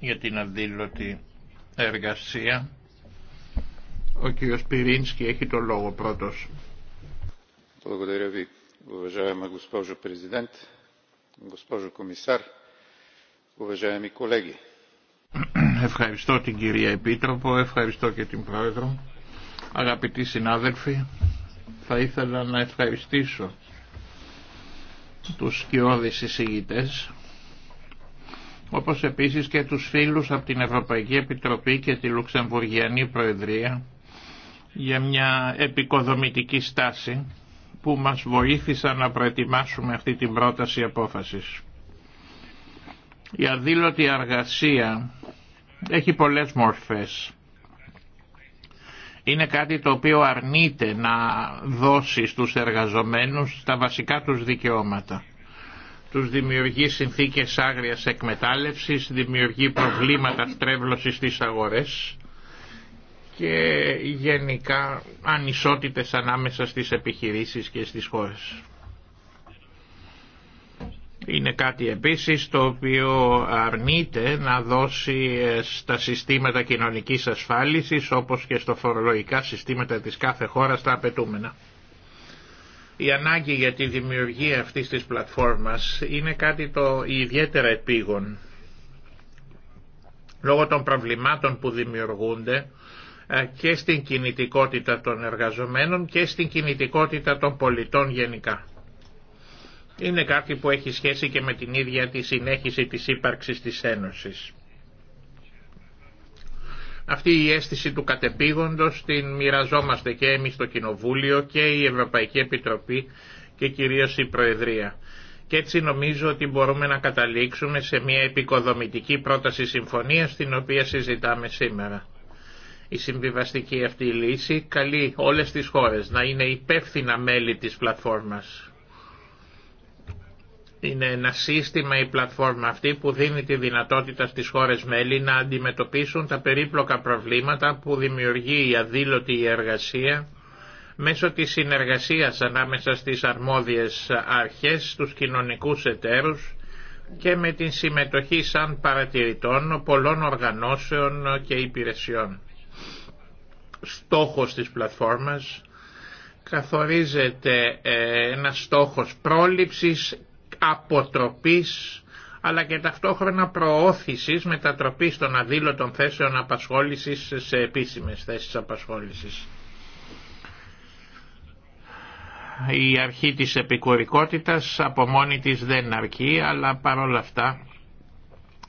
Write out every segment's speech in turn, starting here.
για την αδήλωτη εργασία. Ο κύριος Πυρίνσκι έχει το λόγο πρώτος. Ευχαριστώ την κυρία Επίτροπο, ευχαριστώ και την Πρόεδρο. Αγαπητοί συνάδελφοι, θα ήθελα να ευχαριστήσω τους σκιώδεις εισηγητές όπως επίσης και τους φίλους από την Ευρωπαϊκή Επιτροπή και τη Λουξεμβουργιανή Προεδρία για μια επικοδομητική στάση που μας βοήθησαν να προετοιμάσουμε αυτή την πρόταση απόφασης. Η αδήλωτη αργασία έχει πολλές μορφές. Είναι κάτι το οποίο αρνείται να δώσει στους εργαζομένους τα βασικά τους δικαιώματα τους δημιουργεί συνθήκες άγριας εκμετάλλευσης, δημιουργεί προβλήματα στρέβλωσης στις αγορές και γενικά ανισότητες ανάμεσα στις επιχειρήσεις και στις χώρες. Είναι κάτι επίσης το οποίο αρνείται να δώσει ε, στα συστήματα κοινωνικής ασφάλισης όπως και στο φορολογικά συστήματα της κάθε χώρας τα απαιτούμενα. Η ανάγκη για τη δημιουργία αυτής της πλατφόρμας είναι κάτι το ιδιαίτερα επίγον. Λόγω των προβλημάτων που δημιουργούνται ε, και στην κινητικότητα των εργαζομένων και στην κινητικότητα των πολιτών γενικά. Είναι κάτι που έχει σχέση και με την ίδια τη συνέχιση της ύπαρξης της Ένωσης. Αυτή η αίσθηση του κατεπήγοντος την μοιραζόμαστε και εμείς το Κοινοβούλιο και η Ευρωπαϊκή Επιτροπή και κυρίως η Προεδρία. Και έτσι νομίζω ότι μπορούμε να καταλήξουμε σε μια επικοδομητική πρόταση συμφωνίας την οποία συζητάμε σήμερα. Η συμβιβαστική αυτή λύση καλεί όλες τις χώρες να είναι υπεύθυνα μέλη της πλατφόρμας είναι ένα σύστημα η πλατφόρμα αυτή που δίνει τη δυνατότητα στις χώρες μέλη να αντιμετωπίσουν τα περίπλοκα προβλήματα που δημιουργεί η αδήλωτη εργασία μέσω της συνεργασίας ανάμεσα στις αρμόδιες αρχές, τους κοινωνικούς εταίρους και με την συμμετοχή σαν παρατηρητών πολλών οργανώσεων και υπηρεσιών. Στόχος της πλατφόρμας καθορίζεται ε, ένα στόχος πρόληψης αποτροπής αλλά και ταυτόχρονα προώθησης μετατροπής των αδήλωτων θέσεων απασχόλησης σε επίσημες θέσεις απασχόλησης. Η αρχή της επικουρικότητας από μόνη της δεν αρκεί, αλλά παρόλα αυτά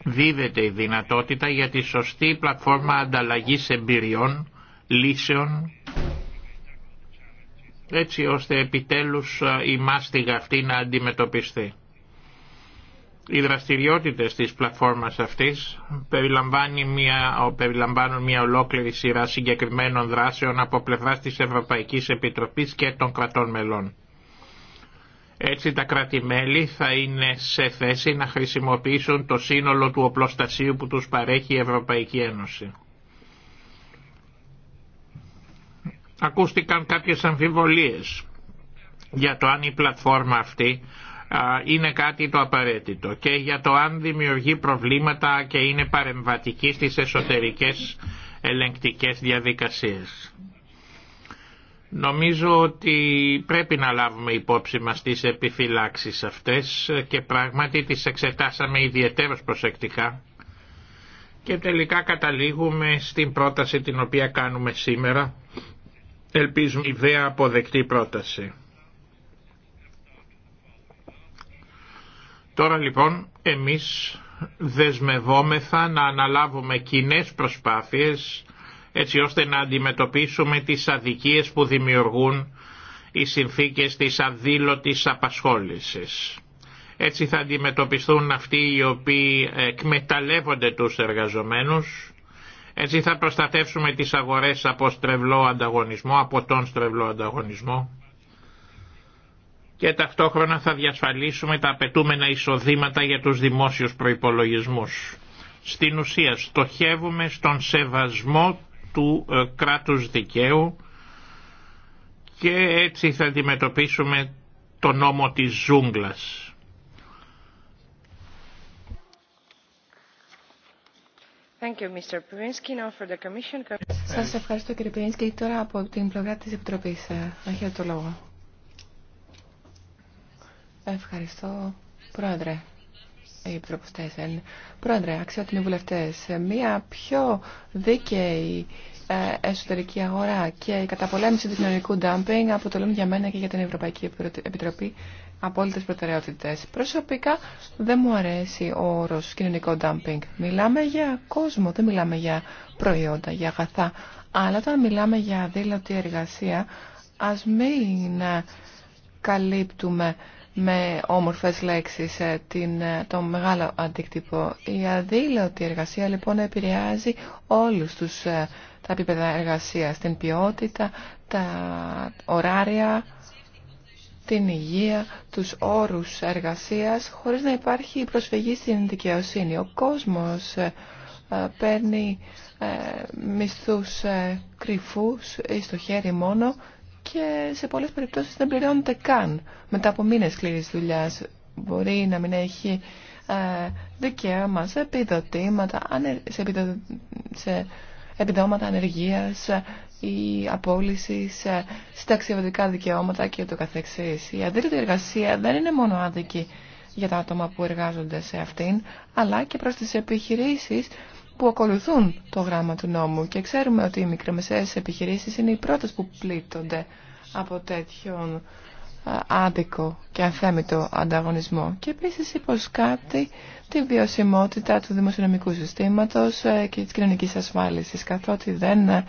δίδεται η δυνατότητα για τη σωστή πλατφόρμα ανταλλαγής εμπειριών, λύσεων, έτσι ώστε επιτέλους η μάστιγα αυτή να αντιμετωπιστεί. Οι δραστηριότητε της πλατφόρμα αυτής περιλαμβάνει μια, περιλαμβάνουν μια ολόκληρη σειρά συγκεκριμένων δράσεων από πλευρά της Ευρωπαϊκή Επιτροπή και των κρατών μελών. Έτσι τα κράτη-μέλη θα είναι σε θέση να χρησιμοποιήσουν το σύνολο του οπλοστασίου που τους παρέχει η Ευρωπαϊκή Ένωση. Ακούστηκαν κάποιες αμφιβολίες για το αν η πλατφόρμα αυτή είναι κάτι το απαραίτητο και για το αν δημιουργεί προβλήματα και είναι παρεμβατική στις εσωτερικές ελεγκτικές διαδικασίες. Νομίζω ότι πρέπει να λάβουμε υπόψη μας τις επιφυλάξεις αυτές και πράγματι τις εξετάσαμε ιδιαίτερως προσεκτικά και τελικά καταλήγουμε στην πρόταση την οποία κάνουμε σήμερα. Ελπίζουμε ιδέα αποδεκτή πρόταση. Τώρα λοιπόν εμείς δεσμευόμεθα να αναλάβουμε κοινέ προσπάθειες έτσι ώστε να αντιμετωπίσουμε τις αδικίες που δημιουργούν οι συνθήκες της αδήλωτης απασχόλησης. Έτσι θα αντιμετωπιστούν αυτοί οι οποίοι εκμεταλλεύονται τους εργαζομένους, έτσι θα προστατεύσουμε τις αγορές από στρεβλό ανταγωνισμό, από τον στρεβλό ανταγωνισμό και ταυτόχρονα θα διασφαλίσουμε τα απαιτούμενα εισοδήματα για τους δημόσιους προϋπολογισμούς. Στην ουσία στοχεύουμε στον σεβασμό του ε, κράτους δικαίου και έτσι θα αντιμετωπίσουμε το νόμο της ζούγκλας. Thank Σας ευχαριστώ κύριε Πυρίνσκι. Τώρα από την πλευρά της Επιτροπής ε, έχετε το λόγο. Ευχαριστώ, Πρόεδρε. οι επιτροπιστέ Πρόεδρε, αξιότιμοι βουλευτέ, μια πιο δίκαιη ε, εσωτερική αγορά και η καταπολέμηση του κοινωνικού ντάμπινγκ αποτελούν για μένα και για την Ευρωπαϊκή Επιτροπή απόλυτε προτεραιότητε. Προσωπικά δεν μου αρέσει ο όρο κοινωνικό ντάμπινγκ. Μιλάμε για κόσμο, δεν μιλάμε για προϊόντα, για αγαθά. Αλλά όταν μιλάμε για δήλωτη εργασία, α μην ε, καλύπτουμε με όμορφες λέξεις ε, την, ε, το μεγάλο αντίκτυπο. Η αδήλωτη εργασία λοιπόν επηρεάζει όλους τους, ε, τα επίπεδα εργασίας, την ποιότητα, τα ωράρια, την υγεία, τους όρους εργασίας, χωρίς να υπάρχει προσφυγή στην δικαιοσύνη. Ο κόσμος παίρνει μισθούς κρυφούς ή στο χέρι μόνο και σε πολλές περιπτώσεις δεν πληρώνεται καν μετά από μήνες σκληρής δουλειάς. Μπορεί να μην έχει ε, δικαίωμα σε επιδοτήματα, σε, επιδο... σε επιδόματα ανεργίας ή απόλυση σε συνταξιωτικά δικαιώματα και το καθεξής. Η αντίρρητη εργασία δεν είναι μόνο άδικη για τα άτομα που εργάζονται σε αυτήν, αλλά και προς τις επιχειρήσεις που ακολουθούν το γράμμα του νόμου και ξέρουμε ότι οι μικρομεσαίες επιχειρήσεις είναι οι πρώτες που πλήττονται από τέτοιον άδικο και αθέμητο ανταγωνισμό και επίσης υποσκάπτει τη βιωσιμότητα του δημοσιονομικού συστήματος ε, και της κοινωνικής ασφάλισης καθότι δεν ε,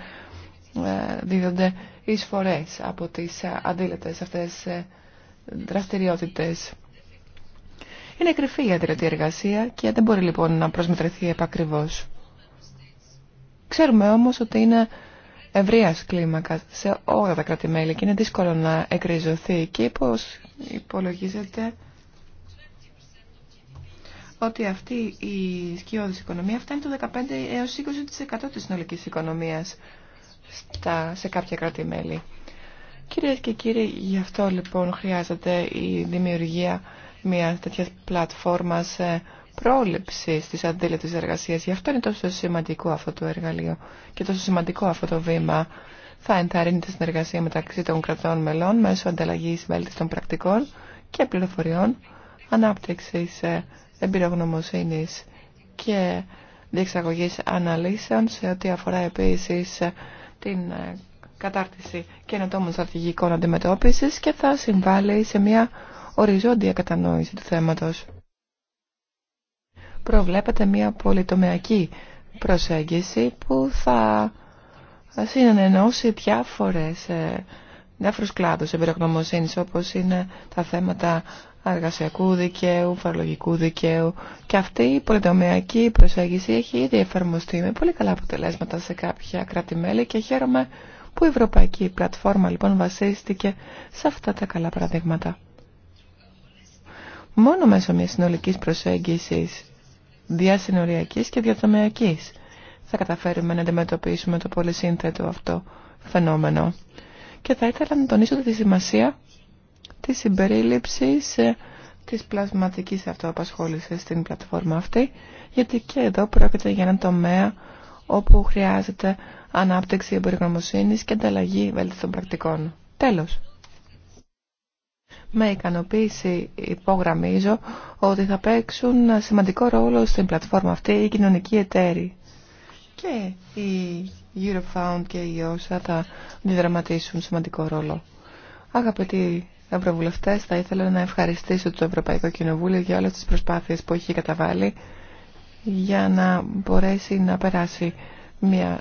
δίδονται εισφορές από τις ε, αντίλετες αυτές δραστηριότητες. Είναι κρυφή η αδηλωτή εργασία και δεν μπορεί λοιπόν να προσμετρηθεί επακριβώς. Ξέρουμε όμως ότι είναι ευρεία κλίμακα σε όλα τα κράτη-μέλη και είναι δύσκολο να εκριζωθεί και πως υπολογίζεται ότι αυτή η σκιώδης οικονομία φτάνει το 15 έως 20% της συνολικής οικονομίας στα, σε κάποια κράτη-μέλη. Κυρίες και κύριοι, γι' αυτό λοιπόν χρειάζεται η δημιουργία μιας τέτοιας πλατφόρμας ε, πρόληψη τη αντίληψη εργασία, Γι' αυτό είναι τόσο σημαντικό αυτό το εργαλείο και τόσο σημαντικό αυτό το βήμα. Θα ενθαρρύνει τη συνεργασία μεταξύ των κρατών μελών μέσω ανταλλαγής βέλτιστων πρακτικών και πληροφοριών, ανάπτυξη ε, εμπειρογνωμοσύνη και διεξαγωγή αναλύσεων σε ό,τι αφορά επίση ε, την ε, κατάρτιση καινοτόμων στρατηγικών αντιμετώπιση και θα συμβάλλει σε μια οριζόντια κατανόηση του θέματος προβλέπεται μια πολυτομιακή προσέγγιση που θα συνενώσει διάφορες, ε, διάφορους κλάδους εμπειρογνωμοσύνης όπως είναι τα θέματα εργασιακού δικαίου, φορολογικού δικαίου και αυτή η πολυτομιακή προσέγγιση έχει ήδη εφαρμοστεί με πολύ καλά αποτελέσματα σε κάποια κράτη-μέλη και χαίρομαι που η Ευρωπαϊκή Πλατφόρμα λοιπόν βασίστηκε σε αυτά τα καλά παραδείγματα. Μόνο μέσω μιας συνολικής προσέγγισης διασυνοριακής και διατομιακής θα καταφέρουμε να αντιμετωπίσουμε το πολύ αυτό φαινόμενο. Και θα ήθελα να τονίσω τη σημασία της συμπερίληψης ε, της πλασματικής αυτοαπασχόλησης στην πλατφόρμα αυτή, γιατί και εδώ πρόκειται για ένα τομέα όπου χρειάζεται ανάπτυξη εμπορικονομοσύνης και ανταλλαγή βέλτιστων πρακτικών. Τέλος. Με ικανοποίηση υπογραμμίζω ότι θα παίξουν σημαντικό ρόλο στην πλατφόρμα αυτή οι κοινωνικοί εταίροι. Και η Eurofound και η OSA θα διδραματίσουν σημαντικό ρόλο. Αγαπητοί Ευρωβουλευτέ, θα ήθελα να ευχαριστήσω το Ευρωπαϊκό Κοινοβούλιο για όλε τι προσπάθειε που έχει καταβάλει για να μπορέσει να περάσει μια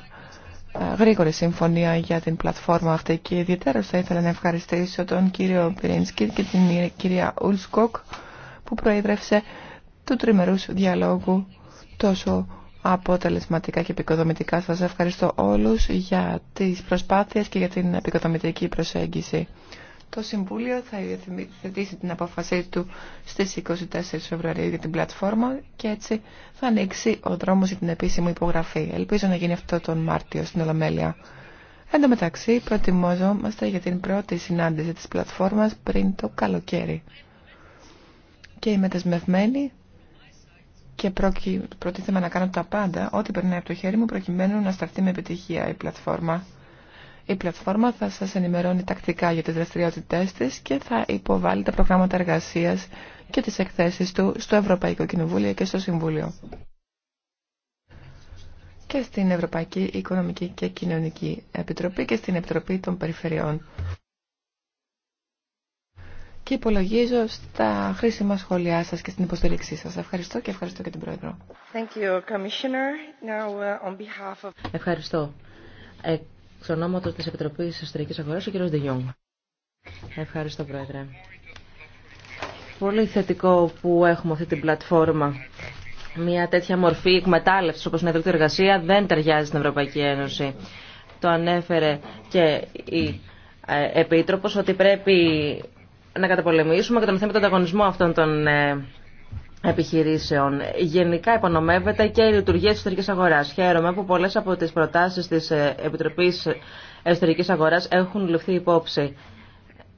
ε, γρήγορη συμφωνία για την πλατφόρμα αυτή και ιδιαίτερα θα ήθελα να ευχαριστήσω τον κύριο Πυρίνσκι και την κυρία Ουλσκοκ που προείδρευσε του τριμερούς διαλόγου τόσο αποτελεσματικά και επικοδομητικά. Σας ευχαριστώ όλους για τις προσπάθειες και για την επικοδομητική προσέγγιση το Συμβούλιο θα υιοθετήσει την απόφασή του στις 24 Φεβρουαρίου για την πλατφόρμα και έτσι θα ανοίξει ο δρόμος για την επίσημη υπογραφή. Ελπίζω να γίνει αυτό τον Μάρτιο στην Ολομέλεια. Εν τω μεταξύ, προτιμόζομαστε για την πρώτη συνάντηση της πλατφόρμας πριν το καλοκαίρι. Και είμαι δεσμευμένη και προτίθεμαι να κάνω τα πάντα, ό,τι περνάει από το χέρι μου, προκειμένου να σταθεί με επιτυχία η πλατφόρμα. Η πλατφόρμα θα σας ενημερώνει τακτικά για τις δραστηριότητές της και θα υποβάλει τα προγράμματα εργασίας και τις εκθέσεις του στο Ευρωπαϊκό Κοινοβούλιο και στο Συμβούλιο και στην Ευρωπαϊκή Οικονομική και Κοινωνική Επιτροπή και στην Επιτροπή των Περιφερειών. Και υπολογίζω στα χρήσιμα σχόλιά σας και στην υποστήριξή σας. Ευχαριστώ και ευχαριστώ και την Πρόεδρο. Uh, ευχαριστώ. Ε, ονόματο της Επιτροπής Εσωτερικής Αγοράς, ο κ. Ντεγιόγκ. Ευχαριστώ, Πρόεδρε. Πολύ θετικό που έχουμε αυτή την πλατφόρμα. Μια τέτοια μορφή εκμετάλλευση όπω είναι η εργασία δεν ταιριάζει στην Ευρωπαϊκή Ένωση. Το ανέφερε και η ε, Επίτροπο ότι πρέπει να καταπολεμήσουμε και τον θέμα τον ανταγωνισμό αυτών των ε, επιχειρήσεων. Γενικά υπονομεύεται και η λειτουργία τη εσωτερική αγορά. Χαίρομαι που πολλέ από τι προτάσει τη ε, επιτροπή εσωτερική αγορά έχουν ληφθεί υπόψη.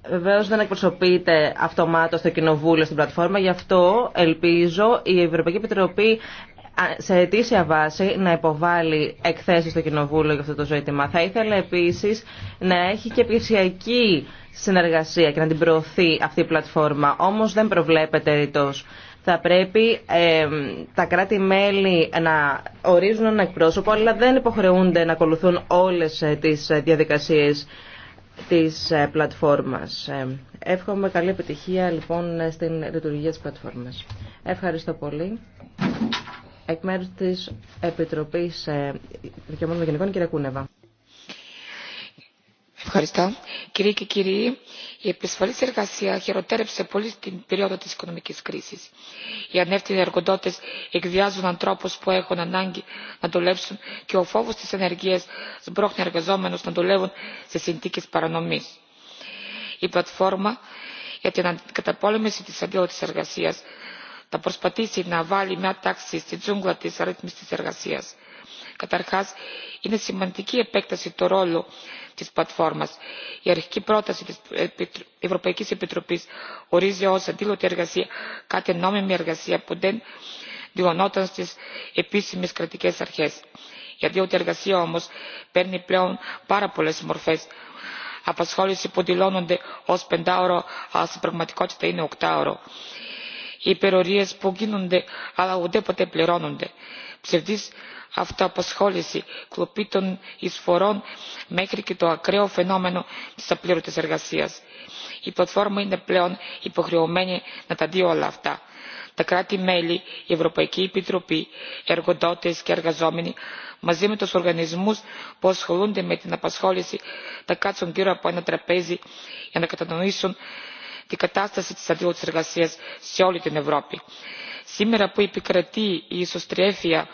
Βεβαίω δεν εκπροσωπείται αυτομάτω το Κοινοβούλιο στην πλατφόρμα, γι' αυτό ελπίζω η Ευρωπαϊκή Επιτροπή σε αιτήσια βάση να υποβάλει εκθέσει στο Κοινοβούλιο για αυτό το ζήτημα. Θα ήθελα επίση να έχει και επιχειρησιακή συνεργασία και να την προωθεί αυτή η πλατφόρμα. Όμω δεν προβλέπεται ρητός. Θα πρέπει τα κράτη-μέλη να ορίζουν ένα εκπρόσωπο, αλλά δεν υποχρεούνται να ακολουθούν όλες ε, τις ε, διαδικασίες της ε, πλατφόρμας. Εύχομαι καλή επιτυχία λοιπόν στην λειτουργία της πλατφόρμας. Ευχαριστώ πολύ. Εκ μέρους της Επιτροπής Δικαιωμάτων Γενικών, κύριε Κούνεβα. Ευχαριστώ. Κυρίε και κύριοι, η επισφαλής εργασία χειροτέρεψε πολύ στην περίοδο της οικονομικής κρίσης. Οι ανεύθυνοι εργοδότες εκβιάζουν ανθρώπους που έχουν ανάγκη να δουλέψουν και ο φόβος της ενεργίας σμπρώχνει εργαζόμενους να δουλεύουν σε συνθήκες παρανομής. Η πλατφόρμα για την καταπόλεμηση της αδειότητας εργασίας θα προσπαθήσει να βάλει μια τάξη στη τζούγκλα της της εργασίας. Καταρχά είναι σημαντική επέκταση του ρόλου της πλατφόρμας. Η αρχική πρόταση της Ευρωπαϊκής Επιτροπής ορίζει ως αντίλωτη εργασία κάτι νόμιμη εργασία που δεν δηλωνόταν στις επίσημες κρατικές αρχές. Η αντίλωτη εργασία όμως παίρνει πλέον πάρα πολλές μορφές απασχόληση που δηλώνονται ως πεντάωρο, αλλά στην πραγματικότητα είναι οκτάωρο. Οι υπερορίες που γίνονται αλλά ουδέποτε πληρώνονται ψευδής αυτοαπασχόληση κλοπή των εισφορών μέχρι και το ακραίο φαινόμενο της απλήρωτης εργασίας. η πλατφόρμα είναι πλέον υποχρεωμένη να τα δει όλα αυτά. τα κράτη μέλη η ευρωπαϊκή επιτροπή εργοδότες και εργαζόμενοι μαζί με τους οργανισμούς που ασχολούνται με την απασχόληση θα κάτσουν γύρω από ένα τραπέζι για να κατανοήσουν την κατάσταση της εργασίας σε όλη την Ευρώπη. Σήμερα που επικρατεί η ισοστρέφεια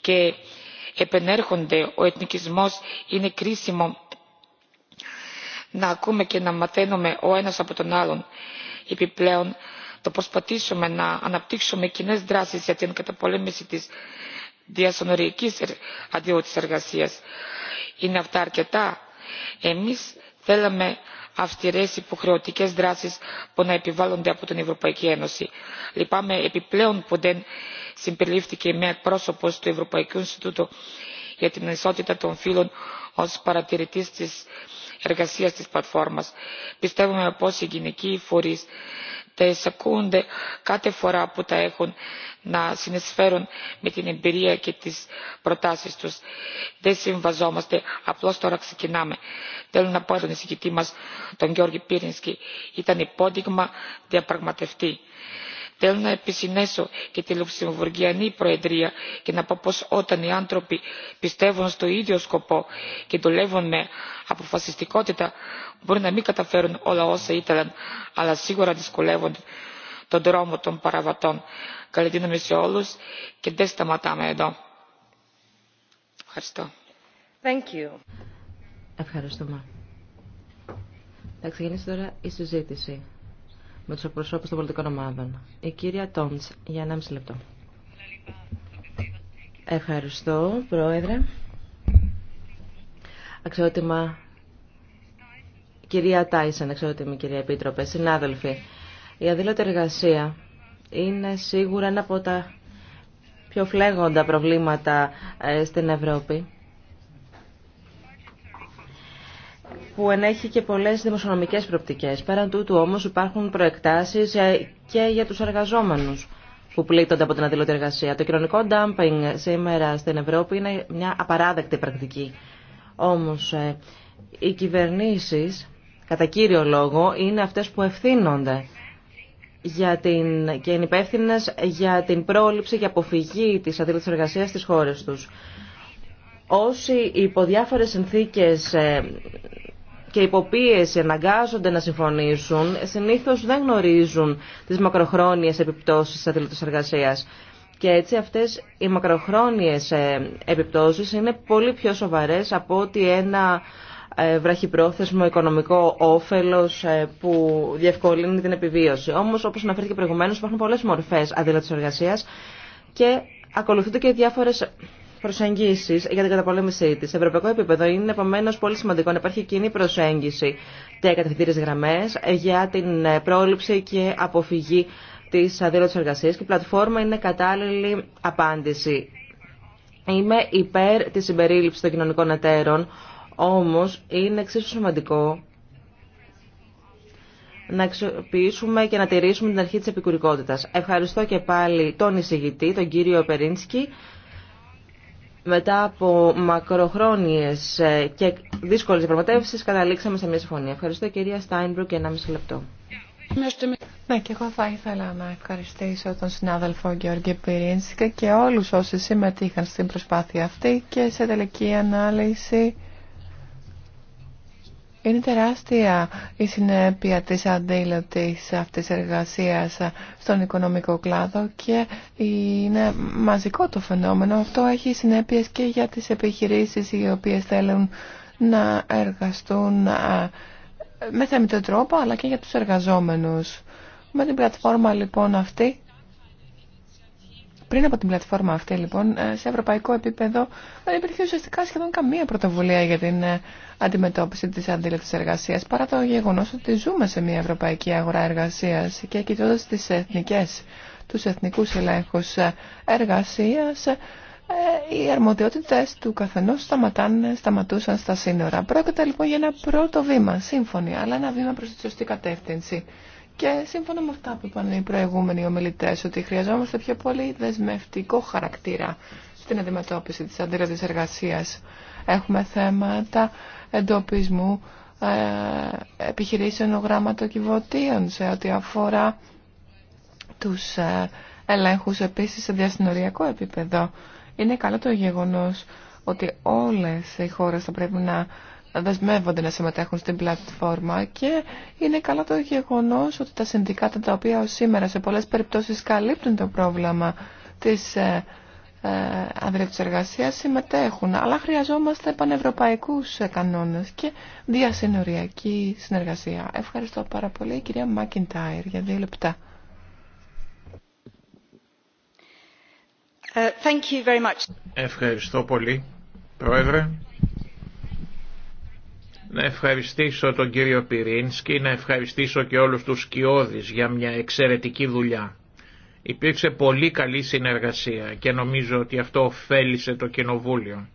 και επενέρχονται ο εθνικισμός είναι κρίσιμο να ακούμε και να μαθαίνουμε ο ένας από τον άλλον. Επιπλέον, το προσπαθήσουμε να αναπτύξουμε κοινέ δράσεις για την καταπολέμηση της διασονοριακής αντιότητας εργασίας. Είναι αυτά αρκετά. Εμείς θέλαμε αυστηρές υποχρεωτικές δράσεις που να επιβάλλονται από την Ευρωπαϊκή Ένωση. Λυπάμαι επιπλέον που δεν συμπεριλήφθηκε μια εκπρόσωπος του Ευρωπαϊκού Ινστιτούτου για την Ισότητα των Φύλων ως παρατηρητής της εργασίας της πλατφόρμας. Πιστεύουμε πως οι γυναικοί φορείς τα εισακούνται κάθε φορά που τα έχουν να συνεισφέρουν με την εμπειρία και τις προτάσεις τους. Δεν συμβαζόμαστε, απλώς τώρα ξεκινάμε. Θέλω να πω στον εισηγητή μας, τον Γιώργη Πύρινσκι, ήταν υπόδειγμα διαπραγματευτή. Θέλω να επισυνέσω και τη Λουξεμβουργιανή Προεδρία και να πω πως όταν οι άνθρωποι πιστεύουν στο ίδιο σκοπό και δουλεύουν με αποφασιστικότητα μπορεί να μην καταφέρουν όλα όσα ήθελαν αλλά σίγουρα δυσκολεύουν τον δρόμο των παραβατών. Καλή δύναμη σε όλους και δεν σταματάμε εδώ. Ευχαριστώ. Ευχαριστούμε. Θα ξεκινήσει τώρα η συζήτηση με τους εκπροσώπους των πολιτικών ομάδων. Η κυρία Τόμτ, για 1,5 λεπτό. Ευχαριστώ, Πρόεδρε. Αξιότιμα κυρία Τάισεν, αξιότιμη κυρία Επίτροπε, συνάδελφοι. Η αδήλωτη εργασία είναι σίγουρα ένα από τα πιο φλέγοντα προβλήματα ε, στην Ευρώπη που ενέχει και πολλές δημοσιονομικές προπτικές. Πέραν τούτου όμως υπάρχουν προεκτάσεις ε, και για τους εργαζόμενους που πλήττονται από την αδειλωτή εργασία. Το κοινωνικό ντάμπινγκ σήμερα στην Ευρώπη είναι μια απαράδεκτη πρακτική. Όμως ε, οι κυβερνήσεις, κατά κύριο λόγο, είναι αυτές που ευθύνονται για την, και είναι υπεύθυνε για την πρόληψη και αποφυγή της αδειλωτής εργασίας στις χώρες τους. Όσοι υπό διάφορες συνθήκες ε, και υποπίεση αναγκάζονται να συμφωνήσουν, συνήθως δεν γνωρίζουν τις μακροχρόνιες επιπτώσεις της αθλητικής εργασίας. Και έτσι αυτές οι μακροχρόνιες ε, επιπτώσεις είναι πολύ πιο σοβαρές από ότι ένα ε, βραχυπρόθεσμο οικονομικό όφελος ε, που διευκολύνει την επιβίωση. Όμως, όπως αναφέρθηκε προηγουμένως, υπάρχουν πολλές μορφές αντίλατης εργασίας και ακολουθούνται και διάφορες προσεγγίσεις για την καταπολέμησή της. Σε ευρωπαϊκό επίπεδο είναι επομένως πολύ σημαντικό να υπάρχει κοινή προσέγγιση και κατευθυντήρες γραμμές για την ε, πρόληψη και αποφυγή της αδίλωτης εργασίας και η πλατφόρμα είναι κατάλληλη απάντηση. Είμαι υπέρ της συμπερίληψης των κοινωνικών εταίρων, όμως είναι εξίσου σημαντικό να αξιοποιήσουμε και να τηρήσουμε την αρχή της επικουρικότητας. Ευχαριστώ και πάλι τον εισηγητή, τον κύριο Περίνσκι, μετά από μακροχρόνιες ε, και δύσκολες διαπραγματεύσεις καταλήξαμε σε μια συμφωνία. Ευχαριστώ κυρία και για 1,5 λεπτό. Ναι, και εγώ θα ήθελα να ευχαριστήσω τον συνάδελφο Γεώργη Πυρίνσικα και όλους όσοι συμμετείχαν στην προσπάθεια αυτή και σε τελική ανάλυση είναι τεράστια η συνέπεια της αντίλωτης αυτής εργασίας στον οικονομικό κλάδο και είναι μαζικό το φαινόμενο. Αυτό έχει συνέπειες και για τις επιχειρήσεις οι οποίες θέλουν να εργαστούν με θεμητό τρόπο αλλά και για τους εργαζόμενους. Με την πλατφόρμα λοιπόν αυτή πριν από την πλατφόρμα αυτή, λοιπόν, ε, σε ευρωπαϊκό επίπεδο δεν υπήρχε ουσιαστικά σχεδόν καμία πρωτοβουλία για την ε, αντιμετώπιση τη αντίληψη εργασία, παρά το γεγονό ότι ζούμε σε μια ευρωπαϊκή αγορά εργασία και κοιτώντα τι εθνικέ, του εθνικού ελέγχου εργασία, οι αρμοδιότητε του καθενό σταματάνε, σταματούσαν στα σύνορα. Πρόκειται λοιπόν για ένα πρώτο βήμα, σύμφωνοι, αλλά ένα βήμα προ τη σωστή κατεύθυνση. Και σύμφωνα με αυτά που είπαν οι προηγούμενοι ομιλητέ, ότι χρειαζόμαστε πιο πολύ δεσμευτικό χαρακτήρα στην αντιμετώπιση τη αντίρρηση εργασία. Έχουμε θέματα εντοπισμού ε, επιχειρήσεων γραμματοκιβωτίων σε ό,τι αφορά τους ε, ελέγχους επίσης σε διασυνοριακό επίπεδο. Είναι καλό το γεγονός ότι όλες οι χώρες θα πρέπει να δεσμεύονται να συμμετέχουν στην πλατφόρμα και είναι καλά το γεγονός ότι τα συνδικάτα τα οποία σήμερα σε πολλές περιπτώσεις καλύπτουν το πρόβλημα της ε, ε, εργασίας συμμετέχουν. Αλλά χρειαζόμαστε πανευρωπαϊκούς ε, κανόνες και διασυνοριακή συνεργασία. Ευχαριστώ πάρα πολύ κυρία Μακιντάιρ για δύο λεπτά. Ε, thank you very much. Ευχαριστώ πολύ, Πρόεδρε. Να ευχαριστήσω τον κύριο Πυρίνσκι, να ευχαριστήσω και όλους τους σκιώδεις για μια εξαιρετική δουλειά. Υπήρξε πολύ καλή συνεργασία και νομίζω ότι αυτό ωφέλισε το Κοινοβούλιο.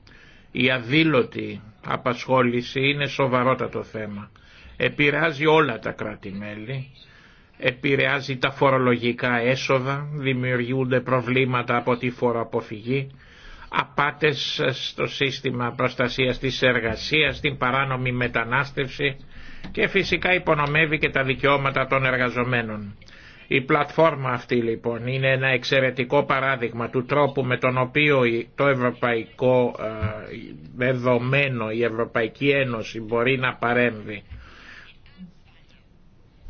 Η αδήλωτη απασχόληση είναι σοβαρότατο θέμα. Επηρεάζει όλα τα κράτη-μέλη, επηρεάζει τα φορολογικά έσοδα, δημιουργούνται προβλήματα από τη φοροαποφυγή, απάτες στο σύστημα προστασίας της εργασίας, την παράνομη μετανάστευση και φυσικά υπονομεύει και τα δικαιώματα των εργαζομένων. Η πλατφόρμα αυτή λοιπόν είναι ένα εξαιρετικό παράδειγμα του τρόπου με τον οποίο το ευρωπαϊκό ε, δεδομένο, η Ευρωπαϊκή Ένωση μπορεί να παρέμβει.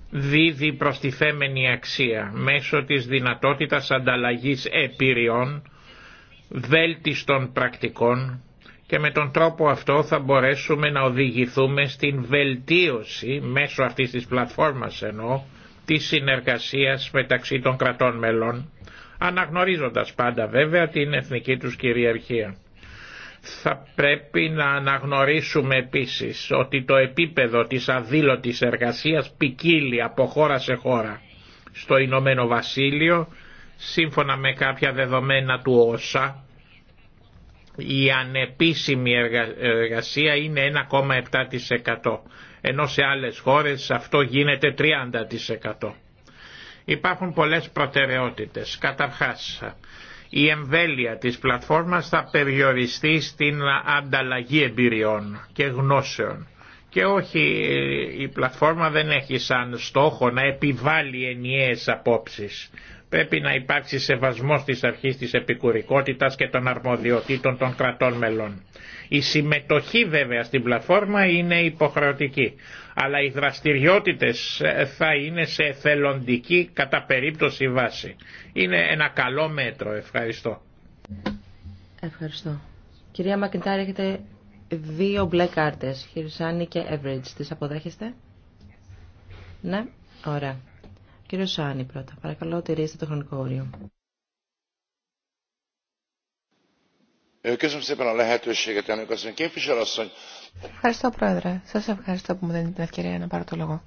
Δίδει προστιθέμενη αξία μέσω της δυνατότητας ανταλλαγής επιρριών βέλτιστων πρακτικών και με τον τρόπο αυτό θα μπορέσουμε να οδηγηθούμε στην βελτίωση μέσω αυτής της πλατφόρμας ενώ της συνεργασίας μεταξύ των κρατών μελών αναγνωρίζοντας πάντα βέβαια την εθνική τους κυριαρχία. Θα πρέπει να αναγνωρίσουμε επίσης ότι το επίπεδο της αδήλωτης εργασίας ποικίλει από χώρα σε χώρα. Στο Ηνωμένο Βασίλειο, σύμφωνα με κάποια δεδομένα του ΩΣΑ, η ανεπίσημη εργασία είναι 1,7% ενώ σε άλλες χώρες αυτό γίνεται 30%. Υπάρχουν πολλές προτεραιότητες. Καταρχάς, η εμβέλεια της πλατφόρμας θα περιοριστεί στην ανταλλαγή εμπειριών και γνώσεων. Και όχι, η πλατφόρμα δεν έχει σαν στόχο να επιβάλλει ενιαίες απόψεις πρέπει να υπάρξει σεβασμός της αρχής της επικουρικότητας και των αρμοδιοτήτων των κρατών μελών. Η συμμετοχή βέβαια στην πλατφόρμα είναι υποχρεωτική, αλλά οι δραστηριότητες ε, θα είναι σε θελοντική κατά περίπτωση βάση. Είναι ένα καλό μέτρο. Ευχαριστώ. Ευχαριστώ. Κυρία Μακιντάρη, έχετε δύο μπλε κάρτες, Χιρσάνη και Εύριτς. Τις αποδέχεστε? Ναι, ωραία. Κύριο Σάνι πρώτα. Παρακαλώ τηρήστε το χρονικό όριο. Ε, ευχαριστώ πρόεδρε. Σα ευχαριστώ που μου δίνετε την ευκαιρία να πάρω το λόγο.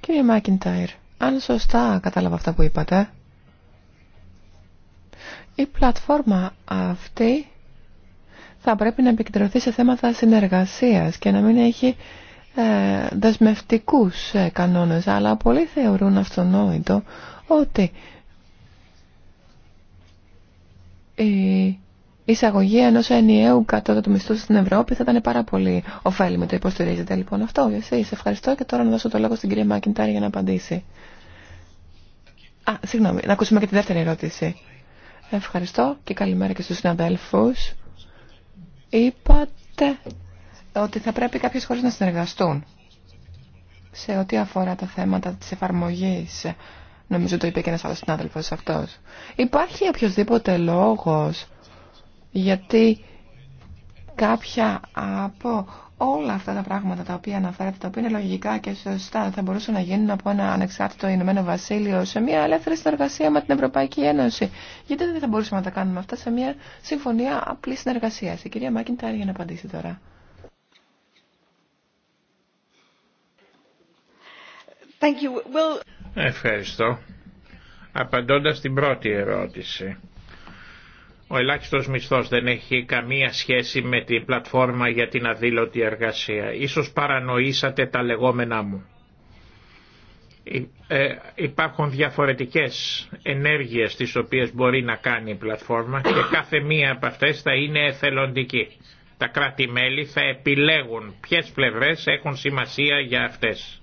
Κύριε Μάκιντάιρ, αν σωστά κατάλαβα αυτά που είπατε, η πλατφόρμα αυτή θα πρέπει να επικεντρωθεί σε θέματα συνεργασίας και να μην έχει ε, δεσμευτικούς ε, κανόνες, αλλά πολλοί θεωρούν αυτονόητο ότι η εισαγωγή ενός ενιαίου κατώτατου μισθού στην Ευρώπη θα ήταν πάρα πολύ ωφέλιμη. Το υποστηρίζετε λοιπόν αυτό. Εσείς ευχαριστώ και τώρα να δώσω το λόγο στην κυρία Μακιντάρη για να απαντήσει. Α, συγγνώμη, να ακούσουμε και τη δεύτερη ερώτηση. Ευχαριστώ και καλημέρα και στους συναδέλφους. Είπατε ότι θα πρέπει κάποιες χώρες να συνεργαστούν σε ό,τι αφορά τα θέματα της εφαρμογής. Νομίζω το είπε και ένας άλλος συνάδελφος αυτός. Υπάρχει οποιοδήποτε λόγος γιατί κάποια από όλα αυτά τα πράγματα τα οποία αναφέρατε, τα οποία είναι λογικά και σωστά, θα μπορούσαν να γίνουν από ένα ανεξάρτητο Ηνωμένο Βασίλειο σε μια ελεύθερη συνεργασία με την Ευρωπαϊκή Ένωση. Γιατί δεν θα μπορούσαμε να τα κάνουμε αυτά σε μια συμφωνία απλή συνεργασία. Η κυρία Μάκιντάρ για να απαντήσει τώρα. Ευχαριστώ. Απαντώντας την πρώτη ερώτηση. Ο ελάχιστος μισθός δεν έχει καμία σχέση με την πλατφόρμα για την αδήλωτη εργασία. Ίσως παρανοήσατε τα λεγόμενά μου. Ε, ε, υπάρχουν διαφορετικές ενέργειες τις οποίες μπορεί να κάνει η πλατφόρμα και κάθε μία από αυτές θα είναι εθελοντική. Τα κράτη-μέλη θα επιλέγουν ποιες πλευρές έχουν σημασία για αυτές.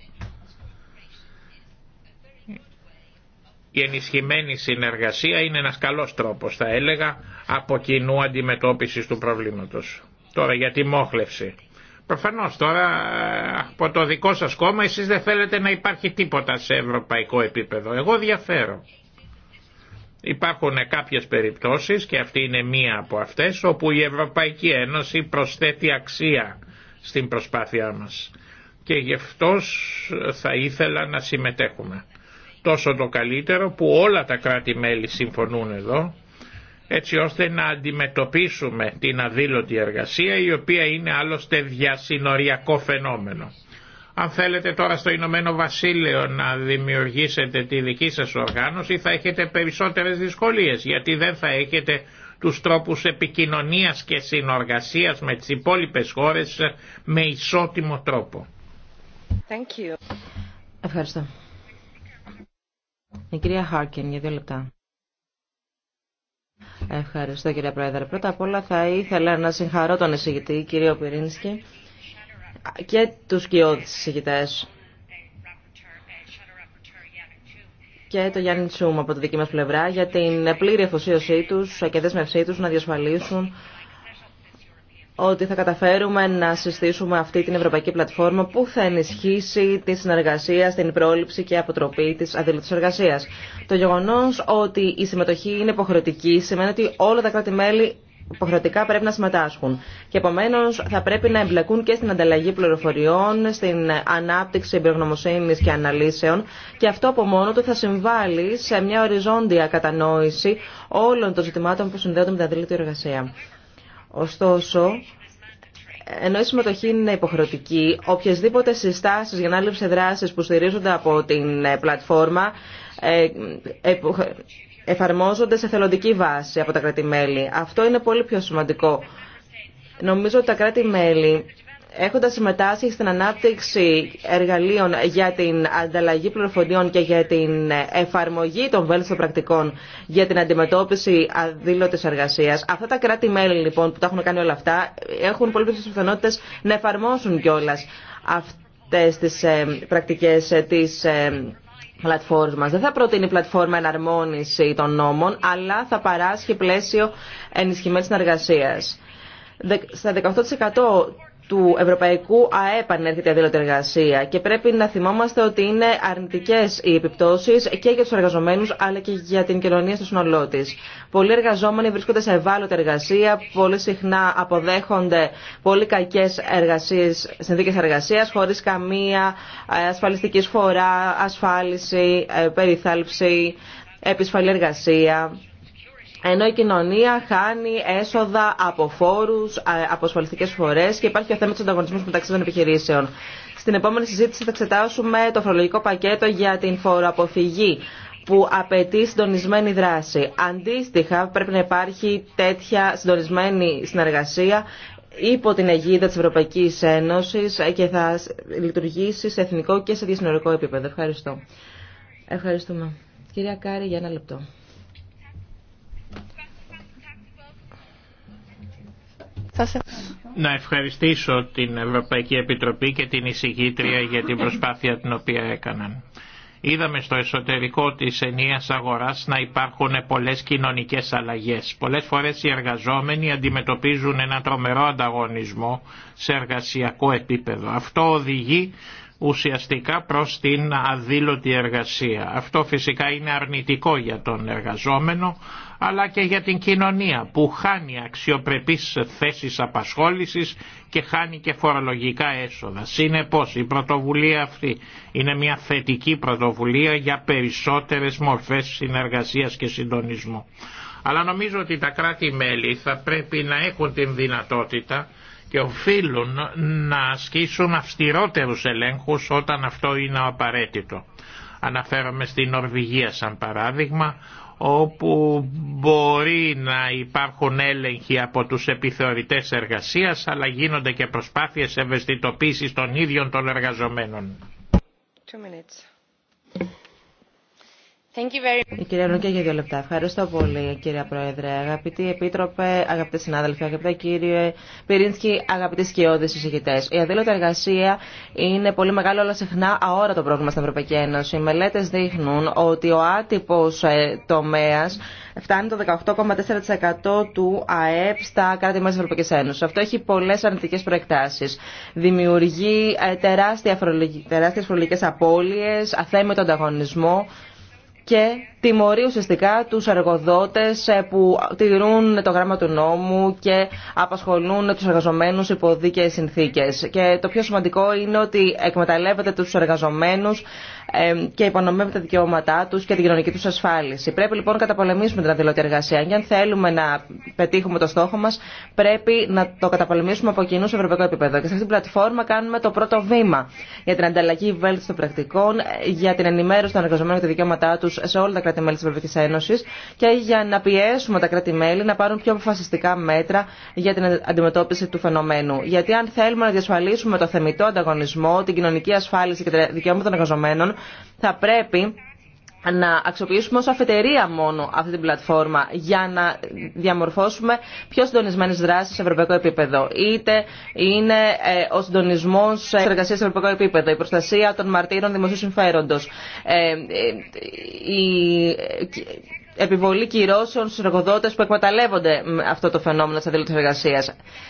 Η ενισχυμένη συνεργασία είναι ένας καλός τρόπος, θα έλεγα, από κοινού αντιμετώπισης του προβλήματος. Τώρα για τη μόχλευση. Προφανώς τώρα από το δικό σας κόμμα εσείς δεν θέλετε να υπάρχει τίποτα σε ευρωπαϊκό επίπεδο. Εγώ διαφέρω. Υπάρχουν κάποιες περιπτώσεις και αυτή είναι μία από αυτές όπου η Ευρωπαϊκή Ένωση προσθέτει αξία στην προσπάθειά μας και γι' αυτός θα ήθελα να συμμετέχουμε τόσο το καλύτερο που όλα τα κράτη-μέλη συμφωνούν εδώ έτσι ώστε να αντιμετωπίσουμε την αδήλωτη εργασία η οποία είναι άλλωστε διασυνοριακό φαινόμενο. Αν θέλετε τώρα στο Ηνωμένο Βασίλειο να δημιουργήσετε τη δική σας οργάνωση θα έχετε περισσότερες δυσκολίες γιατί δεν θα έχετε τους τρόπους επικοινωνίας και συνεργασίας με τις υπόλοιπες χώρες με ισότιμο τρόπο. Thank you. Ευχαριστώ. Η κυρία Χάρκιν για δύο λεπτά. Ευχαριστώ κύριε Πρόεδρε. Πρώτα απ' όλα θα ήθελα να συγχαρώ τον εισηγητή κύριο Πυρίνσκι και τους κοιόδης εισηγητές και το Γιάννη Τσούμ από τη δική μας πλευρά για την πλήρη εφοσίωσή τους και δέσμευσή τους να διασφαλίσουν ότι θα καταφέρουμε να συστήσουμε αυτή την ευρωπαϊκή πλατφόρμα που θα ενισχύσει τη συνεργασία στην πρόληψη και αποτροπή της αδειλωτής εργασίας. Το γεγονός ότι η συμμετοχή είναι υποχρεωτική σημαίνει ότι όλα τα κράτη-μέλη υποχρεωτικά πρέπει να συμμετάσχουν. Και επομένω θα πρέπει να εμπλεκούν και στην ανταλλαγή πληροφοριών, στην ανάπτυξη εμπειρογνωμοσύνη και αναλύσεων. Και αυτό από μόνο του θα συμβάλλει σε μια οριζόντια κατανόηση όλων των ζητημάτων που συνδέονται με την εργασία. Ωστόσο, ενώ η συμμετοχή είναι υποχρεωτική, οποιασδήποτε συστάσεις για ανάληψη δράσης που στηρίζονται από την ε, πλατφόρμα ε, εφαρμόζονται σε θελοντική βάση από τα κράτη-μέλη. Αυτό είναι πολύ πιο σημαντικό. Νομίζω ότι τα κράτη-μέλη έχοντας συμμετάσχει στην ανάπτυξη εργαλείων για την ανταλλαγή πληροφοριών και για την εφαρμογή των βέλτιστων πρακτικών για την αντιμετώπιση αδήλωτης εργασίας. Αυτά τα κράτη-μέλη λοιπόν που τα έχουν κάνει όλα αυτά έχουν πολύ πιο πιθανότητες να εφαρμόσουν κιόλα αυτές τις ε, πρακτικές ε, της ε, πλατφόρμας. Δεν θα προτείνει πλατφόρμα εναρμόνιση των νόμων, αλλά θα παράσχει πλαίσιο ενισχυμένης συνεργασίας. Στα 18% του Ευρωπαϊκού ΑΕΠ αν έρχεται εργασία και πρέπει να θυμόμαστε ότι είναι αρνητικέ οι επιπτώσει και για του εργαζομένου, αλλά και για την κοινωνία στο σύνολό τη. Πολλοί εργαζόμενοι βρίσκονται σε ευάλωτη εργασία, πολύ συχνά αποδέχονται πολύ κακέ εργασίες, εργασία, χωρί χωρίς καμία ε, ασφαλιστική σφορά, ασφάλιση, ε, περιθάλψη, επισφαλή εργασία ενώ η κοινωνία χάνει έσοδα από φόρου, από ασφαλιστικέ φορέ και υπάρχει και ο θέμα του ανταγωνισμού μεταξύ των επιχειρήσεων. Στην επόμενη συζήτηση θα εξετάσουμε το φορολογικό πακέτο για την φοροαποφυγή που απαιτεί συντονισμένη δράση. Αντίστοιχα, πρέπει να υπάρχει τέτοια συντονισμένη συνεργασία υπό την αιγίδα της Ευρωπαϊκής Ένωσης και θα λειτουργήσει σε εθνικό και σε διασυνορικό επίπεδο. Ευχαριστώ. Ευχαριστούμε. Κυρία Κάρη, για ένα λεπτό. Να ευχαριστήσω την Ευρωπαϊκή Επιτροπή και την εισηγήτρια για την προσπάθεια την οποία έκαναν. Είδαμε στο εσωτερικό της ενίας αγοράς να υπάρχουν πολλές κοινωνικές αλλαγές. Πολλές φορές οι εργαζόμενοι αντιμετωπίζουν ένα τρομερό ανταγωνισμό σε εργασιακό επίπεδο. Αυτό οδηγεί ουσιαστικά προς την αδήλωτη εργασία. Αυτό φυσικά είναι αρνητικό για τον εργαζόμενο, αλλά και για την κοινωνία που χάνει αξιοπρεπείς θέσεις απασχόλησης και χάνει και φορολογικά έσοδα. Συνεπώς η πρωτοβουλία αυτή είναι μια θετική πρωτοβουλία για περισσότερες μορφές συνεργασίας και συντονισμού. Αλλά νομίζω ότι τα κράτη-μέλη θα πρέπει να έχουν την δυνατότητα και οφείλουν να ασκήσουν αυστηρότερους ελέγχους όταν αυτό είναι απαραίτητο. Αναφέρομαι στην Νορβηγία σαν παράδειγμα, όπου μπορεί να υπάρχουν έλεγχοι από τους επιθεωρητές εργασίας αλλά γίνονται και προσπάθειες ευαισθητοποίησης των ίδιων των εργαζομένων. Η κυρία Νούκια για δύο λεπτά. Ευχαριστώ πολύ κύριε Πρόεδρε. Αγαπητοί Επίτροπε, αγαπητοί συνάδελφοι, αγαπητέ κύριε Πυρίνσκι, αγαπητοί σκιώδες συζητητέ. Η αδέλωτη εργασία είναι πολύ μεγάλο αλλά συχνά αόρατο πρόβλημα στην Ευρωπαϊκή Ένωση. Οι μελέτε δείχνουν ότι ο άτυπο ε, τομέα φτάνει το 18,4% του ΑΕΠ στα κράτη μέσα τη Ευρωπαϊκή Ένωση. Αυτό έχει πολλέ αρνητικέ προεκτάσει. Δημιουργεί ε, τεράστιε φορολογικέ απώλειε, αθέμητο ανταγωνισμό και τιμωρεί ουσιαστικά τους εργοδότε ε, που τηρούν το γράμμα του νόμου και απασχολούν τους εργαζομένους υπό δίκαιες συνθήκες. Και το πιο σημαντικό είναι ότι εκμεταλλεύεται τους εργαζομένους ε, και υπονομεύει τα δικαιώματά τους και την κοινωνική τους ασφάλιση. Πρέπει λοιπόν να καταπολεμήσουμε την αδηλωτή εργασία και αν θέλουμε να πετύχουμε το στόχο μα, πρέπει να το καταπολεμήσουμε από κοινού σε ευρωπαϊκό επίπεδο. Και σε αυτή την πλατφόρμα κάνουμε το πρώτο βήμα για την ανταλλαγή βέλτιστων πρακτικών, ε, για την ενημέρωση των εργαζομένων και τα δικαιώματά τους σε όλα τα κράτη-μέλη τη Ευρωπαϊκή Ένωση και για να πιέσουμε τα κράτη-μέλη να πάρουν πιο αποφασιστικά μέτρα για την αντιμετώπιση του φαινομένου. Γιατί αν θέλουμε να διασφαλίσουμε το θεμητό ανταγωνισμό, την κοινωνική ασφάλιση και τα δικαιώματα των εργαζομένων, θα πρέπει να αξιοποιήσουμε ως αφετερία μόνο αυτή την πλατφόρμα για να διαμορφώσουμε πιο συντονισμένες δράσεις σε ευρωπαϊκό επίπεδο. Είτε είναι ε, ο συντονισμός εργασία σε ευρωπαϊκό επίπεδο, η προστασία των μαρτύρων δημοσίου συμφέροντος, ε, ε, η επιβολή κυρώσεων στου εργοδότε που εκμεταλλεύονται αυτό το φαινόμενο τη αδέλφου εργασία.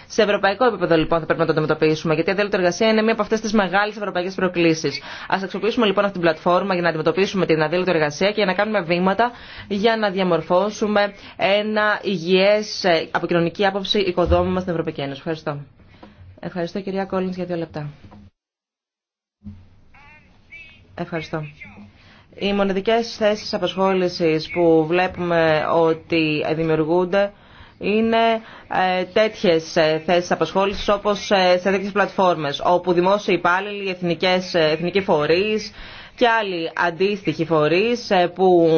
Σε ευρωπαϊκό επίπεδο λοιπόν θα πρέπει να το αντιμετωπίσουμε, γιατί η αδέλφου εργασία είναι μία από αυτέ τι μεγάλε ευρωπαϊκέ προκλήσει. Α αξιοποιήσουμε λοιπόν αυτή την πλατφόρμα για να αντιμετωπίσουμε την αδέλφου εργασία και για να κάνουμε βήματα για να διαμορφώσουμε ένα υγιέ ε, από κοινωνική άποψη οικοδόμημα στην Ευρωπαϊκή Ένωση. Ευχαριστώ. Ευχαριστώ κυρία Κόλλινς για δύο λεπτά. Ευχαριστώ. Οι μοναδικές θέσεις απασχόλησης που βλέπουμε ότι δημιουργούνται είναι ε, τέτοιες ε, θέσεις απασχόλησης όπως ε, σε τέτοιες πλατφόρμες όπου δημόσιοι υπάλληλοι, εθνικές, εθνικοί φορείς και άλλοι αντίστοιχοι φορείς που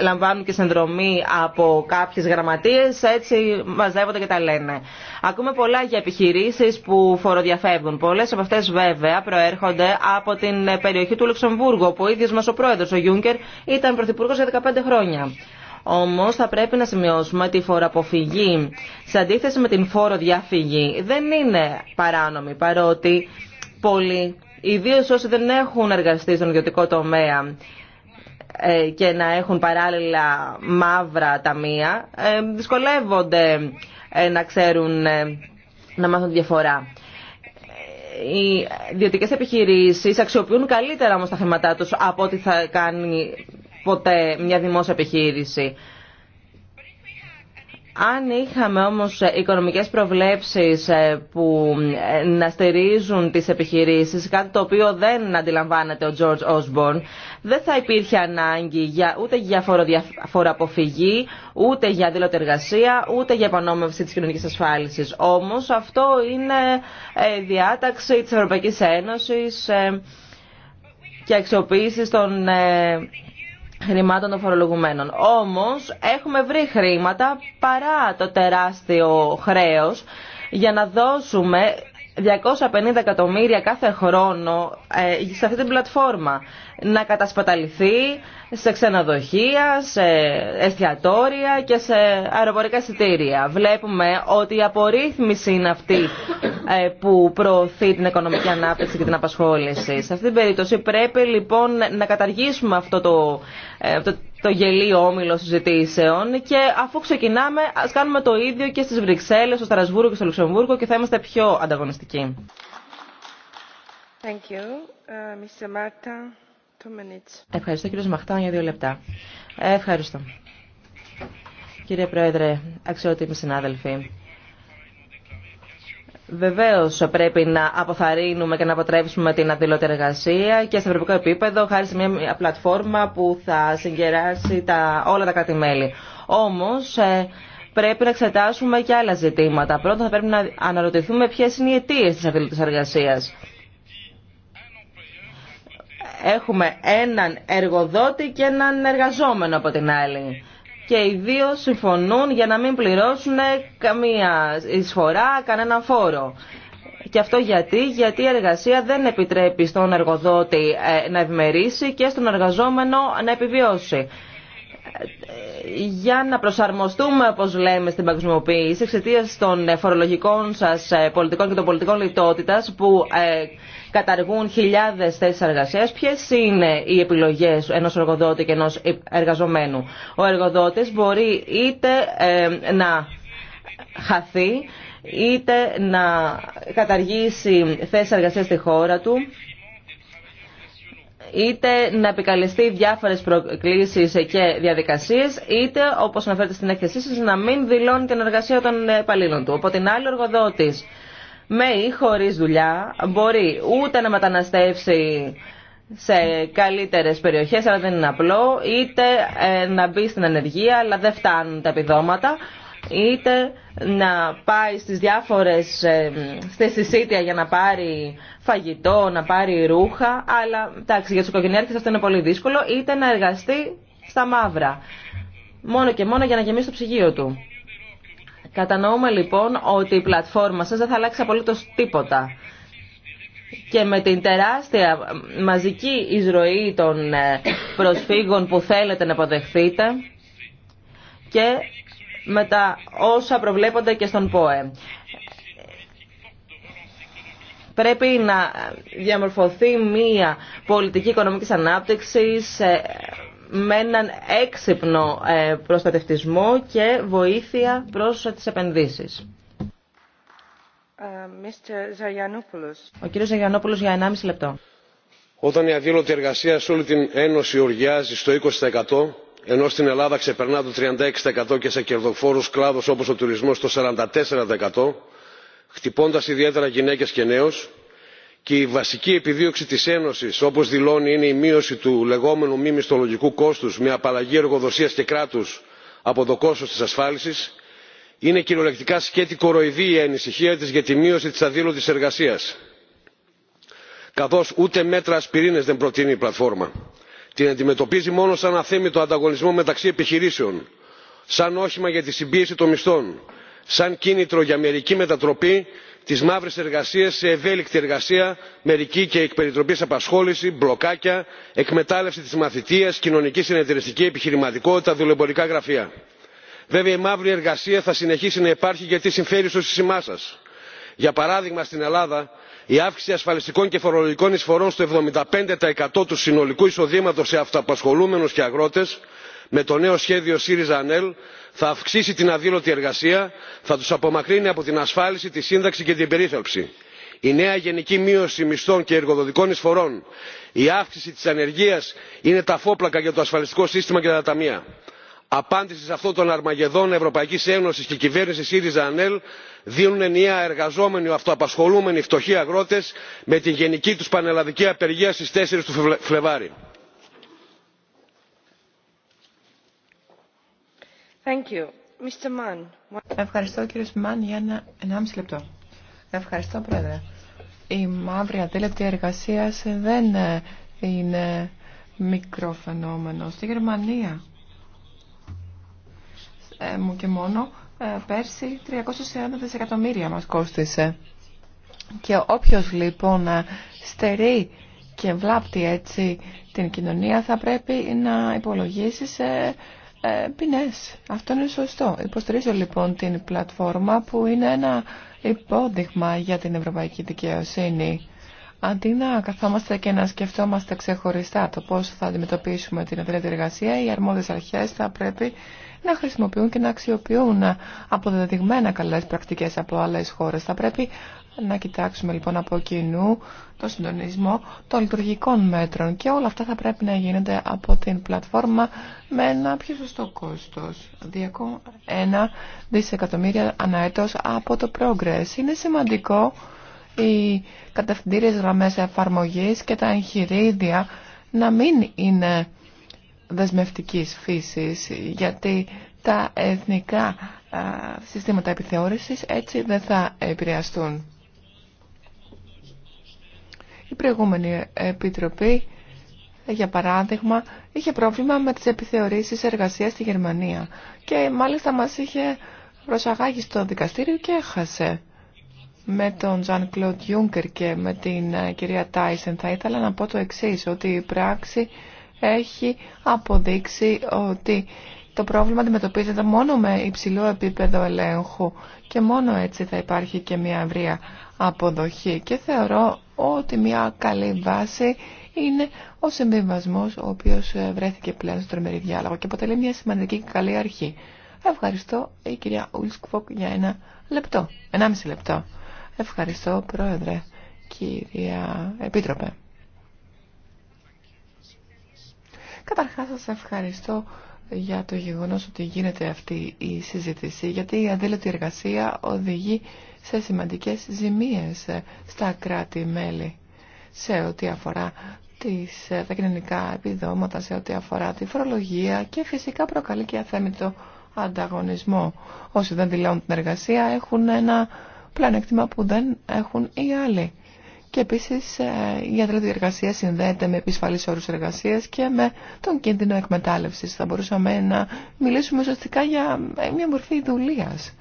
λαμβάνουν και συνδρομή από κάποιες γραμματείες, έτσι μαζεύονται και τα λένε. Ακούμε πολλά για επιχειρήσει που φοροδιαφεύγουν. Πολλέ από αυτές βέβαια προέρχονται από την περιοχή του Λουξεμβούργου, όπου ο ίδιος μας ο πρόεδρος, ο Γιούγκερ, ήταν πρωθυπουργό για 15 χρόνια. Όμω θα πρέπει να σημειώσουμε ότι η φοροαποφυγή, σε αντίθεση με την φοροδιαφυγή, δεν είναι παράνομη, παρότι πολλοί, ιδίω όσοι δεν έχουν εργαστεί στον ιδιωτικό τομέα, ε, και να έχουν παράλληλα μαύρα ταμεία ε, δυσκολεύονται ε, να ξέρουν να μάθουν διαφορά. Οι ιδιωτικέ επιχειρήσει αξιοποιούν καλύτερα όμω τα χρήματά του από ό,τι θα κάνει ποτέ μια δημόσια επιχείρηση. Αν είχαμε όμως οικονομικές προβλέψεις ε, που ε, να στηρίζουν τις επιχειρήσεις, κάτι το οποίο δεν αντιλαμβάνεται ο George Osborne, δεν θα υπήρχε ανάγκη για, ούτε για φοροαποφυγή, ούτε για δήλωτη εργασία, ούτε για επανόμευση της κοινωνικής ασφάλισης. Όμως αυτό είναι ε, διάταξη της Ευρωπαϊκής Ένωσης και αξιοποίηση των χρημάτων των φορολογουμένων. Όμως έχουμε βρει χρήματα παρά το τεράστιο χρέος για να δώσουμε 250 εκατομμύρια κάθε χρόνο ε, σε αυτή την πλατφόρμα να κατασπαταληθεί σε ξενοδοχεία, σε εστιατόρια και σε αεροπορικά εισιτήρια. Βλέπουμε ότι η απορρίθμιση είναι αυτή ε, που προωθεί την οικονομική ανάπτυξη και την απασχόληση. Σε αυτή την περίπτωση πρέπει λοιπόν να καταργήσουμε αυτό το, ε, το γελίο όμιλο συζητήσεων και αφού ξεκινάμε α κάνουμε το ίδιο και στις Βρυξέλλες, στο Στρασβούργο και στο Λουξεμβούργο και θα είμαστε πιο ανταγωνιστικοί. Thank you. Uh, Mr. two minutes. Ευχαριστώ κύριε Μαχτάν για δύο λεπτά. Ε, ευχαριστώ. Κύριε Πρόεδρε, αξιότιμοι συνάδελφοι. Βεβαίω πρέπει να αποθαρρύνουμε και να αποτρέψουμε την αδειλώτη εργασία και σε ευρωπαϊκό επίπεδο χάρη σε μια πλατφόρμα που θα συγκεράσει τα, όλα τα κράτη-μέλη. Όμω ε, πρέπει να εξετάσουμε και άλλα ζητήματα. Πρώτον θα πρέπει να αναρωτηθούμε ποιε είναι οι αιτίε τη αδειλώτη εργασία. Έχουμε έναν εργοδότη και έναν εργαζόμενο από την άλλη και οι δύο συμφωνούν για να μην πληρώσουν καμία εισφορά, κανένα φόρο. Και αυτό γιατί, γιατί η εργασία δεν επιτρέπει στον εργοδότη ε, να ευμερίσει και στον εργαζόμενο να επιβιώσει για να προσαρμοστούμε, όπω λέμε, στην παγκοσμιοποίηση εξαιτία των ε, φορολογικών σα ε, πολιτικών και των πολιτικών λιτότητα που ε, καταργούν χιλιάδε θέσει εργασία. Ποιε είναι οι επιλογέ ενό εργοδότη και ενό εργαζομένου. Ο εργοδότη μπορεί είτε να χαθεί, είτε να καταργήσει θέσει εργασία στη χώρα του είτε να επικαλεστεί διάφορε προκλήσει και διαδικασίε, είτε, όπω αναφέρεται στην έκθεσή σα, να μην δηλώνει την εργασία των υπαλλήλων του. Από την άλλη, ο εργοδότη με ή χωρί δουλειά μπορεί ούτε να μεταναστεύσει σε καλύτερε περιοχέ, αλλά δεν είναι απλό, είτε ε, να μπει στην ανεργία, αλλά δεν φτάνουν τα επιδόματα είτε να πάει στις διάφορες θεσισίτια για να πάρει φαγητό, να πάρει ρούχα, αλλά εντάξει για τους οικογενειάρχες αυτό είναι πολύ δύσκολο, είτε να εργαστεί στα μαύρα, μόνο και μόνο για να γεμίσει το ψυγείο του. Κατανοούμε λοιπόν ότι η πλατφόρμα σας δεν θα αλλάξει απολύτως τίποτα. Και με την τεράστια ε, μαζική εισρωή των ε, προσφύγων που θέλετε να αποδεχθείτε και με τα όσα προβλέπονται και στον ΠΟΕ. Πρέπει να διαμορφωθεί μία πολιτική οικονομικής ανάπτυξης ε, με έναν έξυπνο ε, προστατευτισμό και βοήθεια προς τις επενδύσεις. Ε, Ο κύριος Ζαγιανόπουλος για 1,5 λεπτό. Όταν η αδίλωτη εργασία σε όλη την Ένωση οργιάζει στο 20%, ενώ στην ελλάδα ξεπερνά το 36% και σε κερδοφόρους κλάδους όπως ο τουρισμός το 44% χτυπώντας ιδιαίτερα γυναίκες και νέους και η βασική επιδίωξη της ένωσης όπως δηλώνει είναι η μείωση του λεγόμενου μη μισθολογικού κόστους με απαλλαγή εργοδοσίας και κράτους από το κόστος της ασφάλισης είναι κυριολεκτικά σκέτη κοροϊδή η ανησυχία της για τη μείωση της αδείλωτης εργασίας καθώς ούτε μέτρα ασπιρίνες δεν προτείνει η πλατφόρμα την αντιμετωπίζει μόνο σαν αθέμητο ανταγωνισμό μεταξύ επιχειρήσεων σαν όχημα για τη συμπίεση των μισθών σαν κίνητρο για μερική μετατροπή της μαύρης εργασίας σε ευέλικτη εργασία μερική και εκπεριτροπής απασχόληση μπλοκάκια εκμετάλλευση της μαθητείας κοινωνική συνεταιριστική επιχειρηματικότητα δουλεμπορικά γραφεία. βέβαια η μαύρη εργασία θα συνεχίσει να υπάρχει γιατί συμφέρει στο σύστημά σα. για παράδειγμα στην ελλάδα η αύξηση ασφαλιστικών και φορολογικών εισφορών στο 75% του συνολικού εισοδήματο σε αυτοαπασχολούμενου και αγρότε, με το νέο σχέδιο ΣΥΡΙΖΑ ΑΝΕΛ θα αυξήσει την αδήλωτη εργασία, θα του απομακρύνει από την ασφάλιση, τη σύνταξη και την περίθαλψη. Η νέα γενική μείωση μισθών και εργοδοτικών εισφορών, η αύξηση τη ανεργία είναι τα φόπλακα για το ασφαλιστικό σύστημα και τα ταμεία. Απάντηση σε αυτό τον αρμαγεδόν Ευρωπαϊκή Ένωση και κυβέρνηση ΣΥΡΙΖΑ ΑΝΕΛ δίνουν ενιαία εργαζόμενοι αυτοαπασχολούμενοι φτωχοί αγρότες με την γενική τους πανελλαδική απεργία στις 4 του Φλεβάρι. Ευχαριστώ κύριε Σμάν για ένα 1,5 λεπτό. Ευχαριστώ πρόεδρε. Η μαύρη αντίλεπτη εργασία δεν ε, είναι μικρό φαινόμενο. Στη Γερμανία ε, μου και μόνο ε, πέρσι 340 δισεκατομμύρια μας κόστισε. Και όποιος λοιπόν ε, στερεί και βλάπτει έτσι την κοινωνία θα πρέπει να υπολογίσει σε ε, ποινές. Αυτό είναι σωστό. Υποστηρίζω λοιπόν την πλατφόρμα που είναι ένα υπόδειγμα για την ευρωπαϊκή δικαιοσύνη. Αντί να καθόμαστε και να σκεφτόμαστε ξεχωριστά το πώς θα αντιμετωπίσουμε την ευρύτερη εργασία, οι αρμόδιες αρχές θα πρέπει να χρησιμοποιούν και να αξιοποιούν αποδεδειγμένα καλές πρακτικές από άλλες χώρες. Θα πρέπει να κοιτάξουμε λοιπόν από κοινού το συντονισμό των λειτουργικών μέτρων και όλα αυτά θα πρέπει να γίνονται από την πλατφόρμα με ένα πιο σωστό κόστος. 2,1 δισεκατομμύρια αναέτος από το Progress. Είναι σημαντικό οι κατευθυντήριες γραμμές εφαρμογής και τα εγχειρίδια να μην είναι δεσμευτικής φύσης, γιατί τα εθνικά συστήματα επιθεώρησης έτσι δεν θα επηρεαστούν. Η προηγούμενη Επιτροπή, για παράδειγμα, είχε πρόβλημα με τις επιθεωρήσεις εργασίας στη Γερμανία και μάλιστα μας είχε προσαγάγει στο δικαστήριο και έχασε. Με τον Ζαν Κλοντ Ιούγκερ και με την ε, κυρία Τάισεν θα ήθελα να πω το εξής, ότι η πράξη έχει αποδείξει ότι το πρόβλημα αντιμετωπίζεται μόνο με υψηλό επίπεδο ελέγχου και μόνο έτσι θα υπάρχει και μια ευρεία αποδοχή και θεωρώ ότι μια καλή βάση είναι ο συμβιβασμό ο οποίος βρέθηκε πλέον στο τρομερή διάλογο και αποτελεί μια σημαντική και καλή αρχή. Ευχαριστώ η κυρία Ουλσκφοκ για ένα λεπτό, μισή λεπτό. Ευχαριστώ πρόεδρε, κυρία Επίτροπε. Καταρχάς σας ευχαριστώ για το γεγονός ότι γίνεται αυτή η συζήτηση, γιατί η αδίλωτη εργασία οδηγεί σε σημαντικές ζημίες στα κράτη-μέλη σε ό,τι αφορά τις, τα κοινωνικά επιδόματα, σε ό,τι αφορά τη φορολογία και φυσικά προκαλεί και αθέμητο ανταγωνισμό. Όσοι δεν δηλώνουν την εργασία έχουν ένα πλανέκτημα που δεν έχουν οι άλλοι. Και επίσης ε, η ιατρική εργασία συνδέεται με επισφαλείς όρους εργασίας και με τον κίνδυνο εκμετάλλευσης. Θα μπορούσαμε να μιλήσουμε ουσιαστικά για ε, μια μορφή δουλείας.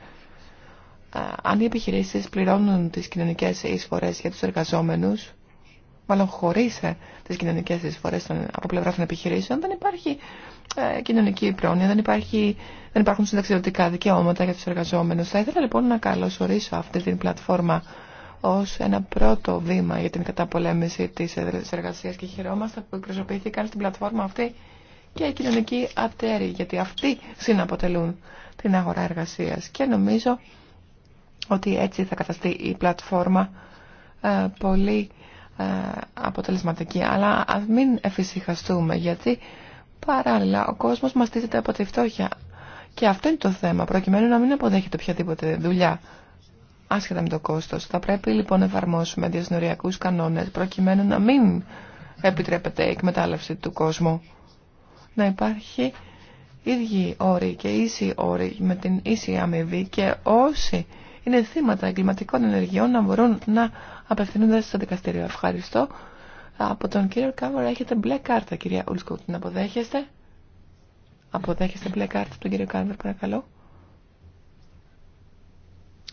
Ε, αν οι επιχειρήσεις πληρώνουν τις κοινωνικές εισφορές για τους εργαζόμενους, μάλλον χωρί τις κοινωνικές εισφορές από πλευρά των επιχειρήσεων, δεν υπάρχει κοινωνική πρόνοια, δεν, υπάρχει, δεν υπάρχουν συνταξιδοτικά δικαιώματα για τους εργαζόμενους. Θα ήθελα λοιπόν να καλωσορίσω αυτή την πλατφόρμα ως ένα πρώτο βήμα για την καταπολέμηση της εργασία και χαιρόμαστε που εκπροσωπήθηκαν στην πλατφόρμα αυτή και οι κοινωνικοί ατέροι, γιατί αυτοί συναποτελούν την αγορά εργασίας. Και νομίζω ότι έτσι θα καταστεί η πλατφόρμα ε, πολύ ε, αποτελεσματική. Αλλά ας μην εφησυχαστούμε, γιατί παράλληλα ο κόσμος μαστίζεται από τη φτώχεια. Και αυτό είναι το θέμα, προκειμένου να μην αποδέχεται οποιαδήποτε δουλειά άσχετα με το κόστος. Θα πρέπει λοιπόν να εφαρμόσουμε διασνοριακούς κανόνες προκειμένου να μην επιτρέπεται η εκμετάλλευση του κόσμου. Να υπάρχει ίδιοι όροι και ίσοι όροι με την ίση αμοιβή και όσοι είναι θύματα εγκληματικών ενεργειών να μπορούν να απευθύνονται στο δικαστήριο. Ευχαριστώ. Από τον κύριο Κάβορ έχετε μπλε κάρτα, κυρία Ουλσκούτ. Την αποδέχεστε. Αποδέχεστε μπλε κάρτα από τον κύριο Κάβορ, παρακαλώ.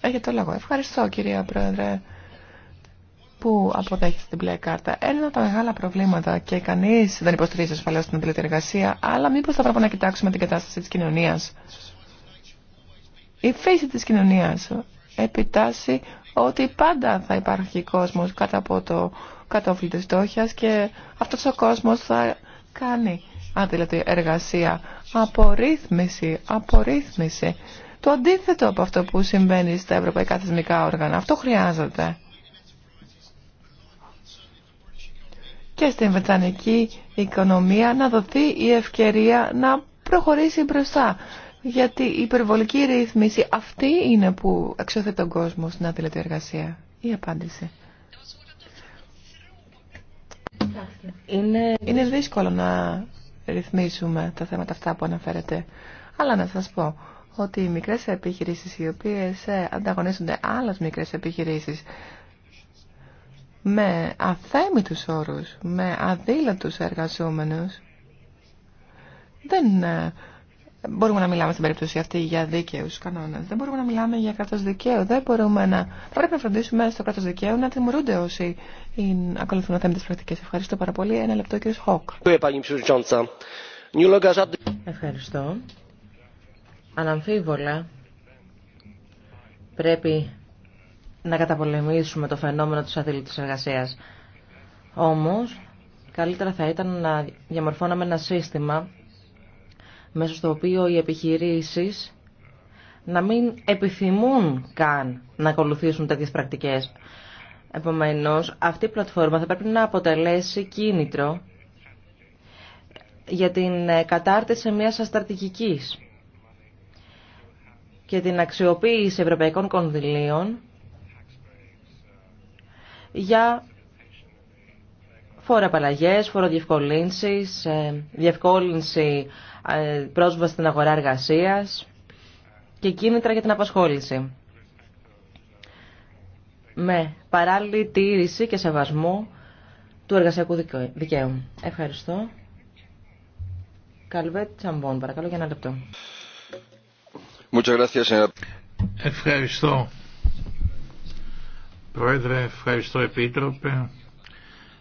Έχετε το λόγο. Ευχαριστώ κυρία Πρόεδρε που αποδέχεστε την μπλε κάρτα. Ένα από τα μεγάλα προβλήματα και κανεί δεν υποστηρίζει ασφαλώ την αντιλήτη εργασία, αλλά μήπω θα πρέπει να κοιτάξουμε την κατάσταση τη κοινωνία. Η φύση τη κοινωνία επιτάσσει ότι πάντα θα υπάρχει κόσμος κάτω από το κατόφλι της στόχιας και αυτός ο κόσμος θα κάνει αντιλήτη εργασία απορρίθμιση, απορρίθμιση το αντίθετο από αυτό που συμβαίνει στα ευρωπαϊκά θεσμικά όργανα. Αυτό χρειάζεται. Και στην βρετανική οικονομία να δοθεί η ευκαιρία να προχωρήσει μπροστά. Γιατί η υπερβολική ρύθμιση αυτή είναι που αξιοθετεί τον κόσμο στην αδηλετή εργασία. Η απάντηση. Είναι... είναι δύσκολο να ρυθμίσουμε τα θέματα αυτά που αναφέρετε. Αλλά να σας πω, ότι οι μικρές επιχειρήσεις οι οποίες ε, ανταγωνίζονται άλλες μικρές επιχειρήσεις με αθέμητους όρους, με αδύλατους εργαζόμενους, δεν ε, μπορούμε να μιλάμε στην περίπτωση αυτή για δίκαιους κανόνες. Δεν μπορούμε να μιλάμε για κράτος δικαίου. Δεν μπορούμε να. πρέπει να φροντίσουμε στο κράτος δικαίου να τιμωρούνται όσοι ακολουθούν αθέμητε πρακτικέ. Ευχαριστώ πάρα πολύ. Ένα λεπτό, κύριο Χοκ. Ευχαριστώ. Αναμφίβολα πρέπει να καταπολεμήσουμε το φαινόμενο της αθλητής εργασίας. Όμως, καλύτερα θα ήταν να διαμορφώναμε ένα σύστημα μέσω στο οποίο οι επιχειρήσεις να μην επιθυμούν καν να ακολουθήσουν τέτοιες πρακτικές. Επομένως, αυτή η πλατφόρμα θα πρέπει να αποτελέσει κίνητρο για την κατάρτιση μιας στρατηγικής και την αξιοποίηση ευρωπαϊκών κονδυλίων για φοροαπαλλαγές, φοροδιευκολύνσεις, ε, διευκόλυνση ε, πρόσβαση στην αγορά εργασίας και κίνητρα για την απασχόληση. Με παράλληλη τήρηση και σεβασμό του εργασιακού δικαίου. Ευχαριστώ. Καλβέτ Τσαμπών, παρακαλώ για ένα λεπτό. Ευχαριστώ. Πρόεδρε, ευχαριστώ Επίτροπε.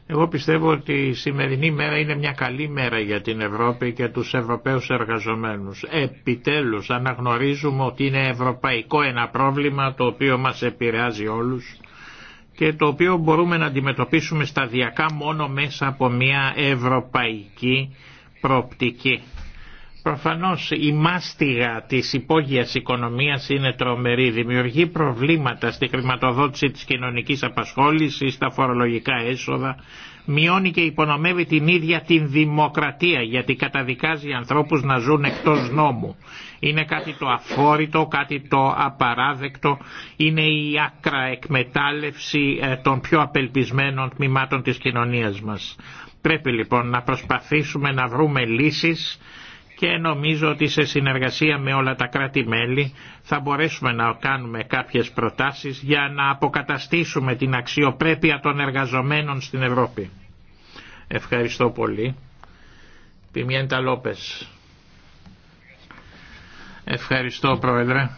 Εγώ πιστεύω ότι η σημερινή μέρα είναι μια καλή μέρα για την Ευρώπη και τους Ευρωπαίους εργαζομένους. Επιτέλους αναγνωρίζουμε ότι είναι ευρωπαϊκό ένα πρόβλημα το οποίο μας επηρεάζει όλους και το οποίο μπορούμε να αντιμετωπίσουμε σταδιακά μόνο μέσα από μια ευρωπαϊκή προοπτική. Προφανώς η μάστιγα της υπόγειας οικονομίας είναι τρομερή, δημιουργεί προβλήματα στη χρηματοδότηση της κοινωνικής απασχόλησης, στα φορολογικά έσοδα, μειώνει και υπονομεύει την ίδια την δημοκρατία γιατί καταδικάζει ανθρώπους να ζουν εκτός νόμου. Είναι κάτι το αφόρητο, κάτι το απαράδεκτο, είναι η άκρα εκμετάλλευση ε, των πιο απελπισμένων τμήματων της κοινωνίας μας. Πρέπει λοιπόν να προσπαθήσουμε να βρούμε λύσεις και νομίζω ότι σε συνεργασία με όλα τα κράτη-μέλη θα μπορέσουμε να κάνουμε κάποιες προτάσεις για να αποκαταστήσουμε την αξιοπρέπεια των εργαζομένων στην Ευρώπη. Ευχαριστώ πολύ. Πιμιέντα Λόπες. Ευχαριστώ Πρόεδρε.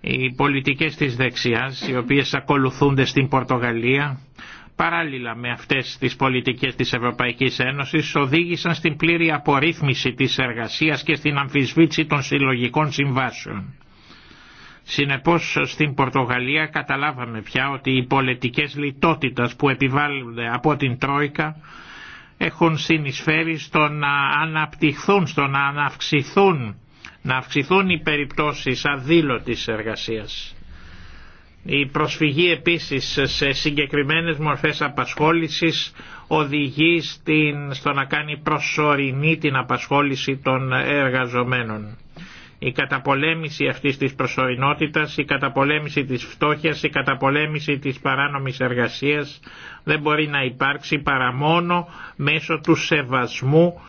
Οι πολιτικές της δεξιάς οι οποίες ακολουθούνται στην Πορτογαλία παράλληλα με αυτές τις πολιτικές της Ευρωπαϊκής Ένωσης οδήγησαν στην πλήρη απορρίθμιση της εργασίας και στην αμφισβήτηση των συλλογικών συμβάσεων. Συνεπώς στην Πορτογαλία καταλάβαμε πια ότι οι πολιτικές λιτότητας που επιβάλλονται από την Τρόικα έχουν συνεισφέρει στο να αναπτυχθούν, στο να αναυξηθούν, αυξηθούν οι περιπτώσεις αδήλωτης εργασίας. Η προσφυγή επίσης σε συγκεκριμένες μορφές απασχόλησης οδηγεί στην, στο να κάνει προσωρινή την απασχόληση των εργαζομένων. Η καταπολέμηση αυτής της προσωρινότητας, η καταπολέμηση της φτώχειας, η καταπολέμηση της παράνομης εργασίας δεν μπορεί να υπάρξει παρά μόνο μέσω του σεβασμού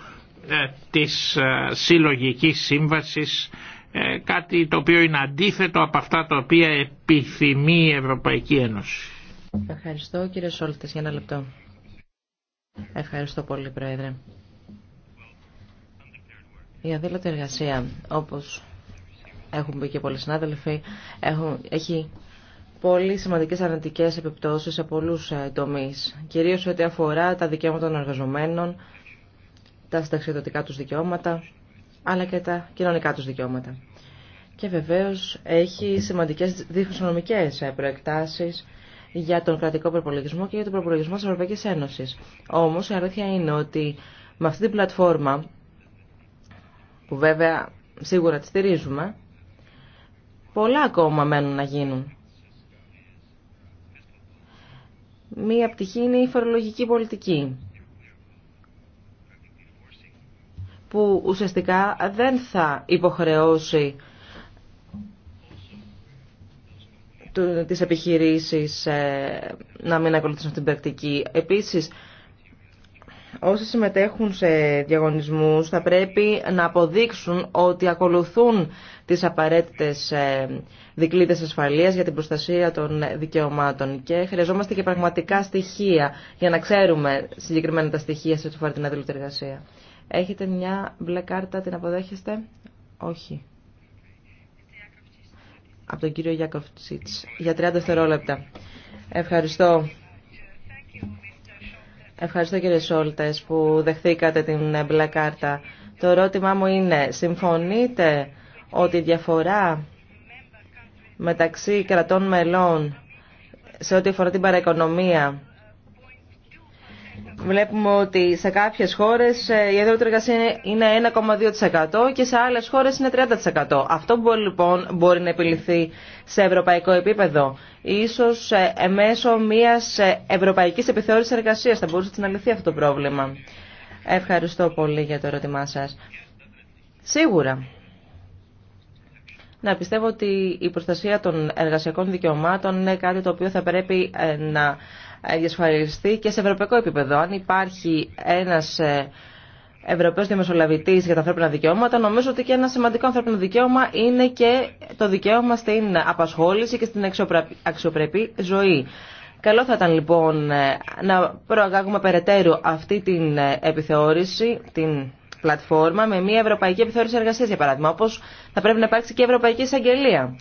ε, της ε, συλλογικής σύμβασης ε, κάτι το οποίο είναι αντίθετο από αυτά τα οποία επιθυμεί η Ευρωπαϊκή Ένωση. Ευχαριστώ κύριε Σόλτες για ένα λεπτό. Ευχαριστώ πολύ Πρόεδρε. Η αδήλωτη εργασία, όπως έχουν πει και πολλοί συνάδελφοι, έχουν, έχει πολύ σημαντικές αρνητικές επιπτώσεις σε πολλούς ε, τομείς, κυρίως ό,τι αφορά τα δικαιώματα των εργαζομένων, τα συνταξιδοτικά τους δικαιώματα, αλλά και τα κοινωνικά τους δικαιώματα. Και βεβαίως έχει σημαντικές διχρονομικές ε, προεκτάσεις για τον κρατικό προπολογισμό και για τον προπολογισμό της Ευρωπαϊκής Ένωσης. Όμως η αλήθεια είναι ότι με αυτή την πλατφόρμα, που βέβαια σίγουρα τη στηρίζουμε, πολλά ακόμα μένουν να γίνουν. Μία πτυχή είναι η φορολογική πολιτική που ουσιαστικά δεν θα υποχρεώσει τις επιχειρήσεις ε, να μην ακολουθήσουν αυτή την πρακτική. Επίσης, όσοι συμμετέχουν σε διαγωνισμούς θα πρέπει να αποδείξουν ότι ακολουθούν τις απαραίτητες ε, δικλείδες ασφαλείας για την προστασία των δικαιωμάτων και χρειαζόμαστε και πραγματικά στοιχεία για να ξέρουμε συγκεκριμένα τα στοιχεία σε ό,τι φορά την εργασία. Έχετε μια μπλε κάρτα, την αποδέχεστε. Όχι. Από τον κύριο Γιακοφτσίτς. Για 30 δευτερόλεπτα. Ευχαριστώ. Ευχαριστώ κύριε Σόλτες που δεχθήκατε την μπλε κάρτα. Το ερώτημά μου είναι, συμφωνείτε ότι η διαφορά μεταξύ κρατών μελών σε ό,τι αφορά την παραοικονομία Βλέπουμε ότι σε κάποιες χώρες ε, η αδεύτερη εργασία είναι 1,2% και σε άλλες χώρες είναι 30%. Αυτό μπορεί λοιπόν μπορεί να επιληθεί σε ευρωπαϊκό επίπεδο. Ίσως ε, μέσω μιας ε, ευρωπαϊκής επιθεώρησης εργασίας θα μπορούσε να λυθεί αυτό το πρόβλημα. Ευχαριστώ πολύ για το ερώτημά σας. Σίγουρα. Να πιστεύω ότι η προστασία των εργασιακών δικαιωμάτων είναι κάτι το οποίο θα πρέπει να διασφαλιστεί και σε ευρωπαϊκό επίπεδο. Αν υπάρχει ένα ε, Ευρωπαίο Διαμεσολαβητή για τα ανθρώπινα δικαιώματα, νομίζω ότι και ένα σημαντικό ανθρώπινο δικαίωμα είναι και το δικαίωμα στην απασχόληση και στην αξιοπρεπή ζωή. Καλό θα ήταν λοιπόν ε, να προαγάγουμε περαιτέρω αυτή την ε, επιθεώρηση, την πλατφόρμα, με μια ευρωπαϊκή επιθεώρηση εργασία, για παράδειγμα, όπω θα πρέπει να υπάρξει και ευρωπαϊκή εισαγγελία.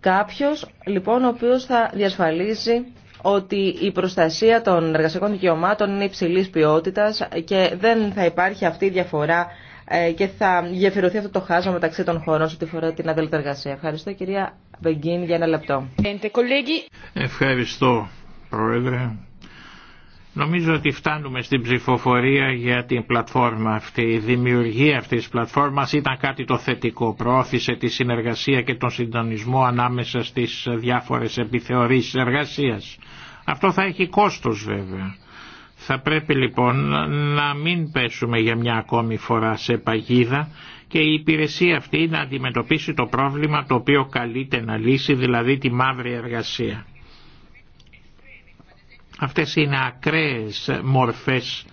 Κάποιο λοιπόν, ο οποίο θα διασφαλίζει ότι η προστασία των εργασιακών δικαιωμάτων είναι υψηλή ποιότητα και δεν θα υπάρχει αυτή η διαφορά ε, και θα γεφυρωθεί αυτό το χάσμα μεταξύ των χωρών σε ό,τι φορά την αδελφή εργασία. Ευχαριστώ κυρία Βεγγίν για ένα λεπτό. Ευχαριστώ Πρόεδρε. Νομίζω ότι φτάνουμε στην ψηφοφορία για την πλατφόρμα αυτή. Η δημιουργία αυτής της πλατφόρμας ήταν κάτι το θετικό. Προώθησε τη συνεργασία και τον συντονισμό ανάμεσα στις διάφορες επιθεωρήσεις εργασίας. Αυτό θα έχει κόστος βέβαια. Θα πρέπει λοιπόν να μην πέσουμε για μια ακόμη φορά σε παγίδα και η υπηρεσία αυτή να αντιμετωπίσει το πρόβλημα το οποίο καλείται να λύσει, δηλαδή τη μαύρη εργασία. Αυτές είναι ακραίες μορφές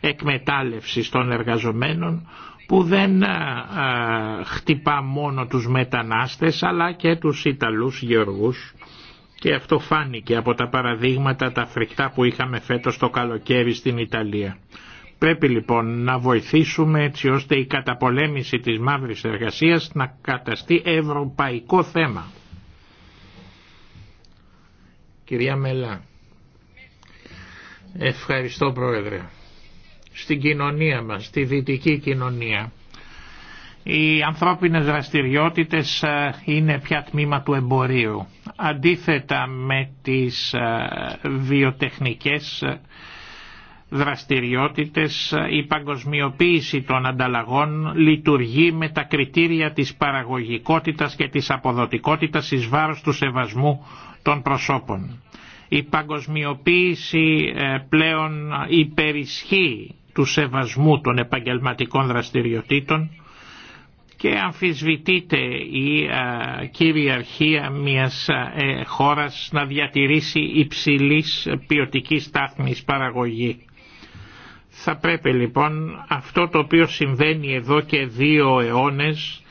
εκμετάλλευσης των εργαζομένων που δεν ε, ε, χτυπά μόνο τους μετανάστες αλλά και τους Ιταλούς γεωργούς και αυτό φάνηκε από τα παραδείγματα τα φρικτά που είχαμε φέτος το καλοκαίρι στην Ιταλία. Πρέπει λοιπόν να βοηθήσουμε έτσι ώστε η καταπολέμηση της μαύρης εργασίας να καταστεί ευρωπαϊκό θέμα. Κυρία Μελά. Ευχαριστώ Πρόεδρε. Στην κοινωνία μας, στη δυτική κοινωνία, οι ανθρώπινες δραστηριότητες ε, είναι πια τμήμα του εμπορίου. Αντίθετα με τις ε, βιοτεχνικές ε, δραστηριότητες η παγκοσμιοποίηση των ανταλλαγών λειτουργεί με τα κριτήρια της παραγωγικότητας και της αποδοτικότητας εις βάρος του σεβασμού των προσώπων. Η παγκοσμιοποίηση ε, πλέον υπερισχύει του σεβασμού των επαγγελματικών δραστηριοτήτων και αμφισβητείται η ε, κυριαρχία μιας ε, χώρας να διατηρήσει υψηλής ποιοτικής τάχνης παραγωγή. Θα πρέπει λοιπόν αυτό το οποίο συμβαίνει εδώ και δύο αιώνες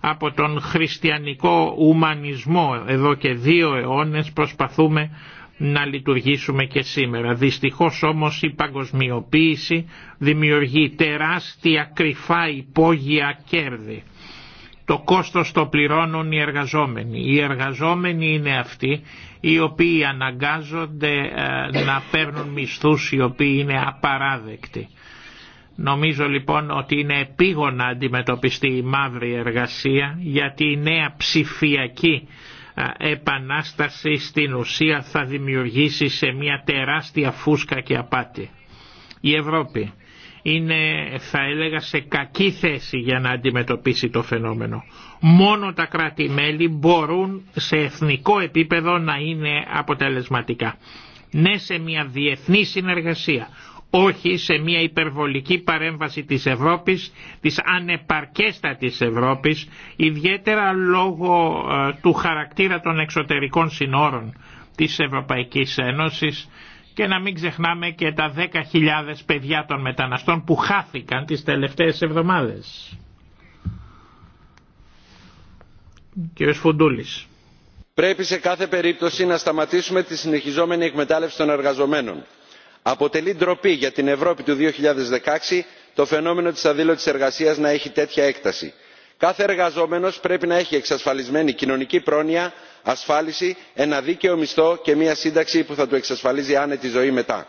από τον χριστιανικό ουμανισμό εδώ και δύο αιώνες προσπαθούμε να λειτουργήσουμε και σήμερα. Δυστυχώς όμως η παγκοσμιοποίηση δημιουργεί τεράστια κρυφά υπόγεια κέρδη. Το κόστος το πληρώνουν οι εργαζόμενοι. Οι εργαζόμενοι είναι αυτοί οι οποίοι αναγκάζονται ε, να παίρνουν μισθούς οι οποίοι είναι απαράδεκτοι. Νομίζω λοιπόν ότι είναι επίγον να αντιμετωπιστεί η μαύρη εργασία γιατί η νέα ψηφιακή επανάσταση στην ουσία θα δημιουργήσει σε μια τεράστια φούσκα και απάτη. Η Ευρώπη είναι θα έλεγα σε κακή θέση για να αντιμετωπίσει το φαινόμενο. Μόνο τα κράτη-μέλη μπορούν σε εθνικό επίπεδο να είναι αποτελεσματικά. Ναι σε μια διεθνή συνεργασία όχι σε μια υπερβολική παρέμβαση της Ευρώπης, της ανεπαρκέστατης Ευρώπης, ιδιαίτερα λόγω ε, του χαρακτήρα των εξωτερικών συνόρων της Ευρωπαϊκής Ένωσης και να μην ξεχνάμε και τα 10.000 παιδιά των μεταναστών που χάθηκαν τις τελευταίες εβδομάδες. Κύριος Φουντούλης. Πρέπει σε κάθε περίπτωση να σταματήσουμε τη συνεχιζόμενη εκμετάλλευση των εργαζομένων αποτελεί ντροπή για την ευρώπη του δύο το φαινόμενο της αδήλωτης εργασίας να έχει τέτοια έκταση. κάθε εργαζόμενος πρέπει να έχει εξασφαλισμένη κοινωνική πρόνοια ασφάλιση ένα δίκαιο μισθό και μια σύνταξη που θα του εξασφαλίζει άνετη ζωή μετά.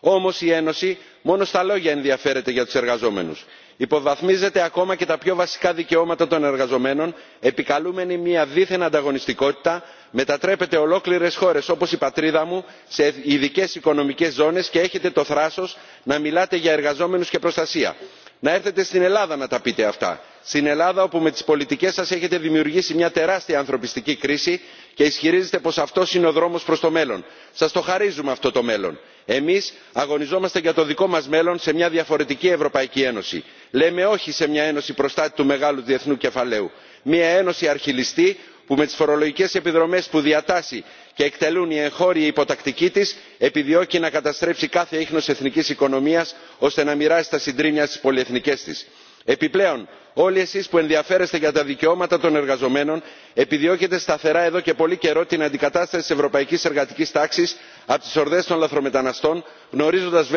όμως η ένωση μόνο στα λόγια ενδιαφέρεται για τους εργαζόμενους υποβαθμίζεται ακόμα και τα πιο βασικά δικαιώματα των εργαζομένων επικαλούμενη μια δίθεν ανταγωνιστικότητα μετατρέπετε ολόκληρες χώρες όπως η πατρίδα μου σε ειδικές οικονομικές ζώνες και έχετε το θράσος να μιλάτε για εργαζόμενους και προστασία. να έρθετε στην ελλάδα να τα πείτε αυτά στην ελλάδα όπου με τις πολιτικές σας έχετε δημιουργήσει μια τεράστια ανθρωπιστική κρίση και ισχυρίζεστε πως αυτό είναι ο δρόμος προς το μέλλον. σας το χαρίζουμε αυτό το μέλλον εμείς αγωνιζόμαστε για το δικό μας μέλλον σε μια διαφορετική ευρωπαϊκή ένωση. λέμε όχι σε μια ένωση προστάτη του μεγάλου διεθνού κεφαλαίου μια ένωση αρχιλιστή που με τις φορολογικές επιδρομές που διατάσσει και εκτελούν οι εγχώροι υποτακτικοί της επιδιώκει να καταστρέψει κάθε ίχνος εθνικής οικονομίας ώστε να μοιράσει τα συντρίμμια στις πολυεθνικές της επιπλέον όλοι εσείς που ενδιαφέρεστε για τα δικαιώματα των εργαζομένων επιδιώκετε σταθερά εδώ και πολύ καιρό την αντικατάσταση της ευρωπαϊκής εργατικής τάξης από τις ορδές των λαθρομεταναστών γνωρίζοντας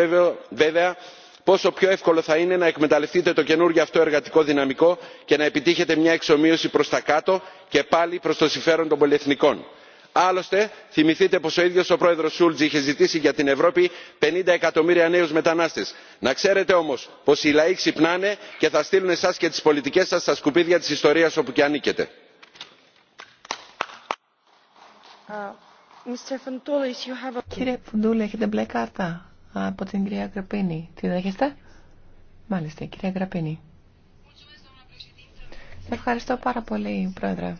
βέβαια πόσο πιο εύκολο θα είναι να εκμεταλλευτείτε το καινούργιο αυτό εργατικό δυναμικό και να επιτύχετε μια εξομοίωση προς τα κάτω και πάλι προς το συμφέρον των πολυεθνικών άλλωστε θυμηθείτε πω ο ίδιο ο πρόεδρος σούλτς είχε ζητήσει για την ευρώπη 50 εκατομμύρια νέου μετανάστες. να ξέρετε όμως πως οι λαοί ξυπνάνε και θα στείλουν εσά και τις πολιτικές σας στα σκουπίδια της ιστορίας όπου και ανήκετε. Uh, Κύριε Φουντούλη, έχετε μπλε κάρτα από την κυρία Γκραπίνη. Τι δέχεστε? Μάλιστα, κυρία Γκραπίνη. Ευχαριστώ πάρα πολύ, Πρόεδρε.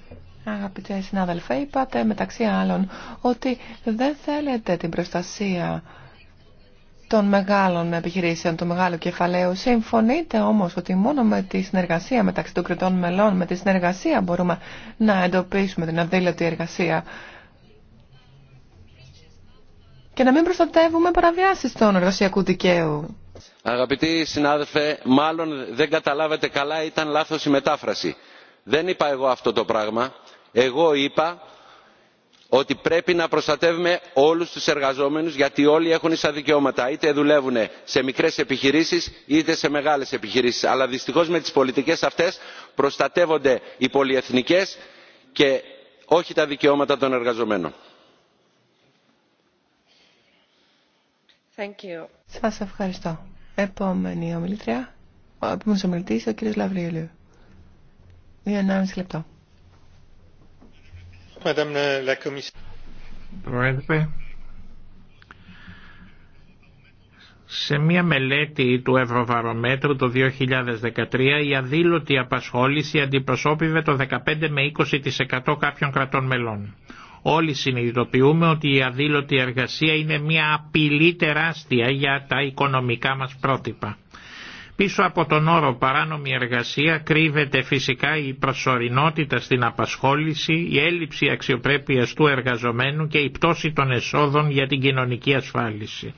Αγαπητέ συνάδελφε, είπατε μεταξύ άλλων ότι δεν θέλετε την προστασία των μεγάλων επιχειρήσεων, του μεγάλου κεφαλαίου. Συμφωνείτε όμως ότι μόνο με τη συνεργασία μεταξύ των κριτών μελών, με τη συνεργασία μπορούμε να εντοπίσουμε την αδίλωτη εργασία και να μην προστατεύουμε παραβιάσεις των εργασιακού δικαίου. Αγαπητοί συνάδελφε, μάλλον δεν καταλάβετε καλά, ήταν λάθος η μετάφραση. Δεν είπα εγώ αυτό το πράγμα εγώ είπα ότι πρέπει να προστατεύουμε όλους τους εργαζόμενους γιατί όλοι έχουν ίσα δικαιώματα είτε δουλεύουν σε μικρές επιχειρήσεις είτε σε μεγάλες επιχειρήσεις αλλά δυστυχώς με τις πολιτικές αυτές προστατεύονται οι πολυεθνικές και όχι τα δικαιώματα των εργαζομένων. Thank you. Σας ευχαριστώ. Επόμενη ομιλήτρια, ο επόμενος ομιλητής, ο κύριος Για λεπτό σε μια μελέτη του Ευρωβαρομέτρου το 2013 η αδήλωτη απασχόληση αντιπροσώπηβε το 15 με 20% κάποιων κρατών μελών. Όλοι συνειδητοποιούμε ότι η αδήλωτη εργασία είναι μια απειλή τεράστια για τα οικονομικά μας πρότυπα. Πίσω από τον όρο παράνομη εργασία κρύβεται φυσικά η προσωρινότητα στην απασχόληση, η έλλειψη αξιοπρέπειας του εργαζομένου και η πτώση των εσόδων για την κοινωνική ασφάλιση.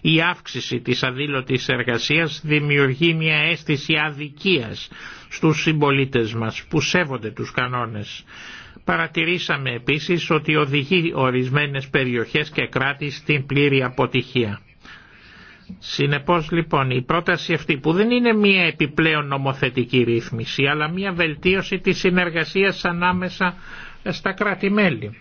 Η αύξηση της αδήλωτης εργασίας δημιουργεί μια αίσθηση αδικίας στους συμπολίτες μας που σέβονται τους κανόνες. Παρατηρήσαμε επίσης ότι οδηγεί ορισμένες περιοχές και κράτη στην πλήρη αποτυχία. Συνεπώς λοιπόν η πρόταση αυτή που δεν είναι μία επιπλέον νομοθετική ρύθμιση αλλά μία βελτίωση της συνεργασίας ανάμεσα στα κράτη-μέλη.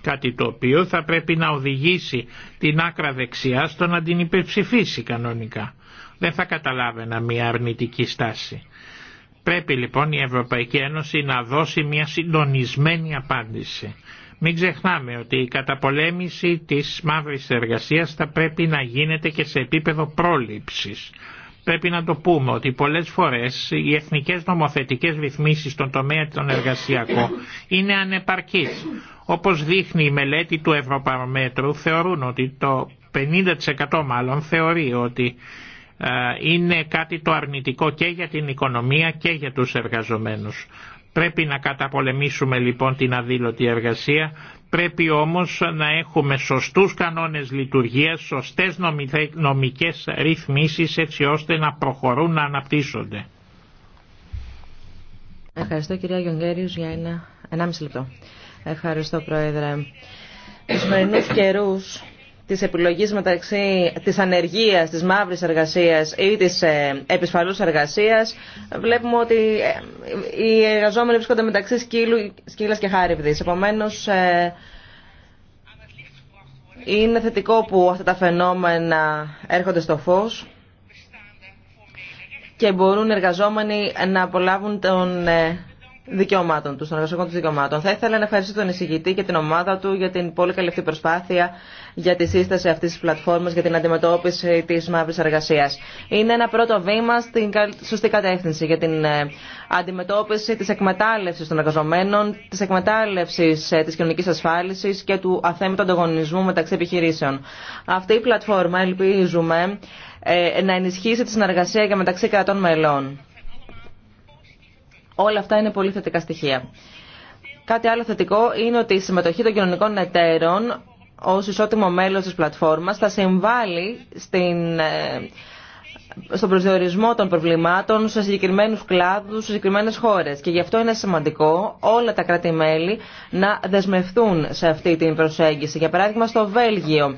Κάτι το οποίο θα πρέπει να οδηγήσει την άκρα δεξιά στο να την υπερψηφίσει κανονικά. Δεν θα καταλάβαινα μία αρνητική στάση. Πρέπει λοιπόν η Ευρωπαϊκή Ένωση να δώσει μία συντονισμένη απάντηση μην ξεχνάμε ότι η καταπολέμηση της μαύρης εργασίας θα πρέπει να γίνεται και σε επίπεδο πρόληψης. Πρέπει να το πούμε ότι πολλές φορές οι εθνικές νομοθετικές ρυθμίσεις στον τομέα των εργασιακών είναι ανεπαρκείς. Όπως δείχνει η μελέτη του Ευρωπαρομέτρου θεωρούν ότι το 50% μάλλον θεωρεί ότι ε, είναι κάτι το αρνητικό και για την οικονομία και για τους εργαζομένους. Πρέπει να καταπολεμήσουμε λοιπόν την αδήλωτη εργασία, πρέπει όμως να έχουμε σωστούς κανόνες λειτουργίας, σωστές νομικές ρυθμίσεις έτσι ώστε να προχωρούν να αναπτύσσονται. Ευχαριστώ κυρία Γιονγκέριους για ένα, ένα λεπτό. Ευχαριστώ Πρόεδρε. Τους σημερινούς καιρούς Τη επιλογή μεταξύ της ανεργία, τη μαύρη εργασία ή της ε, επισφαλούς εργασία, βλέπουμε ότι ε, οι εργαζόμενοι βρίσκονται μεταξύ σκύλου, και Επομένω, Επομένως, ε, είναι θετικό που αυτά τα φαινόμενα έρχονται στο φω, και μπορούν οι εργαζόμενοι να απολάβουν τον δικαιωμάτων του, των εργασιακών του δικαιωμάτων. Θα ήθελα να ευχαριστήσω τον εισηγητή και την ομάδα του για την πολύ καλή αυτή προσπάθεια για τη σύσταση αυτή τη πλατφόρμα για την αντιμετώπιση τη μαύρη εργασία. Είναι ένα πρώτο βήμα στην σωστή κατεύθυνση για την ε, αντιμετώπιση τη εκμετάλλευση των εργαζομένων, τη εκμετάλλευση ε, τη κοινωνική ασφάλιση και του αθέμητου ανταγωνισμού μεταξύ επιχειρήσεων. Αυτή η πλατφόρμα, ελπίζουμε, ε, να ενισχύσει τη συνεργασία και μεταξύ κρατών μελών Όλα αυτά είναι πολύ θετικά στοιχεία. Κάτι άλλο θετικό είναι ότι η συμμετοχή των κοινωνικών εταίρων ω ισότιμο μέλο τη πλατφόρμα, θα συμβάλλει στην, ε, στον προσδιορισμό των προβλημάτων σε συγκεκριμένου κλάδου, σε συγκεκριμένε χώρε. Και γι' αυτό είναι σημαντικό όλα τα κράτη-μέλη να δεσμευτούν σε αυτή την προσέγγιση. Για παράδειγμα στο Βέλγιο.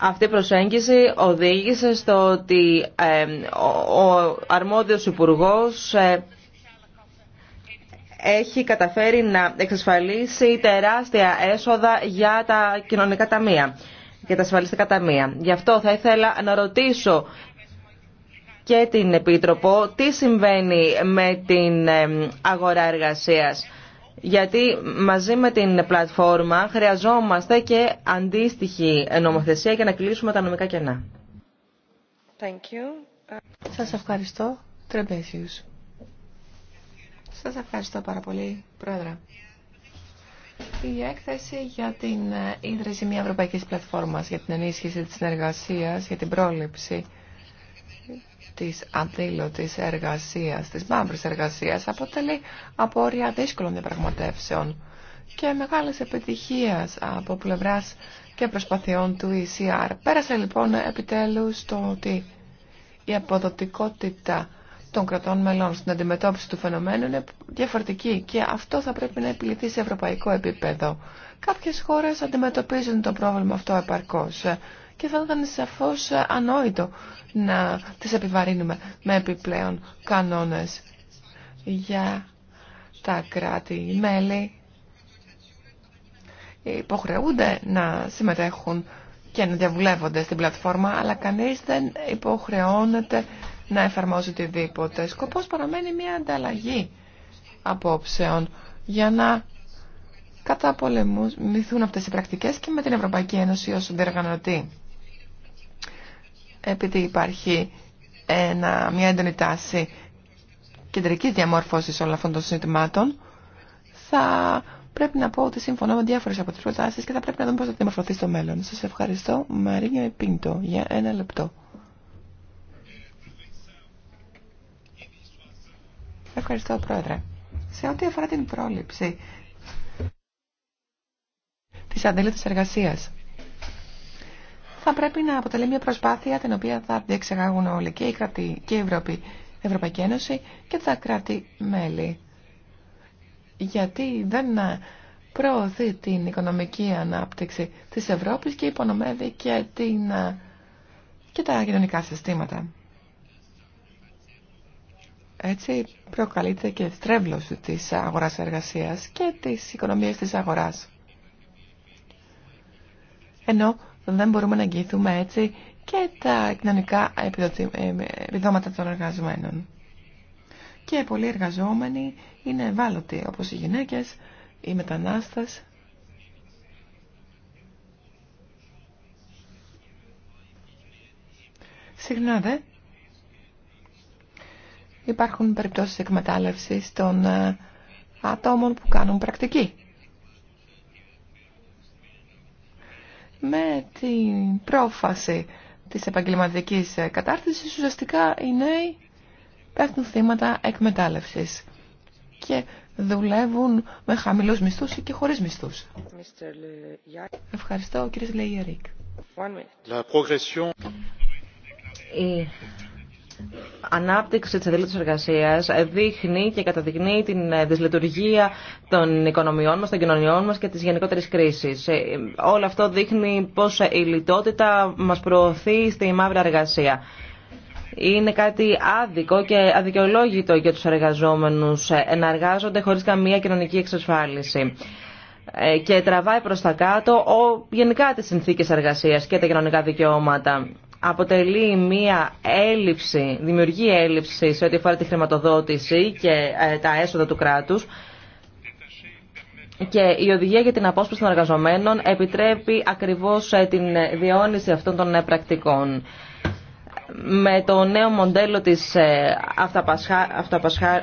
Αυτή η προσέγγιση οδήγησε στο ότι ε, ο αρμόδιος υπουργός ε, έχει καταφέρει να εξασφαλίσει τεράστια έσοδα για τα κοινωνικά ταμεία και τα ασφαλιστικά ταμεία. Γι' αυτό θα ήθελα να ρωτήσω και την Επίτροπο τι συμβαίνει με την αγορά εργασίας. Γιατί μαζί με την πλατφόρμα χρειαζόμαστε και αντίστοιχη νομοθεσία για να κλείσουμε τα νομικά κενά. Thank Σας ευχαριστώ. Σας ευχαριστώ πάρα πολύ, Πρόεδρε. Η έκθεση για την ε, ίδρυση μια ευρωπαϊκής πλατφόρμας για την ενίσχυση της συνεργασίας, για την πρόληψη της της εργασίας, της μαύρη εργασίας, αποτελεί απόρρια δύσκολων διαπραγματεύσεων και μεγάλη επιτυχία από πλευράς και προσπαθειών του ECR. Πέρασε λοιπόν επιτέλους το ότι η αποδοτικότητα των κρατών μελών στην αντιμετώπιση του φαινομένου είναι διαφορετική και αυτό θα πρέπει να επιληθεί σε ευρωπαϊκό επίπεδο. Κάποιες χώρες αντιμετωπίζουν το πρόβλημα αυτό επαρκώς και θα ήταν σαφώς ανόητο να τις επιβαρύνουμε με επιπλέον κανόνες για τα κράτη-μέλη. Υποχρεούνται να συμμετέχουν και να διαβουλεύονται στην πλατφόρμα, αλλά κανείς δεν υποχρεώνεται να εφαρμόζει οτιδήποτε. Σκοπός παραμένει μια ανταλλαγή απόψεων για να καταπολεμηθούν αυτές οι πρακτικές και με την Ευρωπαϊκή Ένωση ως συνεργανωτή. Επειδή υπάρχει ένα, μια έντονη τάση κεντρικής διαμόρφωσης όλων αυτών των συναιτημάτων θα πρέπει να πω ότι συμφωνώ με διάφορες από τις προτάσεις και θα πρέπει να δούμε πώς θα δημορφωθεί στο μέλλον. Σας ευχαριστώ. Μαρίνιο Επίντο για ένα λεπτό. Ευχαριστώ, Πρόεδρε. Σε ό,τι αφορά την πρόληψη της της εργασίας, θα πρέπει να αποτελεί μια προσπάθεια την οποία θα διεξεγάγουν όλοι και η, και η Ευρώπη, Ευρωπαϊκή Ένωση και τα κράτη-μέλη. Γιατί δεν προωθεί την οικονομική ανάπτυξη της Ευρώπης και υπονομεύει και, την, και τα κοινωνικά συστήματα. Έτσι προκαλείται και στρέβλωση της αγοράς εργασίας και της οικονομίας της αγοράς. Ενώ δεν μπορούμε να αγγίθουμε έτσι και τα κοινωνικά ε, επιδόματα των εργαζομένων. Και πολλοί εργαζόμενοι είναι ευάλωτοι, όπως οι γυναίκες, οι μετανάστες. Συχνά υπάρχουν περιπτώσεις εκμετάλλευσης των ε, ατόμων που κάνουν πρακτική. Με την πρόφαση της επαγγελματικής ε, κατάρτισης ουσιαστικά οι νέοι πέφτουν θύματα εκμετάλλευσης και δουλεύουν με χαμηλούς μισθούς και χωρίς μισθούς. Ευχαριστώ, κύριε Λεϊερικ ανάπτυξη της αργασίας εργασίας δείχνει και καταδεικνύει την δυσλειτουργία των οικονομιών μας, των κοινωνιών μας και της γενικότερης κρίσης. Ε, όλο αυτό δείχνει πώς η λιτότητα μας προωθεί στη μαύρη εργασία. Είναι κάτι άδικο και αδικαιολόγητο για τους εργαζόμενους ε, να εργάζονται χωρίς καμία κοινωνική εξασφάλιση ε, και τραβάει προς τα κάτω ο, γενικά τις συνθήκες εργασίας και τα κοινωνικά δικαιώματα αποτελεί μία έλλειψη, δημιουργεί έλλειψη σε ό,τι αφορά τη χρηματοδότηση και ε, τα έσοδα του κράτους. Και η οδηγία για την απόσπαση των εργαζομένων επιτρέπει ακριβώς ε, την διόνυση αυτών των ε, πρακτικών. Με το νέο μοντέλο της αυταπασχα... Αυταπασχα...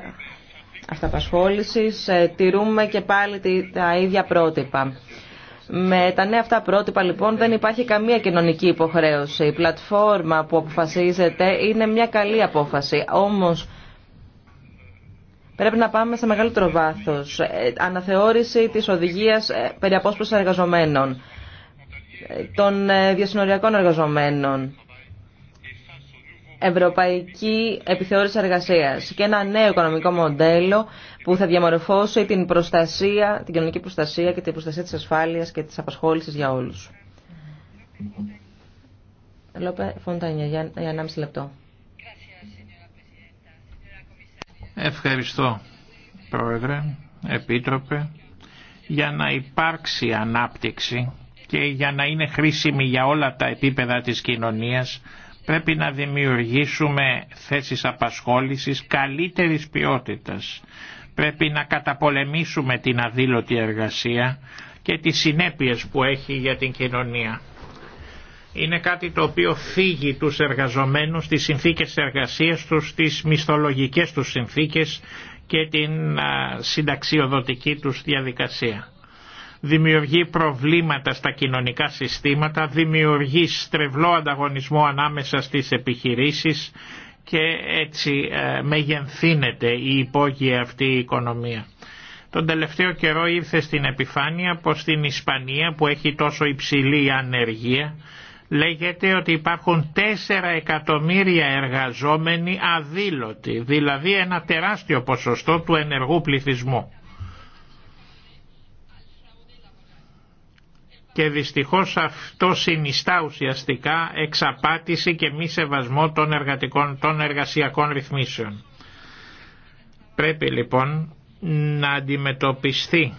αυταπασχόλησης τηρούμε και πάλι τα ίδια πρότυπα. Με τα νέα αυτά πρότυπα λοιπόν δεν υπάρχει καμία κοινωνική υποχρέωση. Η πλατφόρμα που αποφασίζεται είναι μια καλή απόφαση. Όμως πρέπει να πάμε σε μεγαλύτερο βάθος. Ε, αναθεώρηση της οδηγίας ε, περί απόσπασης εργαζομένων, ε, των διασυνοριακών εργαζομένων ευρωπαϊκή επιθεώρηση εργασίας και ένα νέο οικονομικό μοντέλο που θα διαμορφώσει την προστασία, την κοινωνική προστασία και την προστασία της ασφάλειας και της απασχόλησης για όλους. Λόπε για λεπτό. Ευχαριστώ, Πρόεδρε, Επίτροπε. Για να υπάρξει ανάπτυξη και για να είναι χρήσιμη για όλα τα επίπεδα της κοινωνίας, Πρέπει να δημιουργήσουμε θέσεις απασχόλησης καλύτερης ποιότητας. Πρέπει να καταπολεμήσουμε την αδήλωτη εργασία και τις συνέπειες που έχει για την κοινωνία. Είναι κάτι το οποίο φύγει τους εργαζομένους, τις συνθήκες εργασίας τους, τις μισθολογικές τους συνθήκες και την συνταξιοδοτική τους διαδικασία δημιουργεί προβλήματα στα κοινωνικά συστήματα, δημιουργεί στρεβλό ανταγωνισμό ανάμεσα στις επιχειρήσεις και έτσι ε, μεγενθύνεται η υπόγεια αυτή η οικονομία. Τον τελευταίο καιρό ήρθε στην επιφάνεια πως στην Ισπανία που έχει τόσο υψηλή ανεργία λέγεται ότι υπάρχουν 4 εκατομμύρια εργαζόμενοι αδήλωτοι, δηλαδή ένα τεράστιο ποσοστό του ενεργού πληθυσμού. και δυστυχώς αυτό συνιστά ουσιαστικά εξαπάτηση και μη σεβασμό των, εργατικών, των εργασιακών ρυθμίσεων. Πρέπει λοιπόν να αντιμετωπιστεί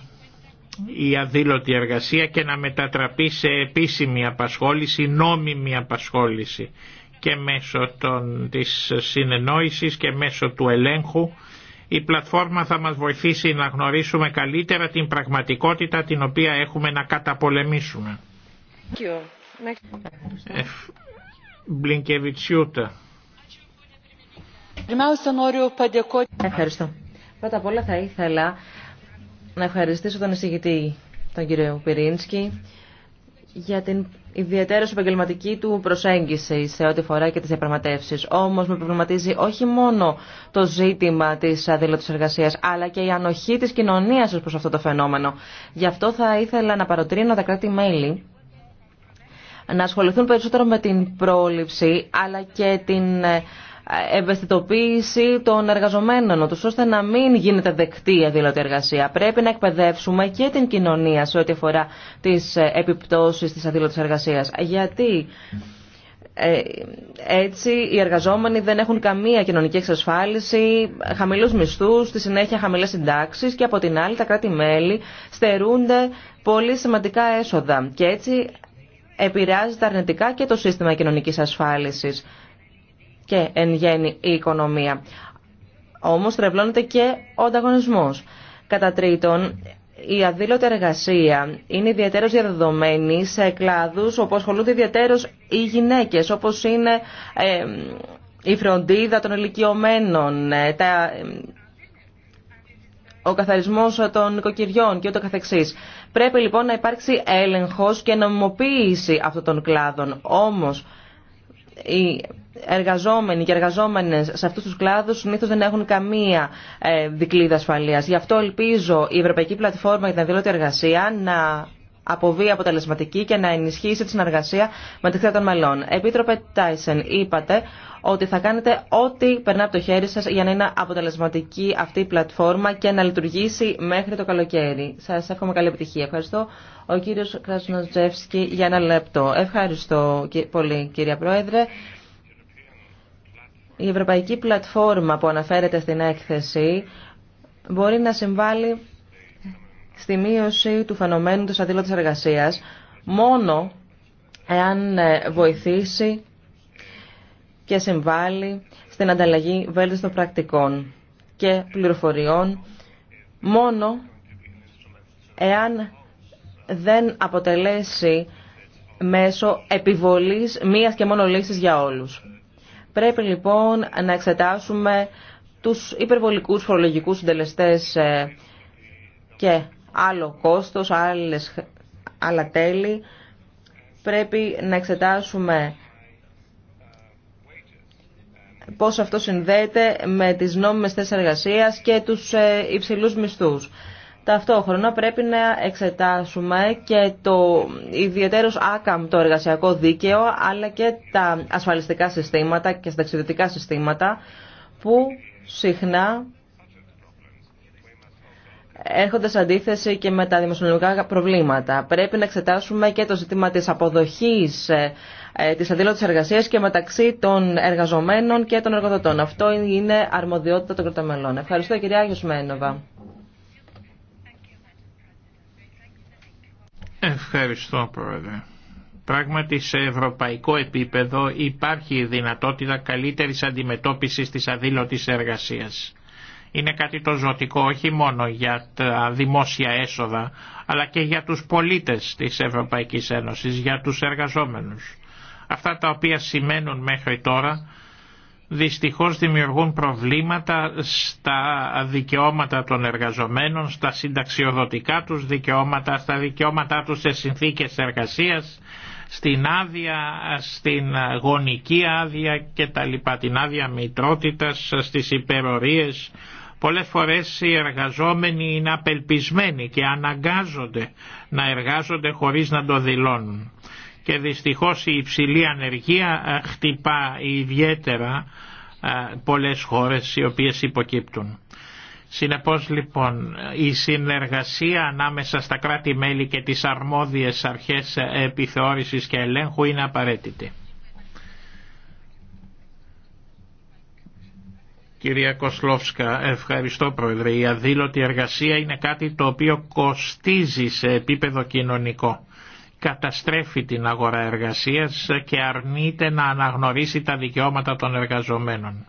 η αδήλωτη εργασία και να μετατραπεί σε επίσημη απασχόληση, νόμιμη απασχόληση και μέσω των, της συνεννόησης και μέσω του ελέγχου η πλατφόρμα θα μας βοηθήσει να γνωρίσουμε καλύτερα την πραγματικότητα την οποία έχουμε να καταπολεμήσουμε. Ευχαριστώ. Πρώτα απ' όλα θα ήθελα να ευχαριστήσω τον εισηγητή, τον κύριο Πυρίνσκι, για την ιδιαίτερη επαγγελματική του προσέγγιση σε ό,τι φορά και τις διαπραγματεύσεις. Όμως με προβληματίζει όχι μόνο το ζήτημα της αδήλωτης εργασίας, αλλά και η ανοχή της κοινωνίας ως προς αυτό το φαινόμενο. Γι' αυτό θα ήθελα να παροτρύνω τα κράτη-μέλη να ασχοληθούν περισσότερο με την πρόληψη, αλλά και την ε, ευαισθητοποίηση των εργαζομένων του, ώστε να μην γίνεται δεκτή η αδήλωτη εργασία. Πρέπει να εκπαιδεύσουμε και την κοινωνία σε ό,τι αφορά τι ε, επιπτώσει τη αδήλωτη εργασία. Γιατί ε, έτσι οι εργαζόμενοι δεν έχουν καμία κοινωνική εξασφάλιση, χαμηλούς μισθούς, στη συνέχεια χαμηλές συντάξει και από την άλλη τα κράτη-μέλη στερούνται πολύ σημαντικά έσοδα και έτσι επηρεάζεται αρνητικά και το σύστημα κοινωνικής ασφάλισης και εν γέννη η οικονομία. Όμως τρευλώνεται και ο ανταγωνισμός. Κατά τρίτον, η αδήλωτη εργασία είναι ιδιαίτερως διαδεδομένη σε κλάδους όπου ασχολούνται ιδιαίτερως οι γυναίκες, όπως είναι η φροντίδα των ηλικιωμένων, ε, τα, ο καθαρισμός των οικοκυριών και ούτω καθεξής. Πρέπει λοιπόν να υπάρξει έλεγχος και νομιμοποίηση αυτών των κλάδων. Όμως η εργαζόμενοι και εργαζόμενε σε αυτού του κλάδου συνήθω δεν έχουν καμία ε, δικλίδα ασφαλεία. Γι' αυτό ελπίζω η Ευρωπαϊκή Πλατφόρμα για την Αδήλωτη Εργασία να αποβεί αποτελεσματική και να ενισχύσει τη συνεργασία με χρήση των μελών. Επίτροπε Τάισεν, είπατε ότι θα κάνετε ό,τι περνά από το χέρι σας για να είναι αποτελεσματική αυτή η πλατφόρμα και να λειτουργήσει μέχρι το καλοκαίρι. Σας εύχομαι καλή επιτυχία. Ευχαριστώ. Ο κύριος Κρασνοτζεύσκη για ένα λεπτό. Ευχαριστώ πολύ κυρία Πρόεδρε η Ευρωπαϊκή Πλατφόρμα που αναφέρεται στην έκθεση μπορεί να συμβάλλει στη μείωση του φαινομένου της εργασίας μόνο εάν ε, βοηθήσει και συμβάλλει στην ανταλλαγή βέλτιστων πρακτικών και πληροφοριών μόνο εάν δεν αποτελέσει μέσω επιβολής μίας και μόνο λύσης για όλους. Πρέπει λοιπόν να εξετάσουμε τους υπερβολικούς φορολογικούς συντελεστές ε, και άλλο κόστος, άλλες, άλλα τέλη. Πρέπει να εξετάσουμε πώς αυτό συνδέεται με τις νόμιμες θέσεις εργασίας και τους ε, υψηλούς μισθούς. Ταυτόχρονα πρέπει να εξετάσουμε και το άκαμ το εργασιακό δίκαιο αλλά και τα ασφαλιστικά συστήματα και τα εξαιρετικά συστήματα που συχνά έρχονται σε αντίθεση και με τα δημοσιονομικά προβλήματα. Πρέπει να εξετάσουμε και το ζήτημα της αποδοχής ε, ε, της αντίλωτης εργασίας και μεταξύ των εργαζομένων και των εργοδοτών. Αυτό είναι αρμοδιότητα των κρατομελών. Ευχαριστώ κυρία Άγιος Ευχαριστώ Πρόεδρε. Πράγματι σε ευρωπαϊκό επίπεδο υπάρχει η δυνατότητα καλύτερης αντιμετώπισης της αδήλωτης εργασίας. Είναι κάτι το ζωτικό όχι μόνο για τα δημόσια έσοδα, αλλά και για τους πολίτες της Ευρωπαϊκής Ένωσης, για τους εργαζόμενους. Αυτά τα οποία σημαίνουν μέχρι τώρα δυστυχώς δημιουργούν προβλήματα στα δικαιώματα των εργαζομένων, στα συνταξιοδοτικά τους δικαιώματα, στα δικαιώματά τους σε συνθήκες εργασίας, στην άδεια, στην γονική άδεια και τα λοιπά, την άδεια μητρότητας, στις υπερορίες. Πολλές φορές οι εργαζόμενοι είναι απελπισμένοι και αναγκάζονται να εργάζονται χωρίς να το δηλώνουν και δυστυχώς η υψηλή ανεργία ε, χτυπά ιδιαίτερα πολλές χώρες οι οποίες υποκύπτουν. Συνεπώς λοιπόν η συνεργασία ανάμεσα στα κράτη-μέλη και τις αρμόδιες αρχές επιθεώρησης και ελέγχου είναι απαραίτητη. Κυρία Κοσλόφσκα, ευχαριστώ Πρόεδρε. Η αδήλωτη εργασία είναι κάτι το οποίο κοστίζει σε επίπεδο κοινωνικό καταστρέφει την αγορά εργασίας και αρνείται να αναγνωρίσει τα δικαιώματα των εργαζομένων.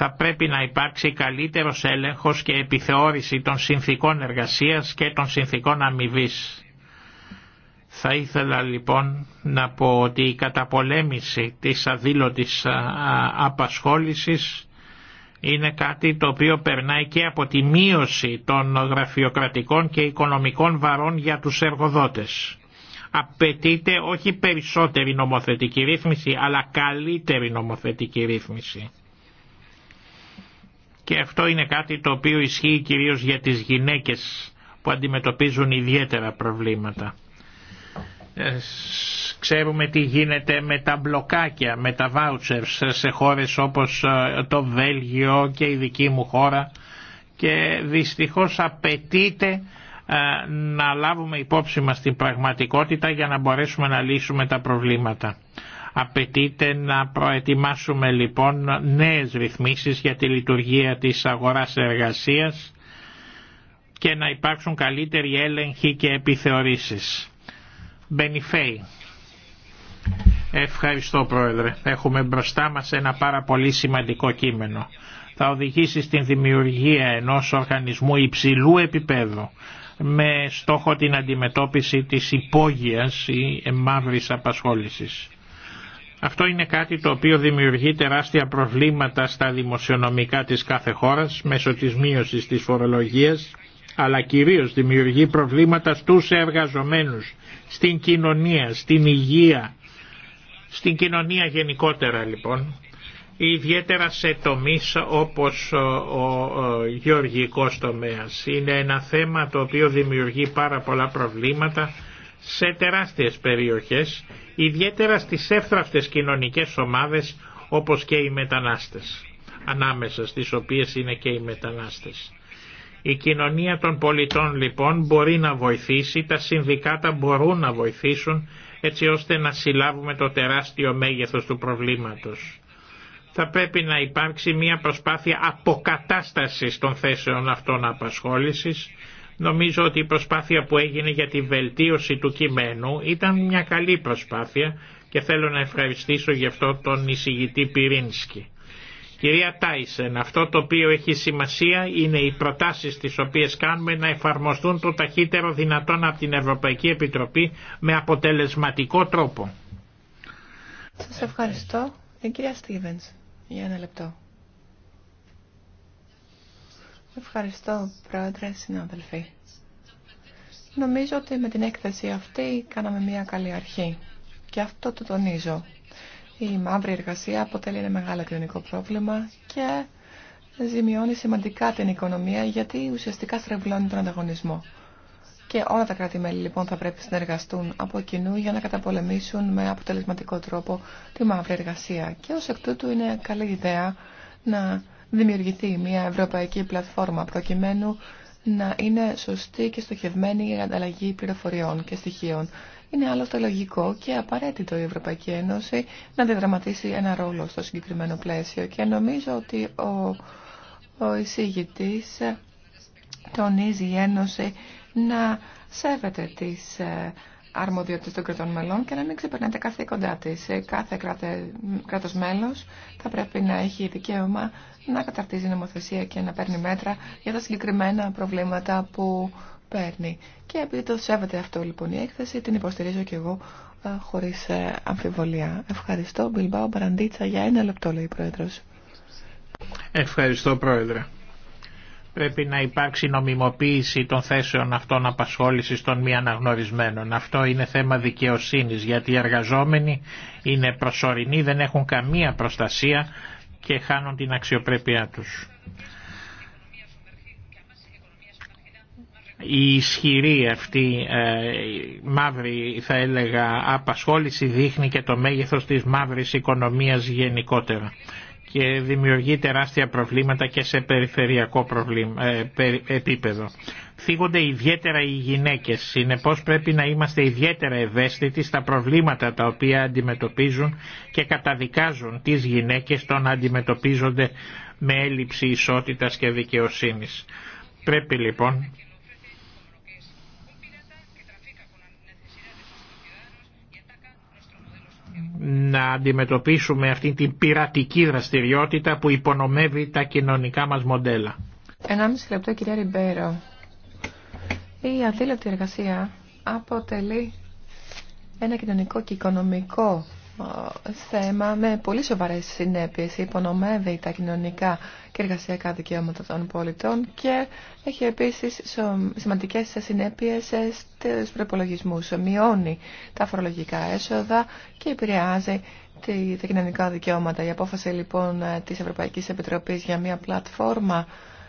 θα πρέπει να υπάρξει καλύτερος έλεγχος και επιθεώρηση των συνθήκων εργασίας και των συνθήκων αμοιβή. Θα ήθελα λοιπόν να πω ότι η καταπολέμηση της αδήλωτης απασχόλησης είναι κάτι το οποίο περνάει και από τη μείωση των γραφειοκρατικών και οικονομικών βαρών για τους εργοδότες. Απαιτείται όχι περισσότερη νομοθετική ρύθμιση, αλλά καλύτερη νομοθετική ρύθμιση. Και αυτό είναι κάτι το οποίο ισχύει κυρίως για τις γυναίκες που αντιμετωπίζουν ιδιαίτερα προβλήματα. Ξέρουμε τι γίνεται με τα μπλοκάκια, με τα βάουτσερ σε χώρες όπως ε, το Βέλγιο και η δική μου χώρα και δυστυχώς απαιτείται ε, να λάβουμε υπόψη μας την πραγματικότητα για να μπορέσουμε να λύσουμε τα προβλήματα. Απαιτείται να προετοιμάσουμε λοιπόν νέες ρυθμίσεις για τη λειτουργία της αγοράς εργασίας και να υπάρξουν καλύτεροι έλεγχοι και επιθεωρήσεις. Μπενιφέη. Ευχαριστώ Πρόεδρε. Έχουμε μπροστά μας ένα πάρα πολύ σημαντικό κείμενο. Θα οδηγήσει στην δημιουργία ενός οργανισμού υψηλού επίπεδου με στόχο την αντιμετώπιση της υπόγειας ή μαύρης απασχόλησης. Αυτό είναι κάτι το οποίο δημιουργεί τεράστια προβλήματα στα δημοσιονομικά της κάθε χώρας μέσω της μείωσης της φορολογίας αλλά κυρίως δημιουργεί προβλήματα στους εργαζομένους, στην κοινωνία, στην υγεία, στην κοινωνία γενικότερα λοιπόν, ιδιαίτερα σε τομείς όπως ο, ο, ο γεωργικός τομέας. Είναι ένα θέμα το οποίο δημιουργεί πάρα πολλά προβλήματα σε τεράστιες περιοχές, ιδιαίτερα στις εύθραυτες κοινωνικές ομάδες όπως και οι μετανάστες, ανάμεσα στις οποίες είναι και οι μετανάστες. Η κοινωνία των πολιτών λοιπόν μπορεί να βοηθήσει, τα συνδικάτα μπορούν να βοηθήσουν έτσι ώστε να συλλάβουμε το τεράστιο μέγεθος του προβλήματος. Θα πρέπει να υπάρξει μια προσπάθεια αποκατάστασης των θέσεων αυτών απασχόλησης. Νομίζω ότι η προσπάθεια που έγινε για τη βελτίωση του κειμένου ήταν μια καλή προσπάθεια και θέλω να ευχαριστήσω γι' αυτό τον εισηγητή Πυρίνσκι. Κυρία Τάισεν, αυτό το οποίο έχει σημασία είναι οι προτάσεις τις οποίες κάνουμε να εφαρμοστούν το ταχύτερο δυνατόν από την Ευρωπαϊκή Επιτροπή με αποτελεσματικό τρόπο. Σας ευχαριστώ. Ε, κυρία Στίβενς, για ένα λεπτό. Ευχαριστώ, πρόεδρε, συνάδελφοι. Νομίζω ότι με την έκθεση αυτή κάναμε μια καλή αρχή. Και αυτό το τονίζω. Η μαύρη εργασία αποτελεί ένα μεγάλο κοινωνικό πρόβλημα και ζημιώνει σημαντικά την οικονομία γιατί ουσιαστικά στρεβλώνει τον ανταγωνισμό. Και όλα τα κράτη-μέλη λοιπόν θα πρέπει να συνεργαστούν από κοινού για να καταπολεμήσουν με αποτελεσματικό τρόπο τη μαύρη εργασία. Και ως εκ τούτου είναι καλή ιδέα να δημιουργηθεί μια ευρωπαϊκή πλατφόρμα προκειμένου να είναι σωστή και στοχευμένη η ανταλλαγή πληροφοριών και στοιχείων. Είναι άλλωστε λογικό και απαραίτητο η Ευρωπαϊκή Ένωση να διαδραματίσει ένα ρόλο στο συγκεκριμένο πλαίσιο και νομίζω ότι ο, ο εισηγητής τονίζει η Ένωση να σέβεται τις ε, αρμοδιότητες των κρατών μελών και να μην ξεπερνάτε τα καθήκοντά της. Ε, κάθε κράτος μέλος θα πρέπει να έχει δικαίωμα να καταρτίζει νομοθεσία και να παίρνει μέτρα για τα συγκεκριμένα προβλήματα που παίρνει. Και επειδή το σέβεται αυτό λοιπόν η έκθεση, την υποστηρίζω και εγώ χωρίς ε, αμφιβολία. Ευχαριστώ, Μπιλμπάου Μπαραντίτσα, για ένα λεπτό, λέει η Πρόεδρος. Ευχαριστώ, Πρόεδρε. Πρέπει να υπάρξει νομιμοποίηση των θέσεων αυτών απασχόληση των μη αναγνωρισμένων. Αυτό είναι θέμα δικαιοσύνης, γιατί οι εργαζόμενοι είναι προσωρινοί, δεν έχουν καμία προστασία και χάνουν την αξιοπρέπειά τους. η ισχυρή αυτή ε, μαύρη θα έλεγα απασχόληση δείχνει και το μέγεθος της μαύρης οικονομίας γενικότερα και δημιουργεί τεράστια προβλήματα και σε περιφερειακό προβλήμα, ε, επίπεδο. Φύγονται ιδιαίτερα οι γυναίκες, συνεπώς πρέπει να είμαστε ιδιαίτερα ευαίσθητοι στα προβλήματα τα οποία αντιμετωπίζουν και καταδικάζουν τις γυναίκες το να αντιμετωπίζονται με έλλειψη ισότητας και δικαιοσύνης. Πρέπει λοιπόν να αντιμετωπίσουμε αυτή την πειρατική δραστηριότητα που υπονομεύει τα κοινωνικά μας μοντέλα. 1,5 λεπτό κυρία Ριμπέρο. Η αδίλεπτη εργασία αποτελεί ένα κοινωνικό και οικονομικό θέμα με πολύ σοβαρές συνέπειες. Υπονομεύει τα κοινωνικά και εργασιακά δικαιώματα των πολιτών και έχει επίσης σημαντικές συνέπειες ε, στους προπολογισμού. Μειώνει τα φορολογικά έσοδα και επηρεάζει τα κοινωνικά δικαιώματα. Η απόφαση λοιπόν ε, της Ευρωπαϊκής Επιτροπής για μια πλατφόρμα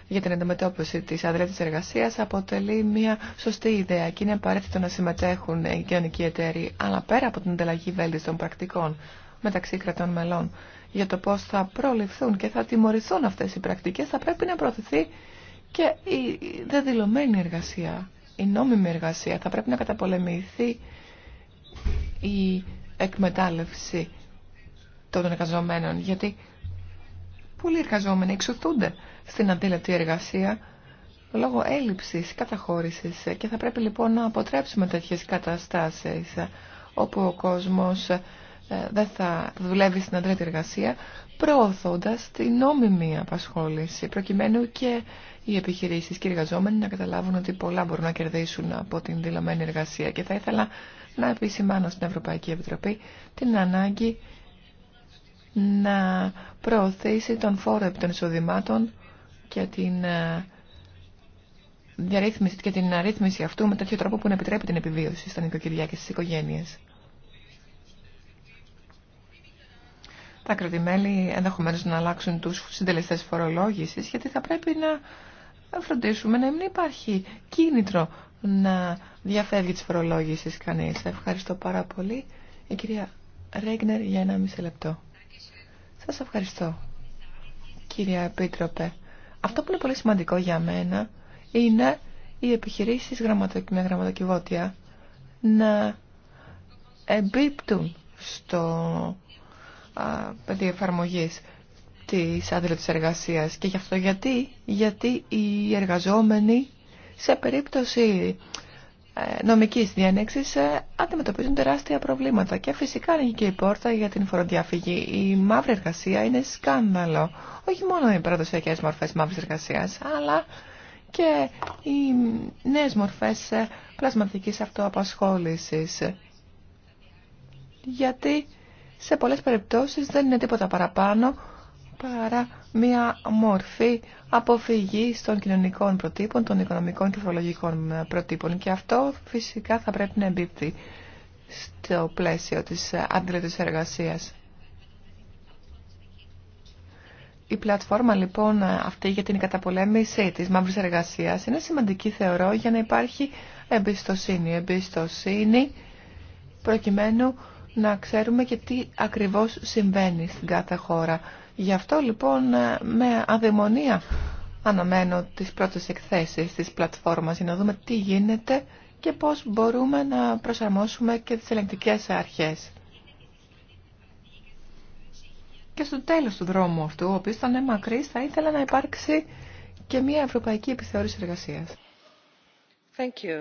για την αντιμετώπιση τη αδρέτης εργασία αποτελεί μια σωστή ιδέα και είναι απαραίτητο να συμμετέχουν οι κοινωνικοί εταίροι, αλλά πέρα από την ανταλλαγή βέλτιστων πρακτικών μεταξύ κρατών μελών για το πώς θα προληφθούν και θα τιμωρηθούν αυτές οι πρακτικές θα πρέπει να προωθηθεί και η δεδηλωμένη εργασία, η νόμιμη εργασία. Θα πρέπει να καταπολεμηθεί η εκμετάλλευση των εργαζομένων γιατί πολλοί εργαζόμενοι εξουθούνται στην αντίλατη εργασία λόγω έλλειψης καταχώρησης και θα πρέπει λοιπόν να αποτρέψουμε τέτοιες καταστάσεις όπου ο κόσμος ε, δεν θα δουλεύει στην αντρέτη εργασία, προωθώντας την νόμιμη απασχόληση, προκειμένου και οι επιχειρήσεις και οι εργαζόμενοι να καταλάβουν ότι πολλά μπορούν να κερδίσουν από την δηλωμένη εργασία. Και θα ήθελα να επισημάνω στην Ευρωπαϊκή Επιτροπή την ανάγκη να προωθήσει τον φόρο επί των εισοδημάτων και την ε, την αρρύθμιση αυτού με τέτοιο τρόπο που να επιτρέπει την επιβίωση στα νοικοκυριά και στις οικογένειες. τα κρατημέλη ενδεχομένως να αλλάξουν τους συντελεστές φορολόγησης γιατί θα πρέπει να φροντίσουμε να μην υπάρχει κίνητρο να διαφεύγει τις φορολόγησης κανείς. Ευχαριστώ πάρα πολύ. Η κυρία Ρέγνερ για ένα μισή λεπτό. Σας ευχαριστώ, κυρία Επίτροπε. Αυτό που είναι πολύ σημαντικό για μένα είναι οι επιχειρήσεις με γραμματοκιβώτια να εμπίπτουν στο πεδίο εφαρμογή της άδελφης εργασίας. Και γι' αυτό γιατί, γιατί οι εργαζόμενοι σε περίπτωση ε, νομικής διανέξης ε, αντιμετωπίζουν τεράστια προβλήματα και φυσικά ανοίγει και η πόρτα για την φοροδιαφυγή. Η μαύρη εργασία είναι σκάνδαλο. Όχι μόνο οι παραδοσιακέ μορφές μαύρης εργασίας, αλλά και οι νέες μορφές ε, πλασματικής αυτοαπασχόλησης. Γιατί σε πολλές περιπτώσεις δεν είναι τίποτα παραπάνω παρά μια μορφή αποφυγής των κοινωνικών προτύπων, των οικονομικών και φορολογικών προτύπων. Και αυτό φυσικά θα πρέπει να εμπίπτει στο πλαίσιο της αντιλέτης εργασίας. Η πλατφόρμα λοιπόν αυτή για την καταπολέμηση της μαύρης εργασίας είναι σημαντική θεωρώ για να υπάρχει εμπιστοσύνη. Εμπιστοσύνη προκειμένου να ξέρουμε και τι ακριβώς συμβαίνει στην κάθε χώρα. Γι' αυτό λοιπόν ε, με αδαιμονία αναμένω τις πρώτες εκθέσεις της πλατφόρμας για να δούμε τι γίνεται και πώς μπορούμε να προσαρμόσουμε και τις ελεγκτικές αρχές. Και στο τέλος του δρόμου αυτού, ο οποίος ήταν μακρύς, θα ήθελα να υπάρξει και μια ευρωπαϊκή επιθεώρηση εργασίας. Thank you.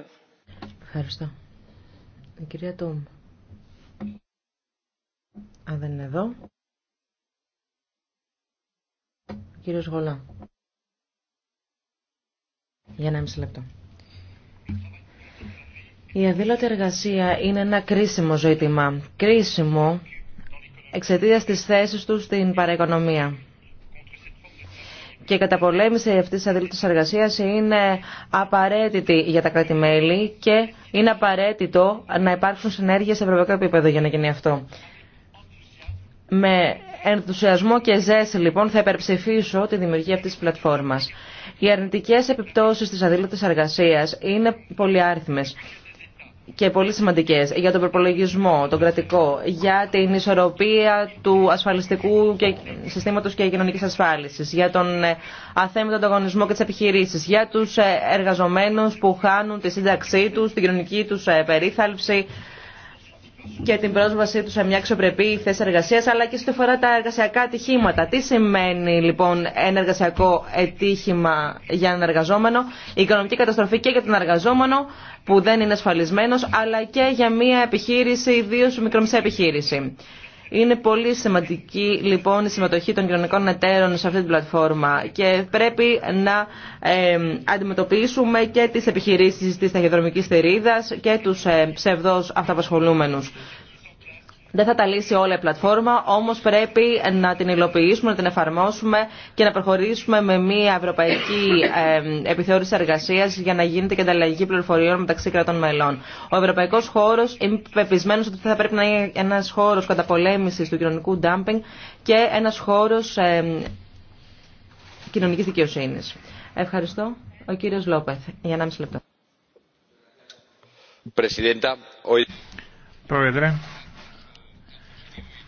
Αν δεν είναι εδώ. Κύριος Γολά. Για ένα μισή λεπτό. Η αδήλωτη εργασία είναι ένα κρίσιμο ζήτημα. Κρίσιμο εξαιτίας της θέσης του στην παραοικονομία. Και η καταπολέμηση αυτής της αδήλωτης εργασίας είναι απαραίτητη για τα κράτη-μέλη και είναι απαραίτητο να υπάρξουν συνέργειες σε ευρωπαϊκό επίπεδο για να γίνει αυτό. Με ενθουσιασμό και ζέση λοιπόν θα υπερψηφίσω τη δημιουργία αυτής της πλατφόρμας. Οι αρνητικές επιπτώσεις της αδίλωτης εργασίας είναι πολυάριθμες και πολύ σημαντικές για τον προπολογισμό, τον κρατικό, για την ισορροπία του ασφαλιστικού και συστήματος και κοινωνικής ασφάλισης, για τον ε, αθέμητο ανταγωνισμό και τις επιχειρήσεις, για τους ε, εργαζομένους που χάνουν τη σύνταξή τους, την κοινωνική τους ε, περίθαλψη, και την πρόσβασή του σε μια αξιοπρεπή θέση εργασία, αλλά και στο φορά τα εργασιακά ατυχήματα. Τι σημαίνει λοιπόν ένα εργασιακό ατύχημα για έναν εργαζόμενο, η οικονομική καταστροφή και για τον εργαζόμενο που δεν είναι ασφαλισμένο, αλλά και για μια επιχείρηση, ιδίω μικρομεσαία επιχείρηση. Είναι πολύ σημαντική λοιπόν η συμμετοχή των κοινωνικών εταίρων σε αυτή την πλατφόρμα και πρέπει να αντιμετωπίσουμε και τις επιχειρήσεις της ταχυδρομικής θερίδας και τους ε, ψευδός αυταπασχολούμενους. Δεν θα τα λύσει όλα η πλατφόρμα, όμω πρέπει να την υλοποιήσουμε, να την εφαρμόσουμε και να προχωρήσουμε με μια ευρωπαϊκή επιθεώρηση εργασία για να γίνεται και ανταλλαγή πληροφοριών μεταξύ κρατών μελών. Ο ευρωπαϊκό χώρο, είμαι πεπισμένο ότι θα πρέπει να είναι ένα χώρο καταπολέμηση του κοινωνικού ντάμπινγκ και ένα χώρο ε, κοινωνική δικαιοσύνη. Ευχαριστώ. Ο κύριο Λόπεθ, για 1,5 λεπτό. Πρόεδρε,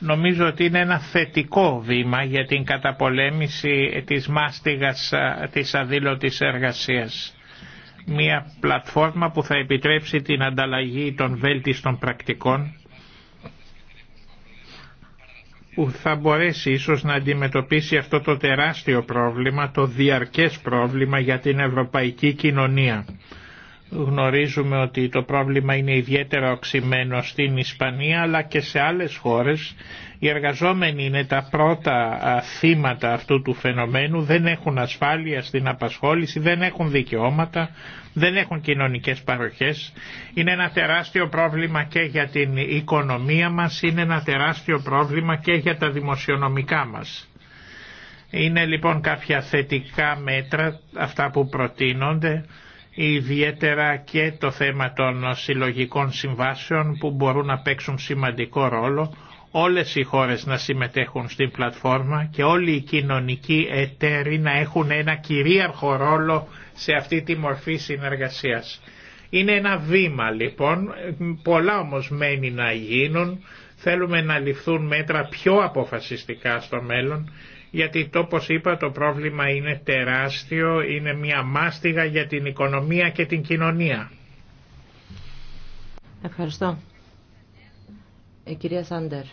νομίζω ότι είναι ένα θετικό βήμα για την καταπολέμηση της μάστιγας της αδήλωτης εργασίας. Μια πλατφόρμα που θα επιτρέψει την ανταλλαγή των βέλτιστων πρακτικών που θα μπορέσει ίσως να αντιμετωπίσει αυτό το τεράστιο πρόβλημα, το διαρκές πρόβλημα για την ευρωπαϊκή κοινωνία. Γνωρίζουμε ότι το πρόβλημα είναι ιδιαίτερα οξυμένο στην Ισπανία αλλά και σε άλλες χώρες. Οι εργαζόμενοι είναι τα πρώτα θύματα αυτού του φαινομένου, δεν έχουν ασφάλεια στην απασχόληση, δεν έχουν δικαιώματα, δεν έχουν κοινωνικές παροχές. Είναι ένα τεράστιο πρόβλημα και για την οικονομία μας, είναι ένα τεράστιο πρόβλημα και για τα δημοσιονομικά μας. Είναι λοιπόν κάποια θετικά μέτρα αυτά που προτείνονται ιδιαίτερα και το θέμα των συλλογικών συμβάσεων που μπορούν να παίξουν σημαντικό ρόλο, όλες οι χώρες να συμμετέχουν στην πλατφόρμα και όλοι οι κοινωνικοί εταίροι να έχουν ένα κυρίαρχο ρόλο σε αυτή τη μορφή συνεργασίας. Είναι ένα βήμα λοιπόν, πολλά όμως μένει να γίνουν, θέλουμε να ληφθούν μέτρα πιο αποφασιστικά στο μέλλον γιατί όπως είπα το πρόβλημα είναι τεράστιο, είναι μια μάστιγα για την οικονομία και την κοινωνία. Ευχαριστώ. Η ε, κυρία Σάντερ,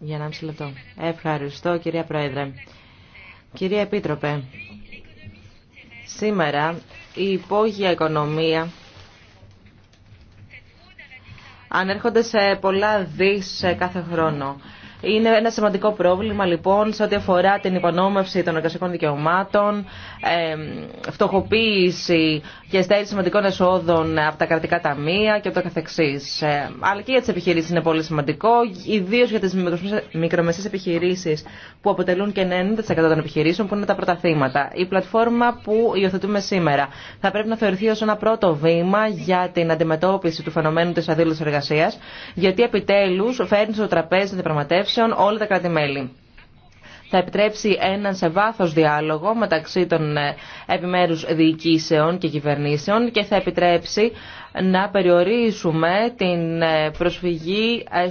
για μισή λεπτό. Ευχαριστώ κυρία Πρόεδρε. Κυρία Επίτροπε, σήμερα η υπόγεια οικονομία ανέρχονται σε πολλά δις ε, κάθε χρόνο. Είναι ένα σημαντικό πρόβλημα λοιπόν σε ό,τι αφορά την υπονόμευση των εργασιακών δικαιωμάτων, φτωχοποίηση και στέρηση σημαντικών εσόδων από τα κρατικά ταμεία και το καθεξής. Ε, αλλά και για τις επιχειρήσεις είναι πολύ σημαντικό, ιδίως για τις μικρομεσαίες επιχειρήσεις που αποτελούν και 90% των επιχειρήσεων που είναι τα πρώτα θύματα. Η πλατφόρμα που υιοθετούμε σήμερα θα πρέπει να θεωρηθεί ως ένα πρώτο βήμα για την αντιμετώπιση του φαινομένου της αδίλωσης εργασίας, γιατί επιτέλους φέρνει στο τραπέζι των διαπραγματεύσει σε όλα τα Θα επιτρέψει έναν σε βάθος διάλογο μεταξύ των ε, επιμέρους διοικήσεων και κυβερνήσεων και θα επιτρέψει να περιορίσουμε την ε, προσφυγή ε,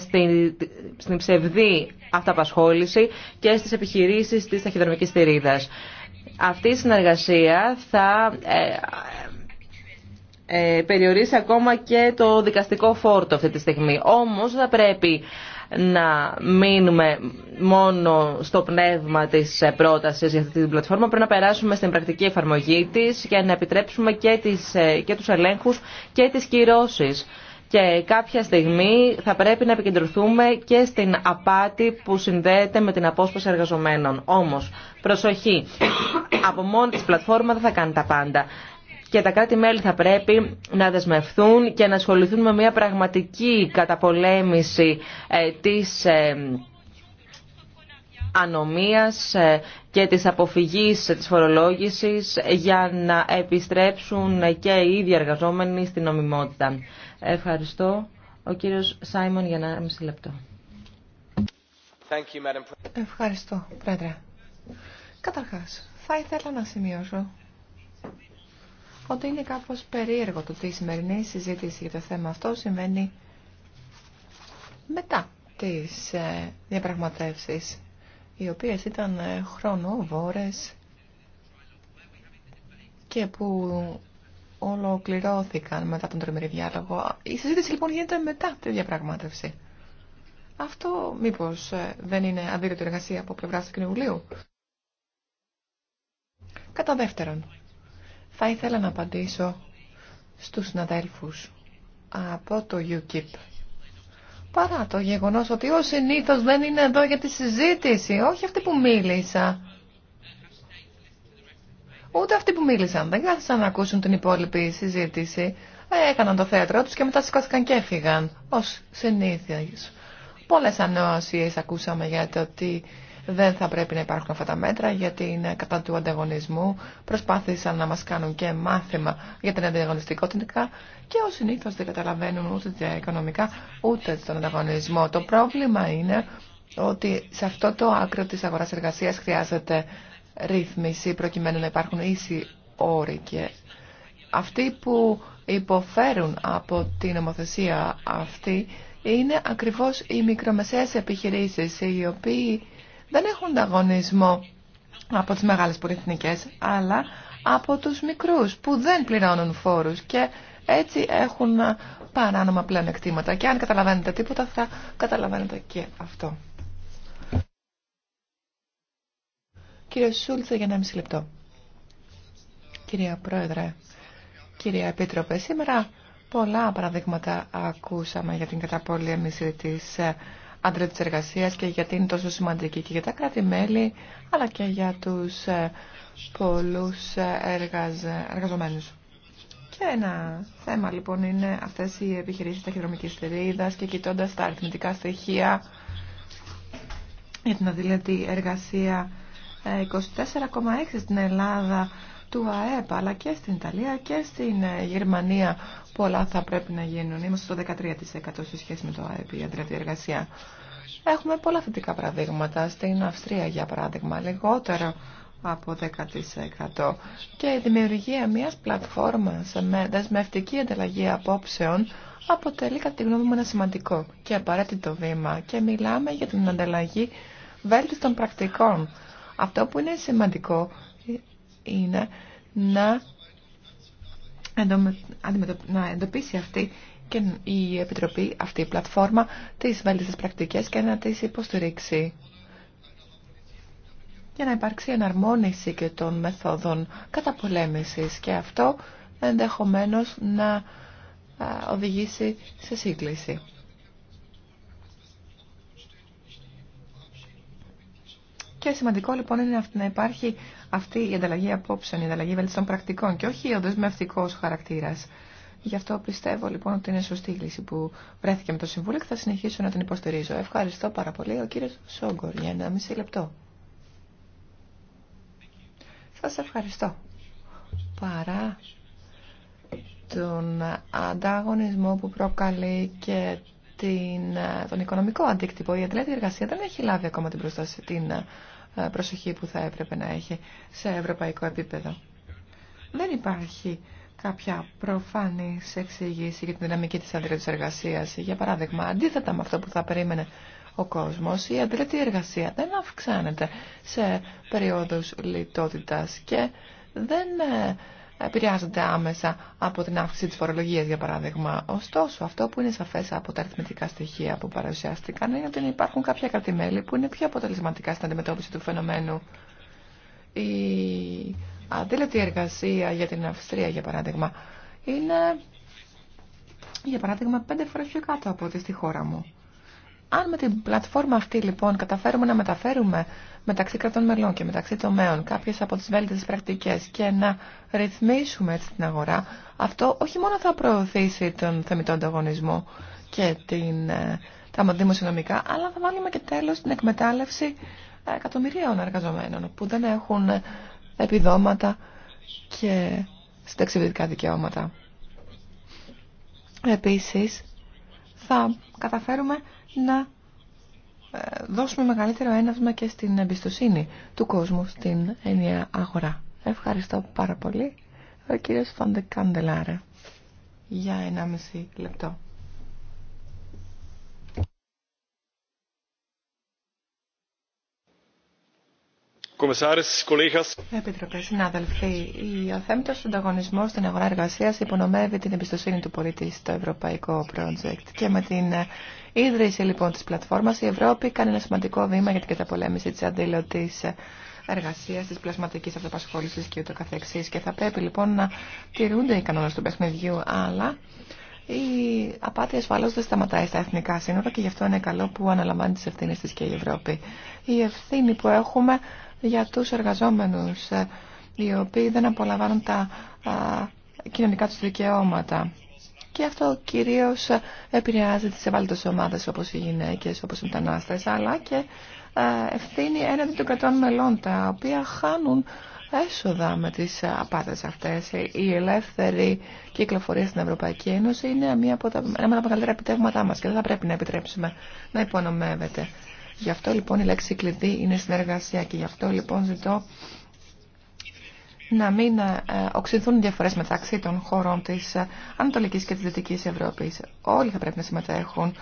στην ψευδή αυταπασχόληση και στις επιχειρήσεις της ταχυδρομικής στηρίδας. Αυτή η συνεργασία θα περιορίσει ακόμα και το δικαστικό φόρτο αυτή τη στιγμή. Όμως θα πρέπει να μείνουμε μόνο στο πνεύμα της πρότασης για αυτή την πλατφόρμα. Πρέπει να περάσουμε στην πρακτική εφαρμογή της για να επιτρέψουμε και, τις, ε, και τους ελέγχους και τις κυρώσεις. Και κάποια στιγμή θα πρέπει να επικεντρωθούμε και στην απάτη που συνδέεται με την απόσπαση εργαζομένων. Όμως, προσοχή, από μόνη της πλατφόρμα δεν θα κάνει τα πάντα και τα κράτη-μέλη θα πρέπει να δεσμευθούν και να ασχοληθούν με μια πραγματική καταπολέμηση ε, της ε, ανομίας ε, και της αποφυγής της φορολόγησης για να επιστρέψουν και οι ίδιοι εργαζόμενοι στην νομιμότητα. Ευχαριστώ. Ο κύριος Σάιμον για ένα μισή λεπτό. Ευχαριστώ, Πρόεδρε. Καταρχάς, θα ήθελα να σημειώσω ότι είναι κάπως περίεργο το ότι η σημερινή συζήτηση για το θέμα αυτό συμβαίνει μετά τις ε, διαπραγματεύσεις, οι οποίες ήταν ε, χρονοβόρες και που ολοκληρώθηκαν μετά τον τριμερή διάλογο. Η συζήτηση λοιπόν γίνεται μετά τη διαπραγμάτευση. Αυτό μήπως ε, δεν είναι αντίρρητη εργασία από πλευρά του Κοινοβουλίου. Κατά δεύτερον, θα ήθελα να απαντήσω στους συναδέλφους από το UKIP. Παρά το γεγονός ότι ο συνήθω δεν είναι εδώ για τη συζήτηση, όχι αυτή που μίλησα. Ούτε αυτοί που μίλησαν δεν κάθισαν να ακούσουν την υπόλοιπη συζήτηση. Έκαναν το θέατρο τους και μετά σηκώθηκαν και έφυγαν, ως συνήθως. Πολλές ανώσεις ακούσαμε για το ότι δεν θα πρέπει να υπάρχουν αυτά τα μέτρα γιατί είναι κατά του ανταγωνισμού. Προσπάθησαν να μας κάνουν και μάθημα για την ανταγωνιστικότητα και ως συνήθως δεν καταλαβαίνουν ούτε τα οικονομικά ούτε τον ανταγωνισμό. Το πρόβλημα είναι ότι σε αυτό το άκρο της αγοράς εργασίας χρειάζεται ρύθμιση προκειμένου να υπάρχουν ίσοι όροι και αυτοί που υποφέρουν από την νομοθεσία αυτή είναι ακριβώς οι μικρομεσαίες επιχειρήσεις οι οποίοι δεν έχουν ανταγωνισμό από τις μεγάλες πολυεθνικές, αλλά από τους μικρούς που δεν πληρώνουν φόρους και έτσι έχουν παράνομα πλέον εκτήματα. Και αν καταλαβαίνετε τίποτα θα καταλαβαίνετε και αυτό. Κύριε Σούλτσα για ένα μισή λεπτό. Κυρία Πρόεδρε, κυρία Επίτροπε, σήμερα πολλά παραδείγματα ακούσαμε για την καταπολέμηση της ε, άντρα τη εργασίας και γιατί είναι τόσο σημαντική και για τα κράτη-μέλη αλλά και για τους ε, πολλούς ε, εργαζομένου. εργαζομένους. Και ένα θέμα λοιπόν είναι αυτές οι επιχειρήσεις ταχυδρομικής θηρίδα και κοιτώντα τα αριθμητικά στοιχεία για την αδηλέτη εργασία 24,6 ε, στην Ελλάδα του ΑΕΠ αλλά και στην Ιταλία και στην Γερμανία πολλά θα πρέπει να γίνουν. Είμαστε στο 13% σε σχέση με το ΑΕΠ η αντρική εργασία. Έχουμε πολλά θετικά παραδείγματα. Στην Αυστρία, για παράδειγμα, λιγότερο από 10% και η δημιουργία μιας πλατφόρμας με δεσμευτική ανταλλαγή απόψεων αποτελεί κατά τη γνώμη μου ένα σημαντικό και απαραίτητο βήμα και μιλάμε για την ανταλλαγή βέλτιστων πρακτικών. Αυτό που είναι σημαντικό είναι να να εντοπίσει αυτή και η Επιτροπή, αυτή η πλατφόρμα, τις βέλτιστες πρακτικές και να τις υποστηρίξει για να υπάρξει εναρμόνιση και των μεθόδων καταπολέμησης και αυτό ενδεχομένως να οδηγήσει σε σύγκληση. Και σημαντικό λοιπόν είναι να υπάρχει αυτή η ανταλλαγή απόψεων, η ανταλλαγή βελτιστών πρακτικών και όχι ο δεσμευτικό χαρακτήρα. Γι' αυτό πιστεύω λοιπόν ότι είναι σωστή η λύση που βρέθηκε με το Συμβούλιο και θα συνεχίσω να την υποστηρίζω. Ευχαριστώ πάρα πολύ. Ο κύριο Σόγκορ για ένα μισή λεπτό. Σα ευχαριστώ. Παρά τον ανταγωνισμό που προκαλεί και την, τον οικονομικό αντίκτυπο, η ατλέτη εργασία δεν έχει λάβει ακόμα την, προστασία, την ε, προσοχή που θα έπρεπε να έχει σε ευρωπαϊκό επίπεδο. Δεν υπάρχει κάποια προφανή εξήγηση για την δυναμική της αδρέτης εργασίας. Για παράδειγμα, αντίθετα με αυτό που θα περίμενε ο κόσμος, η αδρέτη εργασία δεν αυξάνεται σε περίοδους λιτότητας και δεν ε, επηρεάζονται άμεσα από την αύξηση της φορολογίας, για παράδειγμα. Ωστόσο, αυτό που είναι σαφές από τα αριθμητικά στοιχεία που παρουσιάστηκαν είναι ότι υπάρχουν κάποια κρατημέλη που είναι πιο αποτελεσματικά στην αντιμετώπιση του φαινομένου. Η αντίληπτη εργασία για την Αυστρία, για παράδειγμα, είναι, για παράδειγμα, πέντε φορές πιο κάτω από ό,τι στη χώρα μου. Αν με την πλατφόρμα αυτή λοιπόν καταφέρουμε να μεταφέρουμε μεταξύ κρατών μελών και μεταξύ τομέων κάποιες από τις βέλτιστες πρακτικές και να ρυθμίσουμε έτσι την αγορά, αυτό όχι μόνο θα προωθήσει τον θεμητό ανταγωνισμό και την, ε, τα δημοσιονομικά, αλλά θα βάλουμε και τέλος την εκμετάλλευση εκατομμυρίων εργαζομένων που δεν έχουν ε, επιδόματα και συνταξιδιτικά δικαιώματα. Επίσης, θα καταφέρουμε να ε, δώσουμε μεγαλύτερο ένασμα και στην εμπιστοσύνη του κόσμου στην ενιαία αγορά. Ευχαριστώ πάρα πολύ. Ο κύριος Φαντεκάντελάρε για 1,5 λεπτό. Επιτροπέ, συνάδελφοι, η αθέμητος ανταγωνισμό στην αγορά εργασία υπονομεύει την εμπιστοσύνη του πολίτη στο ευρωπαϊκό project. Και με την ίδρυση λοιπόν τη πλατφόρμα, η Ευρώπη κάνει ένα σημαντικό βήμα για την καταπολέμηση τη αντίλωτη εργασία, τη πλασματική αυτοπασχόληση και ούτω καθεξής. Και θα πρέπει λοιπόν να τηρούνται οι κανόνες του παιχνιδιού, αλλά η απάτη ασφαλώ δεν σταματάει στα εθνικά σύνορα και γι' αυτό είναι καλό που αναλαμβάνει τι ευθύνε τη και η Ευρώπη. Η ευθύνη που έχουμε για τους εργαζόμενους ε, οι οποίοι δεν απολαμβάνουν τα κοινωνικά τους δικαιώματα. Και αυτό κυρίως ε, επηρεάζει τις ευάλωτες ομάδες όπως οι γυναίκες, όπως οι μετανάστες, αλλά και ευθύνει έναντι των κρατών μελών, τα οποία χάνουν έσοδα με τις απάτες αυτές. Η ελεύθερη κυκλοφορία στην Ευρωπαϊκή Ένωση είναι μία από ένα από τα μεγαλύτερα επιτεύγματά μας και δεν θα πρέπει να επιτρέψουμε να υπονομεύεται. Γι' αυτό λοιπόν η λέξη κλειδί είναι συνεργασία και γι' αυτό λοιπόν ζητώ να μην ε, οξυνθούν οι διαφορές μεταξύ των χωρών της ε, Ανατολικής και της Δυτικής Ευρώπης. Όλοι θα πρέπει να συμμετέχουν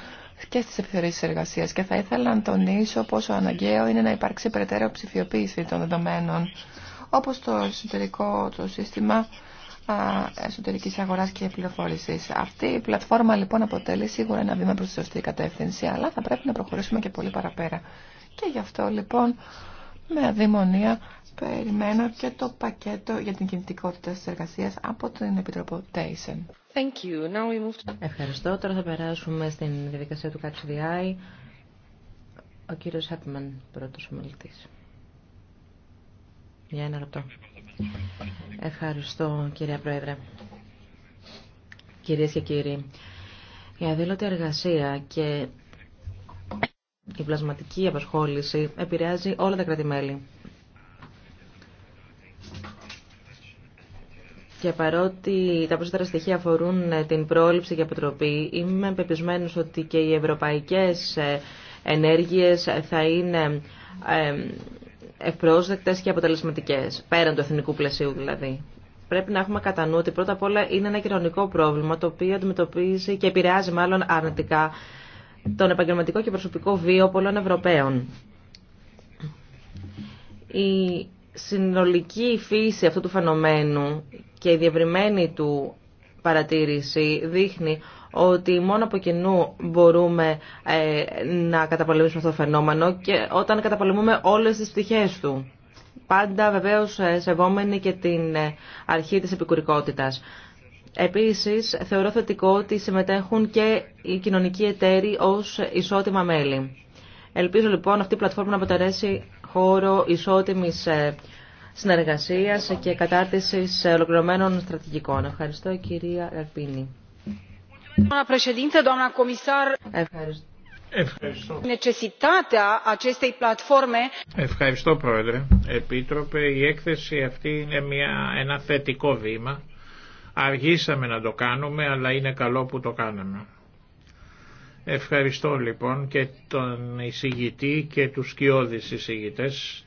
και στις επιθεωρήσεις εργασίας και θα ήθελα να τονίσω πόσο αναγκαίο είναι να υπάρξει περαιτέρω ψηφιοποίηση των δεδομένων όπως το εσωτερικό το σύστημα εσωτερικής αγοράς και πληροφόρησης. Αυτή η πλατφόρμα λοιπόν αποτελεί σίγουρα ένα βήμα προς τη σωστή κατεύθυνση, αλλά θα πρέπει να προχωρήσουμε και πολύ παραπέρα. Και γι' αυτό λοιπόν με αδειμονία περιμένω και το πακέτο για την κινητικότητα της εργασίας από την Επιτροπό Τέισεν. Ευχαριστώ. Τώρα θα περάσουμε στην διαδικασία του ΚΑΤΣΔΙ. Ο κύριος Χάτμαν, πρώτος ομιλητής. Για ένα λεπτό. Ευχαριστώ κυρία Πρόεδρε. Κυρίες και κύριοι, η αδήλωτη εργασία και η πλασματική απασχόληση επηρεάζει όλα τα κράτη-μέλη. Και παρότι τα περισσότερα στοιχεία αφορούν ε, την πρόληψη και αποτροπή, είμαι πεπισμένος ότι και οι ευρωπαϊκές ε, ενέργειες θα είναι ε, ευπρόσδεκτες και αποτελεσματικέ πέραν του εθνικού πλαισίου δηλαδή. Πρέπει να έχουμε κατά νου ότι πρώτα απ' όλα είναι ένα κοινωνικό πρόβλημα το οποίο αντιμετωπίζει και επηρεάζει μάλλον αρνητικά τον επαγγελματικό και προσωπικό βίο πολλών Ευρωπαίων. Η συνολική φύση αυτού του φαινομένου και η διευρυμένη του παρατήρηση δείχνει ότι μόνο από κοινού μπορούμε ε, να καταπολεμήσουμε αυτό το φαινόμενο και όταν καταπολεμούμε όλες τις πτυχές του. Πάντα βεβαίως ε, σεβόμενοι και την ε, αρχή της επικουρικότητας. Επίσης, θεωρώ θετικό ότι συμμετέχουν και οι κοινωνικοί εταίροι ως ισότιμα μέλη. Ελπίζω λοιπόν αυτή η πλατφόρμα να αποτελέσει χώρο ισότιμης συνεργασίας και κατάρτισης ολοκληρωμένων στρατηγικών. Ευχαριστώ κυρία Αρπίνη. Ευχαριστώ. Ευχαριστώ. Πρόεδρε. Επίτροπε, η έκθεση αυτή είναι μια, ένα θετικό βήμα. Αργήσαμε να το κάνουμε, αλλά είναι καλό που το κάναμε. Ευχαριστώ λοιπόν και τον εισηγητή και τους σκιώδεις εισηγητές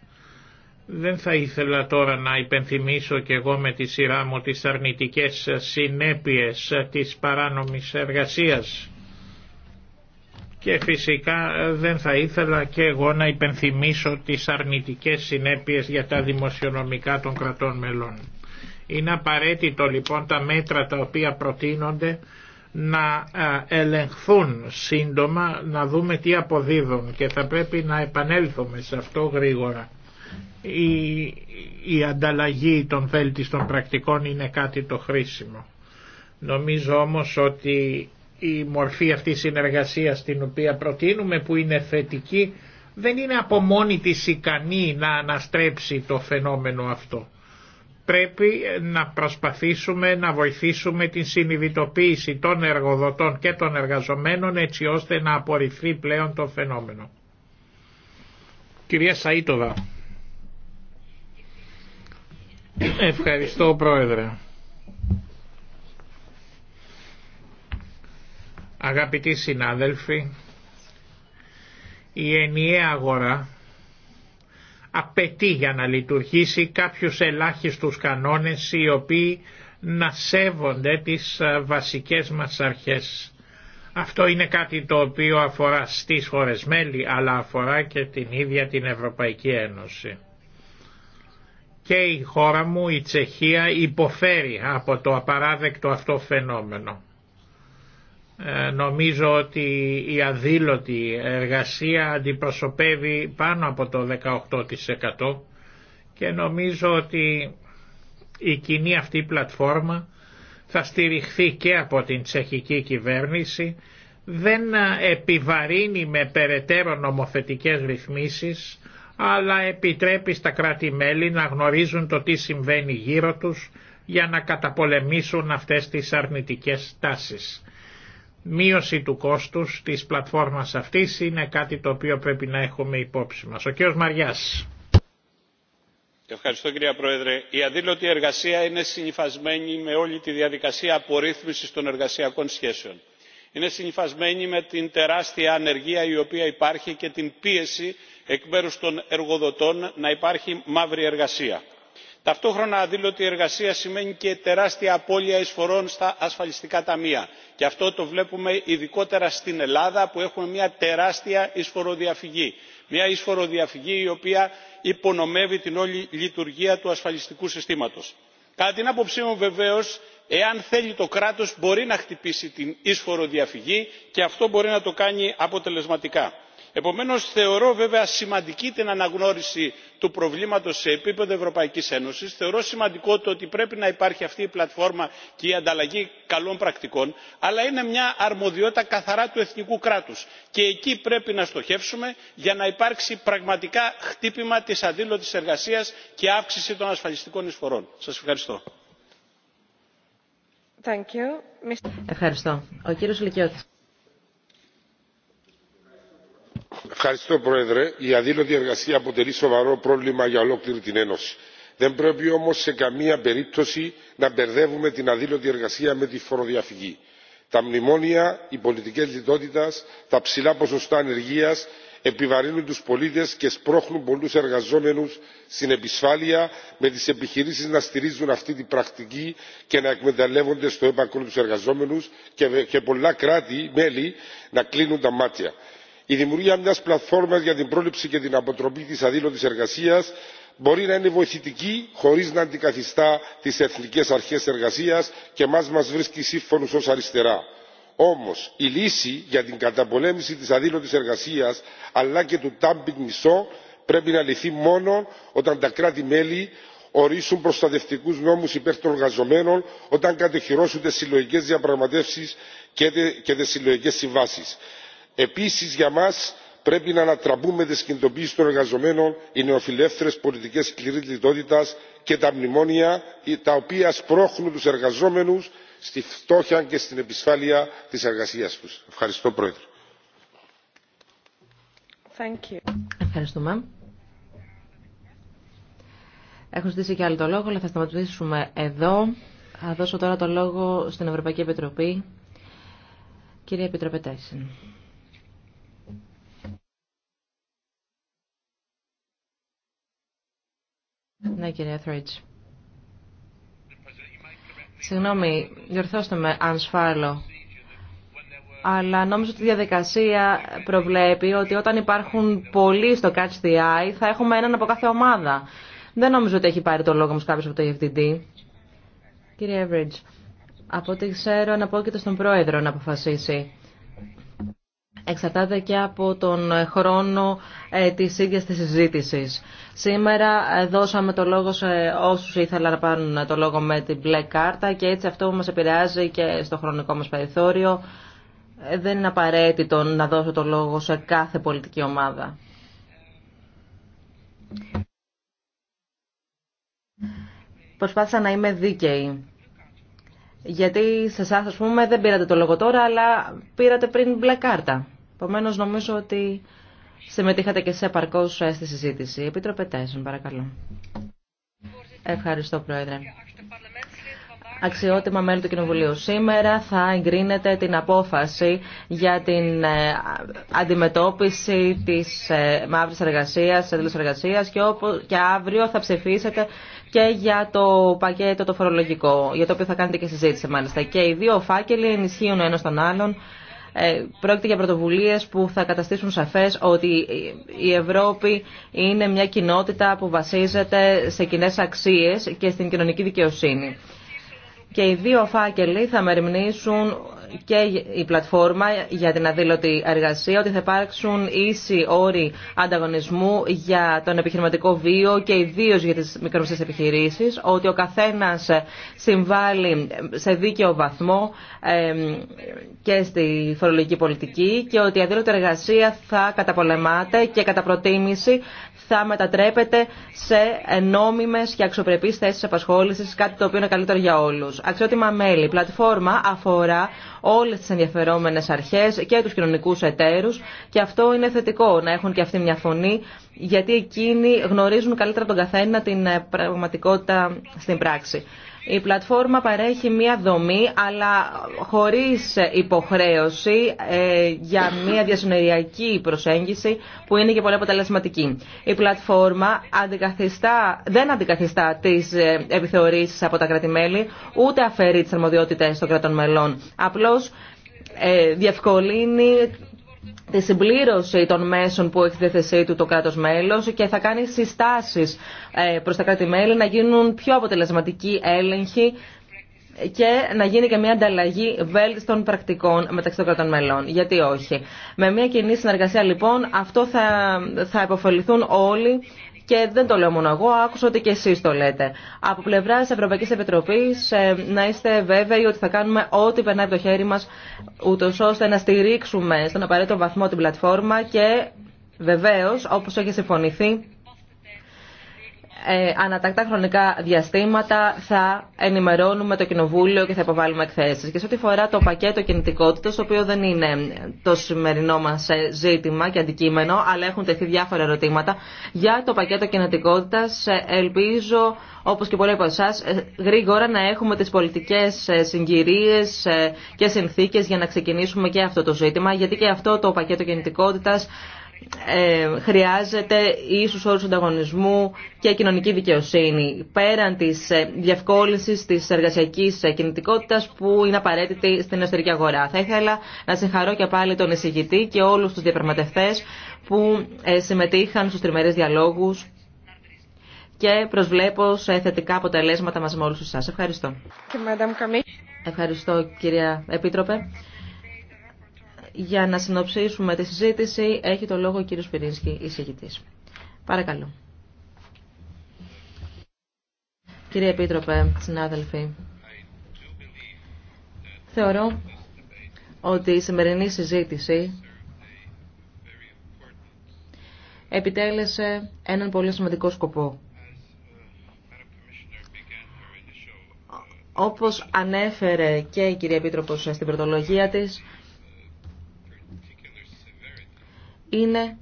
δεν θα ήθελα τώρα να υπενθυμίσω και εγώ με τη σειρά μου τις αρνητικές συνέπειες της παράνομης εργασίας και φυσικά δεν θα ήθελα και εγώ να υπενθυμίσω τις αρνητικές συνέπειες για τα δημοσιονομικά των κρατών μελών. Είναι απαραίτητο λοιπόν τα μέτρα τα οποία προτείνονται να ελεγχθούν σύντομα, να δούμε τι αποδίδουν και θα πρέπει να επανέλθουμε σε αυτό γρήγορα η, η ανταλλαγή των βέλτιστων πρακτικών είναι κάτι το χρήσιμο. Νομίζω όμως ότι η μορφή αυτής συνεργασίας την οποία προτείνουμε που είναι θετική δεν είναι από μόνη της ικανή να αναστρέψει το φαινόμενο αυτό. Πρέπει να προσπαθήσουμε να βοηθήσουμε την συνειδητοποίηση των εργοδοτών και των εργαζομένων έτσι ώστε να απορριφθεί πλέον το φαινόμενο. Κυρία Σαΐτοδα. Ευχαριστώ Πρόεδρε. Αγαπητοί συνάδελφοι, η ενιαία αγορά απαιτεί για να λειτουργήσει κάποιους ελάχιστους κανόνες οι οποίοι να σέβονται τις βασικές μας αρχές. Αυτό είναι κάτι το οποίο αφορά στις χώρες μέλη αλλά αφορά και την ίδια την Ευρωπαϊκή Ένωση και η χώρα μου, η Τσεχία, υποφέρει από το απαράδεκτο αυτό φαινόμενο. Ε, νομίζω ότι η αδήλωτη εργασία αντιπροσωπεύει πάνω από το 18% και νομίζω ότι η κοινή αυτή πλατφόρμα θα στηριχθεί και από την τσεχική κυβέρνηση, δεν επιβαρύνει με περαιτέρω νομοθετικές ρυθμίσεις αλλά επιτρέπει στα κράτη-μέλη να γνωρίζουν το τι συμβαίνει γύρω τους για να καταπολεμήσουν αυτές τις αρνητικές τάσεις. Μείωση του κόστους της πλατφόρμας αυτής είναι κάτι το οποίο πρέπει να έχουμε υπόψη μας. Ο κ. Μαριάς. Ευχαριστώ κυρία Πρόεδρε. Η αδήλωτη εργασία είναι συνηφασμένη με όλη τη διαδικασία απορρίθμισης των εργασιακών σχέσεων είναι συνηφασμένη με την τεράστια ανεργία η οποία υπάρχει και την πίεση εκ μέρους των εργοδοτών να υπάρχει μαύρη εργασία. ταυτόχρονα αδήλωτη εργασία σημαίνει και τεράστια απώλεια εισφορών στα ασφαλιστικά ταμεία και αυτό το βλέπουμε ειδικότερα στην ελλάδα που έχουμε μια τεράστια εισφοροδιαφυγή μια εισφοροδιαφυγή η οποία υπονομεύει την όλη λειτουργία του ασφαλιστικού συστήματος. κατά την άποψή μου βεβαίως εάν θέλει το κράτος μπορεί να χτυπήσει την εισφοροδιαφυγή διαφυγή και αυτό μπορεί να το κάνει αποτελεσματικά. επομένως θεωρώ βέβαια σημαντική την αναγνώριση του προβλήματος σε επίπεδο ευρωπαϊκής ένωσης θεωρώ σημαντικό το ότι πρέπει να υπάρχει αυτή η πλατφόρμα και η ανταλλαγή καλών πρακτικών αλλά είναι μια αρμοδιότητα καθαρά του εθνικού κράτους και εκεί πρέπει να στοχεύσουμε για να υπάρξει πραγματικά χτύπημα της αδήλωτης εργασίας και αύξηση των ασφαλιστικών εισφορών. σας ευχαριστώ. Ευχαριστώ. Ο κύριος Λυκιώτης. Ευχαριστώ, Πρόεδρε. Η αδήλωτη εργασία αποτελεί σοβαρό πρόβλημα για ολόκληρη την Ένωση. Δεν πρέπει όμω σε καμία περίπτωση να μπερδεύουμε την αδήλωτη εργασία με τη φοροδιαφυγή. Τα μνημόνια, οι πολιτικέ λιτότητα, τα ψηλά ποσοστά ανεργία επιβαρύνουν τους πολίτες και σπρώχνουν πολλούς εργαζόμενους στην επισφάλεια με τις επιχειρήσεις να στηρίζουν αυτή την πρακτική και να εκμεταλλεύονται στο έπακρο τους εργαζόμενους και πολλά κράτη μέλη να κλείνουν τα μάτια. η δημιουργία μιας πλατφόρμας για την πρόληψη και την αποτροπή της αδήλωτης εργασία μπορεί να είναι βοηθητική χωρίς να αντικαθιστά τις εθνικές αρχές εργασίας και εμάς μας βρίσκει σύμφωνους ως αριστερά όμως η λύση για την καταπολέμηση της αδείλωτης εργασίας αλλά και του ντάμπινγκ μισθών πρέπει να λυθεί μόνο όταν τα κράτη μέλη ορίσουν προστατευτικούς νόμους υπέρ των εργαζομένων όταν κατοχυρώσουν τις συλλογικές διαπραγματεύσεις και τις συλλογικές συμβάσεις. επίσης για μας πρέπει να ανατραπούμε τις κινητοποίησεις των εργαζομένων οι νεοφιλελεύθερες πολιτικές σκληρής λιτότητας και τα μνημόνια τα οποία σπρώχνουν τους εργαζόμενους στη φτώχεια και στην επισφάλεια της εργασίας τους. Ευχαριστώ Πρόεδρε. Thank you. Ευχαριστούμε. Έχουν ζητήσει και άλλο το λόγο, αλλά θα σταματήσουμε εδώ. Θα δώσω τώρα το λόγο στην Ευρωπαϊκή Επιτροπή. Κύριε Επιτροπέ Ναι, κύριε Θρέτς. Συγγνώμη, διορθώστε με αν σφάλω. Αλλά νόμιζα ότι η διαδικασία προβλέπει ότι όταν υπάρχουν πολλοί στο Catch the Eye θα έχουμε έναν από κάθε ομάδα. Δεν νομίζω ότι έχει πάρει το λόγο μου κάποιος από το EFTD. Κύριε Εύριτζ, από ό,τι ξέρω αναπόκειται στον πρόεδρο να αποφασίσει εξαρτάται και από τον χρόνο ε, της ίδιας της συζήτησης. Σήμερα ε, δώσαμε το λόγο σε όσους ήθελαν να πάρουν το λόγο με την μπλε κάρτα και έτσι αυτό μας επηρεάζει και στο χρονικό μας περιθώριο. Ε, δεν είναι απαραίτητο να δώσω το λόγο σε κάθε πολιτική ομάδα. Προσπάθησα να είμαι δίκαιη γιατί σε εσά, α πούμε, δεν πήρατε το λόγο τώρα, αλλά πήρατε πριν μπλε κάρτα. Επομένω, νομίζω ότι συμμετείχατε και σε επαρκώ στη συζήτηση. Επίτροπε Τέσσερ, παρακαλώ. Ευχαριστώ, Πρόεδρε. Αξιότιμα μέλη του Κοινοβουλίου. Σήμερα θα εγκρίνεται την απόφαση για την ε, αντιμετώπιση της ε, μαύρης εργασίας, της εργασίας και αύριο θα ψηφίσετε και για το πακέτο το φορολογικό, για το οποίο θα κάνετε και συζήτηση μάλιστα. Και οι δύο φάκελοι ενισχύουν ο ένας τον άλλον. Ε, πρόκειται για πρωτοβουλίε που θα καταστήσουν σαφέ ότι η Ευρώπη είναι μια κοινότητα που βασίζεται σε κοινέ αξίε και στην κοινωνική δικαιοσύνη. Και οι δύο φάκελοι θα μεριμνήσουν και η πλατφόρμα για την αδήλωτη εργασία ότι θα υπάρξουν ίσοι όροι ανταγωνισμού για τον επιχειρηματικό βίο και ιδίω για τις μικρομεσαίες επιχειρήσεις, ότι ο καθένας συμβάλλει σε δίκαιο βαθμό και στη φορολογική πολιτική και ότι η αδήλωτη εργασία θα καταπολεμάται και κατά προτίμηση θα μετατρέπεται σε νόμιμε και αξιοπρεπεί θέσει απασχόληση, κάτι το οποίο είναι καλύτερο για όλου. Αξιότιμα μέλη. Η πλατφόρμα αφορά όλε τι ενδιαφερόμενε αρχέ και του κοινωνικού εταίρου και αυτό είναι θετικό να έχουν και αυτή μια φωνή, γιατί εκείνοι γνωρίζουν καλύτερα τον καθένα την ε, πραγματικότητα στην πράξη. Η πλατφόρμα παρέχει μία δομή, αλλά χωρίς υποχρέωση ε, για μία διασυνοριακή προσέγγιση που είναι και πολύ αποτελεσματική. Η πλατφόρμα αντικαθιστά, δεν αντικαθιστά τις ε, επιθεωρήσεις από τα κράτη-μέλη, ούτε αφαιρεί τις αρμοδιότητες των κρατών μελών. Απλώς ε, διευκολύνει τη συμπλήρωση των μέσων που έχει διαθεσή του το κράτος μέλος και θα κάνει συστάσεις ε, προς τα κράτη-μέλη να γίνουν πιο αποτελεσματικοί έλεγχοι και να γίνει και μια ανταλλαγή βέλτιστων πρακτικών μεταξύ των κρατών μελών. Γιατί όχι. Με μια κοινή συνεργασία λοιπόν αυτό θα, θα όλοι και δεν το λέω μόνο εγώ, άκουσα ότι και εσεί το λέτε. Από πλευρά της Ευρωπαϊκής Επιτροπής ε, να είστε βέβαιοι ότι θα κάνουμε ό,τι περνάει από το χέρι μα, ούτω ώστε να στηρίξουμε στον απαραίτητο βαθμό την πλατφόρμα και βεβαίω, όπως έχει συμφωνηθεί ε, ανατακτά χρονικά διαστήματα θα ενημερώνουμε το Κοινοβούλιο και θα υποβάλουμε εκθέσεις. Και σε ό,τι φορά το πακέτο κινητικότητας, το οποίο δεν είναι το σημερινό μας ε, ζήτημα και αντικείμενο, αλλά έχουν τεθεί διάφορα ερωτήματα, για το πακέτο κινητικότητας ε, ελπίζω, όπως και πολλοί από εσά, γρήγορα να έχουμε τις πολιτικές συγκυρίες και συνθήκες για να ξεκινήσουμε και αυτό το ζήτημα, γιατί και αυτό το πακέτο κινητικότητας ε, χρειάζεται ίσους όρους ανταγωνισμού και κοινωνική δικαιοσύνη πέραν της ε, διευκόλυνσης της εργασιακής ε, κινητικότητας που είναι απαραίτητη στην εσωτερική αγορά. Θα ήθελα να συγχαρώ και πάλι τον εισηγητή και όλους τους διαπραγματευτές που συμμετείχαν στους τριμερείς διαλόγους και προσβλέπω σε θετικά αποτελέσματα μαζί με όλους εσά. Ευχαριστώ. Ευχαριστώ κυρία Επίτροπε. Για να συνοψίσουμε τη συζήτηση, έχει το λόγο ο κύριος Πυρίνσκι, εισηγητής. Παρακαλώ. Κύριε Επίτροπε, συνάδελφοι, θεωρώ ότι η σημερινή συζήτηση επιτέλεσε έναν πολύ σημαντικό σκοπό. Όπως ανέφερε και η κυρία Επίτροπος στην πρωτολογία της, είναι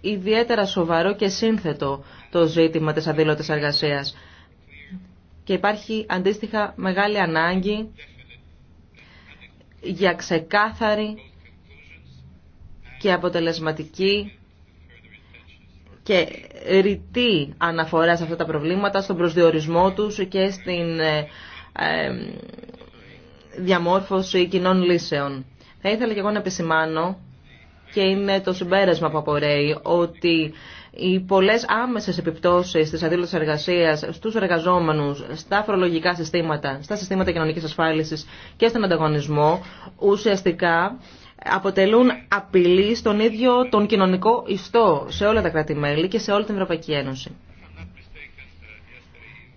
ιδιαίτερα σοβαρό και σύνθετο το ζήτημα της αδήλωτης εργασίας. Και υπάρχει αντίστοιχα μεγάλη ανάγκη για ξεκάθαρη και αποτελεσματική και ρητή αναφορά σε αυτά τα προβλήματα, στον προσδιορισμό τους και στην ε, ε, διαμόρφωση κοινών λύσεων. Θα ήθελα και εγώ να επισημάνω και είναι το συμπέρασμα που απορρέει ότι οι πολλές άμεσες επιπτώσεις της αδίλωτης εργασίας στους εργαζόμενους, στα φορολογικά συστήματα, στα συστήματα κοινωνικής ασφάλισης και στον ανταγωνισμό ουσιαστικά αποτελούν απειλή στον ίδιο τον κοινωνικό ιστό σε όλα τα κράτη-μέλη και σε όλη την Ευρωπαϊκή Ένωση.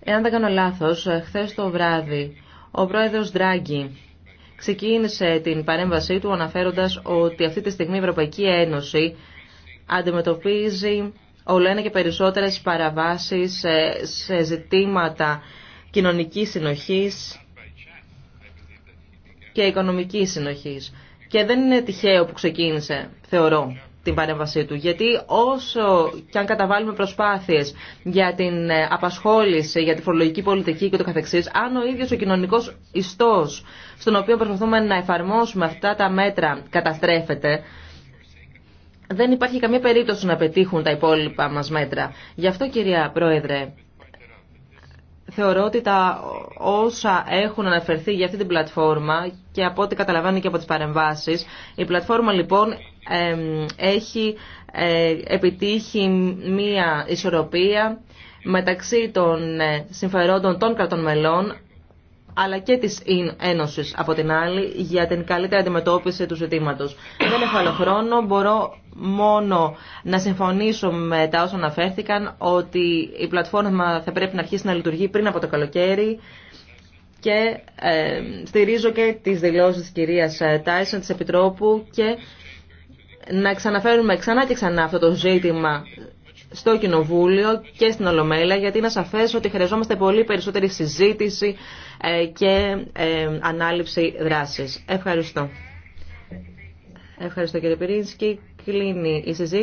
Εάν δεν κάνω λάθος, χθες το βράδυ ο πρόεδρος Δράγκη ξεκίνησε την παρέμβασή του αναφέροντας ότι αυτή τη στιγμή η Ευρωπαϊκή Ένωση αντιμετωπίζει όλο ένα και περισσότερες παραβάσεις σε ζητήματα κοινωνικής συνοχής και οικονομικής συνοχής. Και δεν είναι τυχαίο που ξεκίνησε, θεωρώ την παρέμβασή του. Γιατί όσο και αν καταβάλουμε προσπάθειες για την ε, απασχόληση, για την φορολογική πολιτική και το καθεξής, αν ο ίδιο ο κοινωνικό ιστός στον οποίο προσπαθούμε να εφαρμόσουμε αυτά τα μέτρα καταστρέφεται, δεν υπάρχει καμία περίπτωση να πετύχουν τα υπόλοιπα μα μέτρα. Γι' αυτό κυρία Πρόεδρε, θεωρώ ότι τα όσα έχουν αναφερθεί για αυτή την πλατφόρμα και από ό,τι καταλαβαίνω και από τις παρεμβάσεις, η πλατφόρμα λοιπόν έχει ε, επιτύχει μία ισορροπία μεταξύ των ε, συμφερόντων των κρατών μελών αλλά και της Ένωσης από την άλλη για την καλύτερη αντιμετώπιση του ζητήματος. Δεν έχω άλλο χρόνο, μπορώ μόνο να συμφωνήσω με τα όσα αναφέρθηκαν ότι η πλατφόρμα θα πρέπει να αρχίσει να λειτουργεί πριν από το καλοκαίρι και ε, στηρίζω και τις δηλώσεις της κυρίας Τάισεν, της Επιτρόπου και να ξαναφέρουμε ξανά και ξανά αυτό το ζήτημα στο Κοινοβούλιο και στην Ολομέλεια, γιατί είναι σαφές ότι χρειαζόμαστε πολύ περισσότερη συζήτηση ε, και ε, ανάληψη δράσης. Ευχαριστώ. Ευχαριστώ κύριε Πυρίνσκι. Κλείνει η συζήτηση.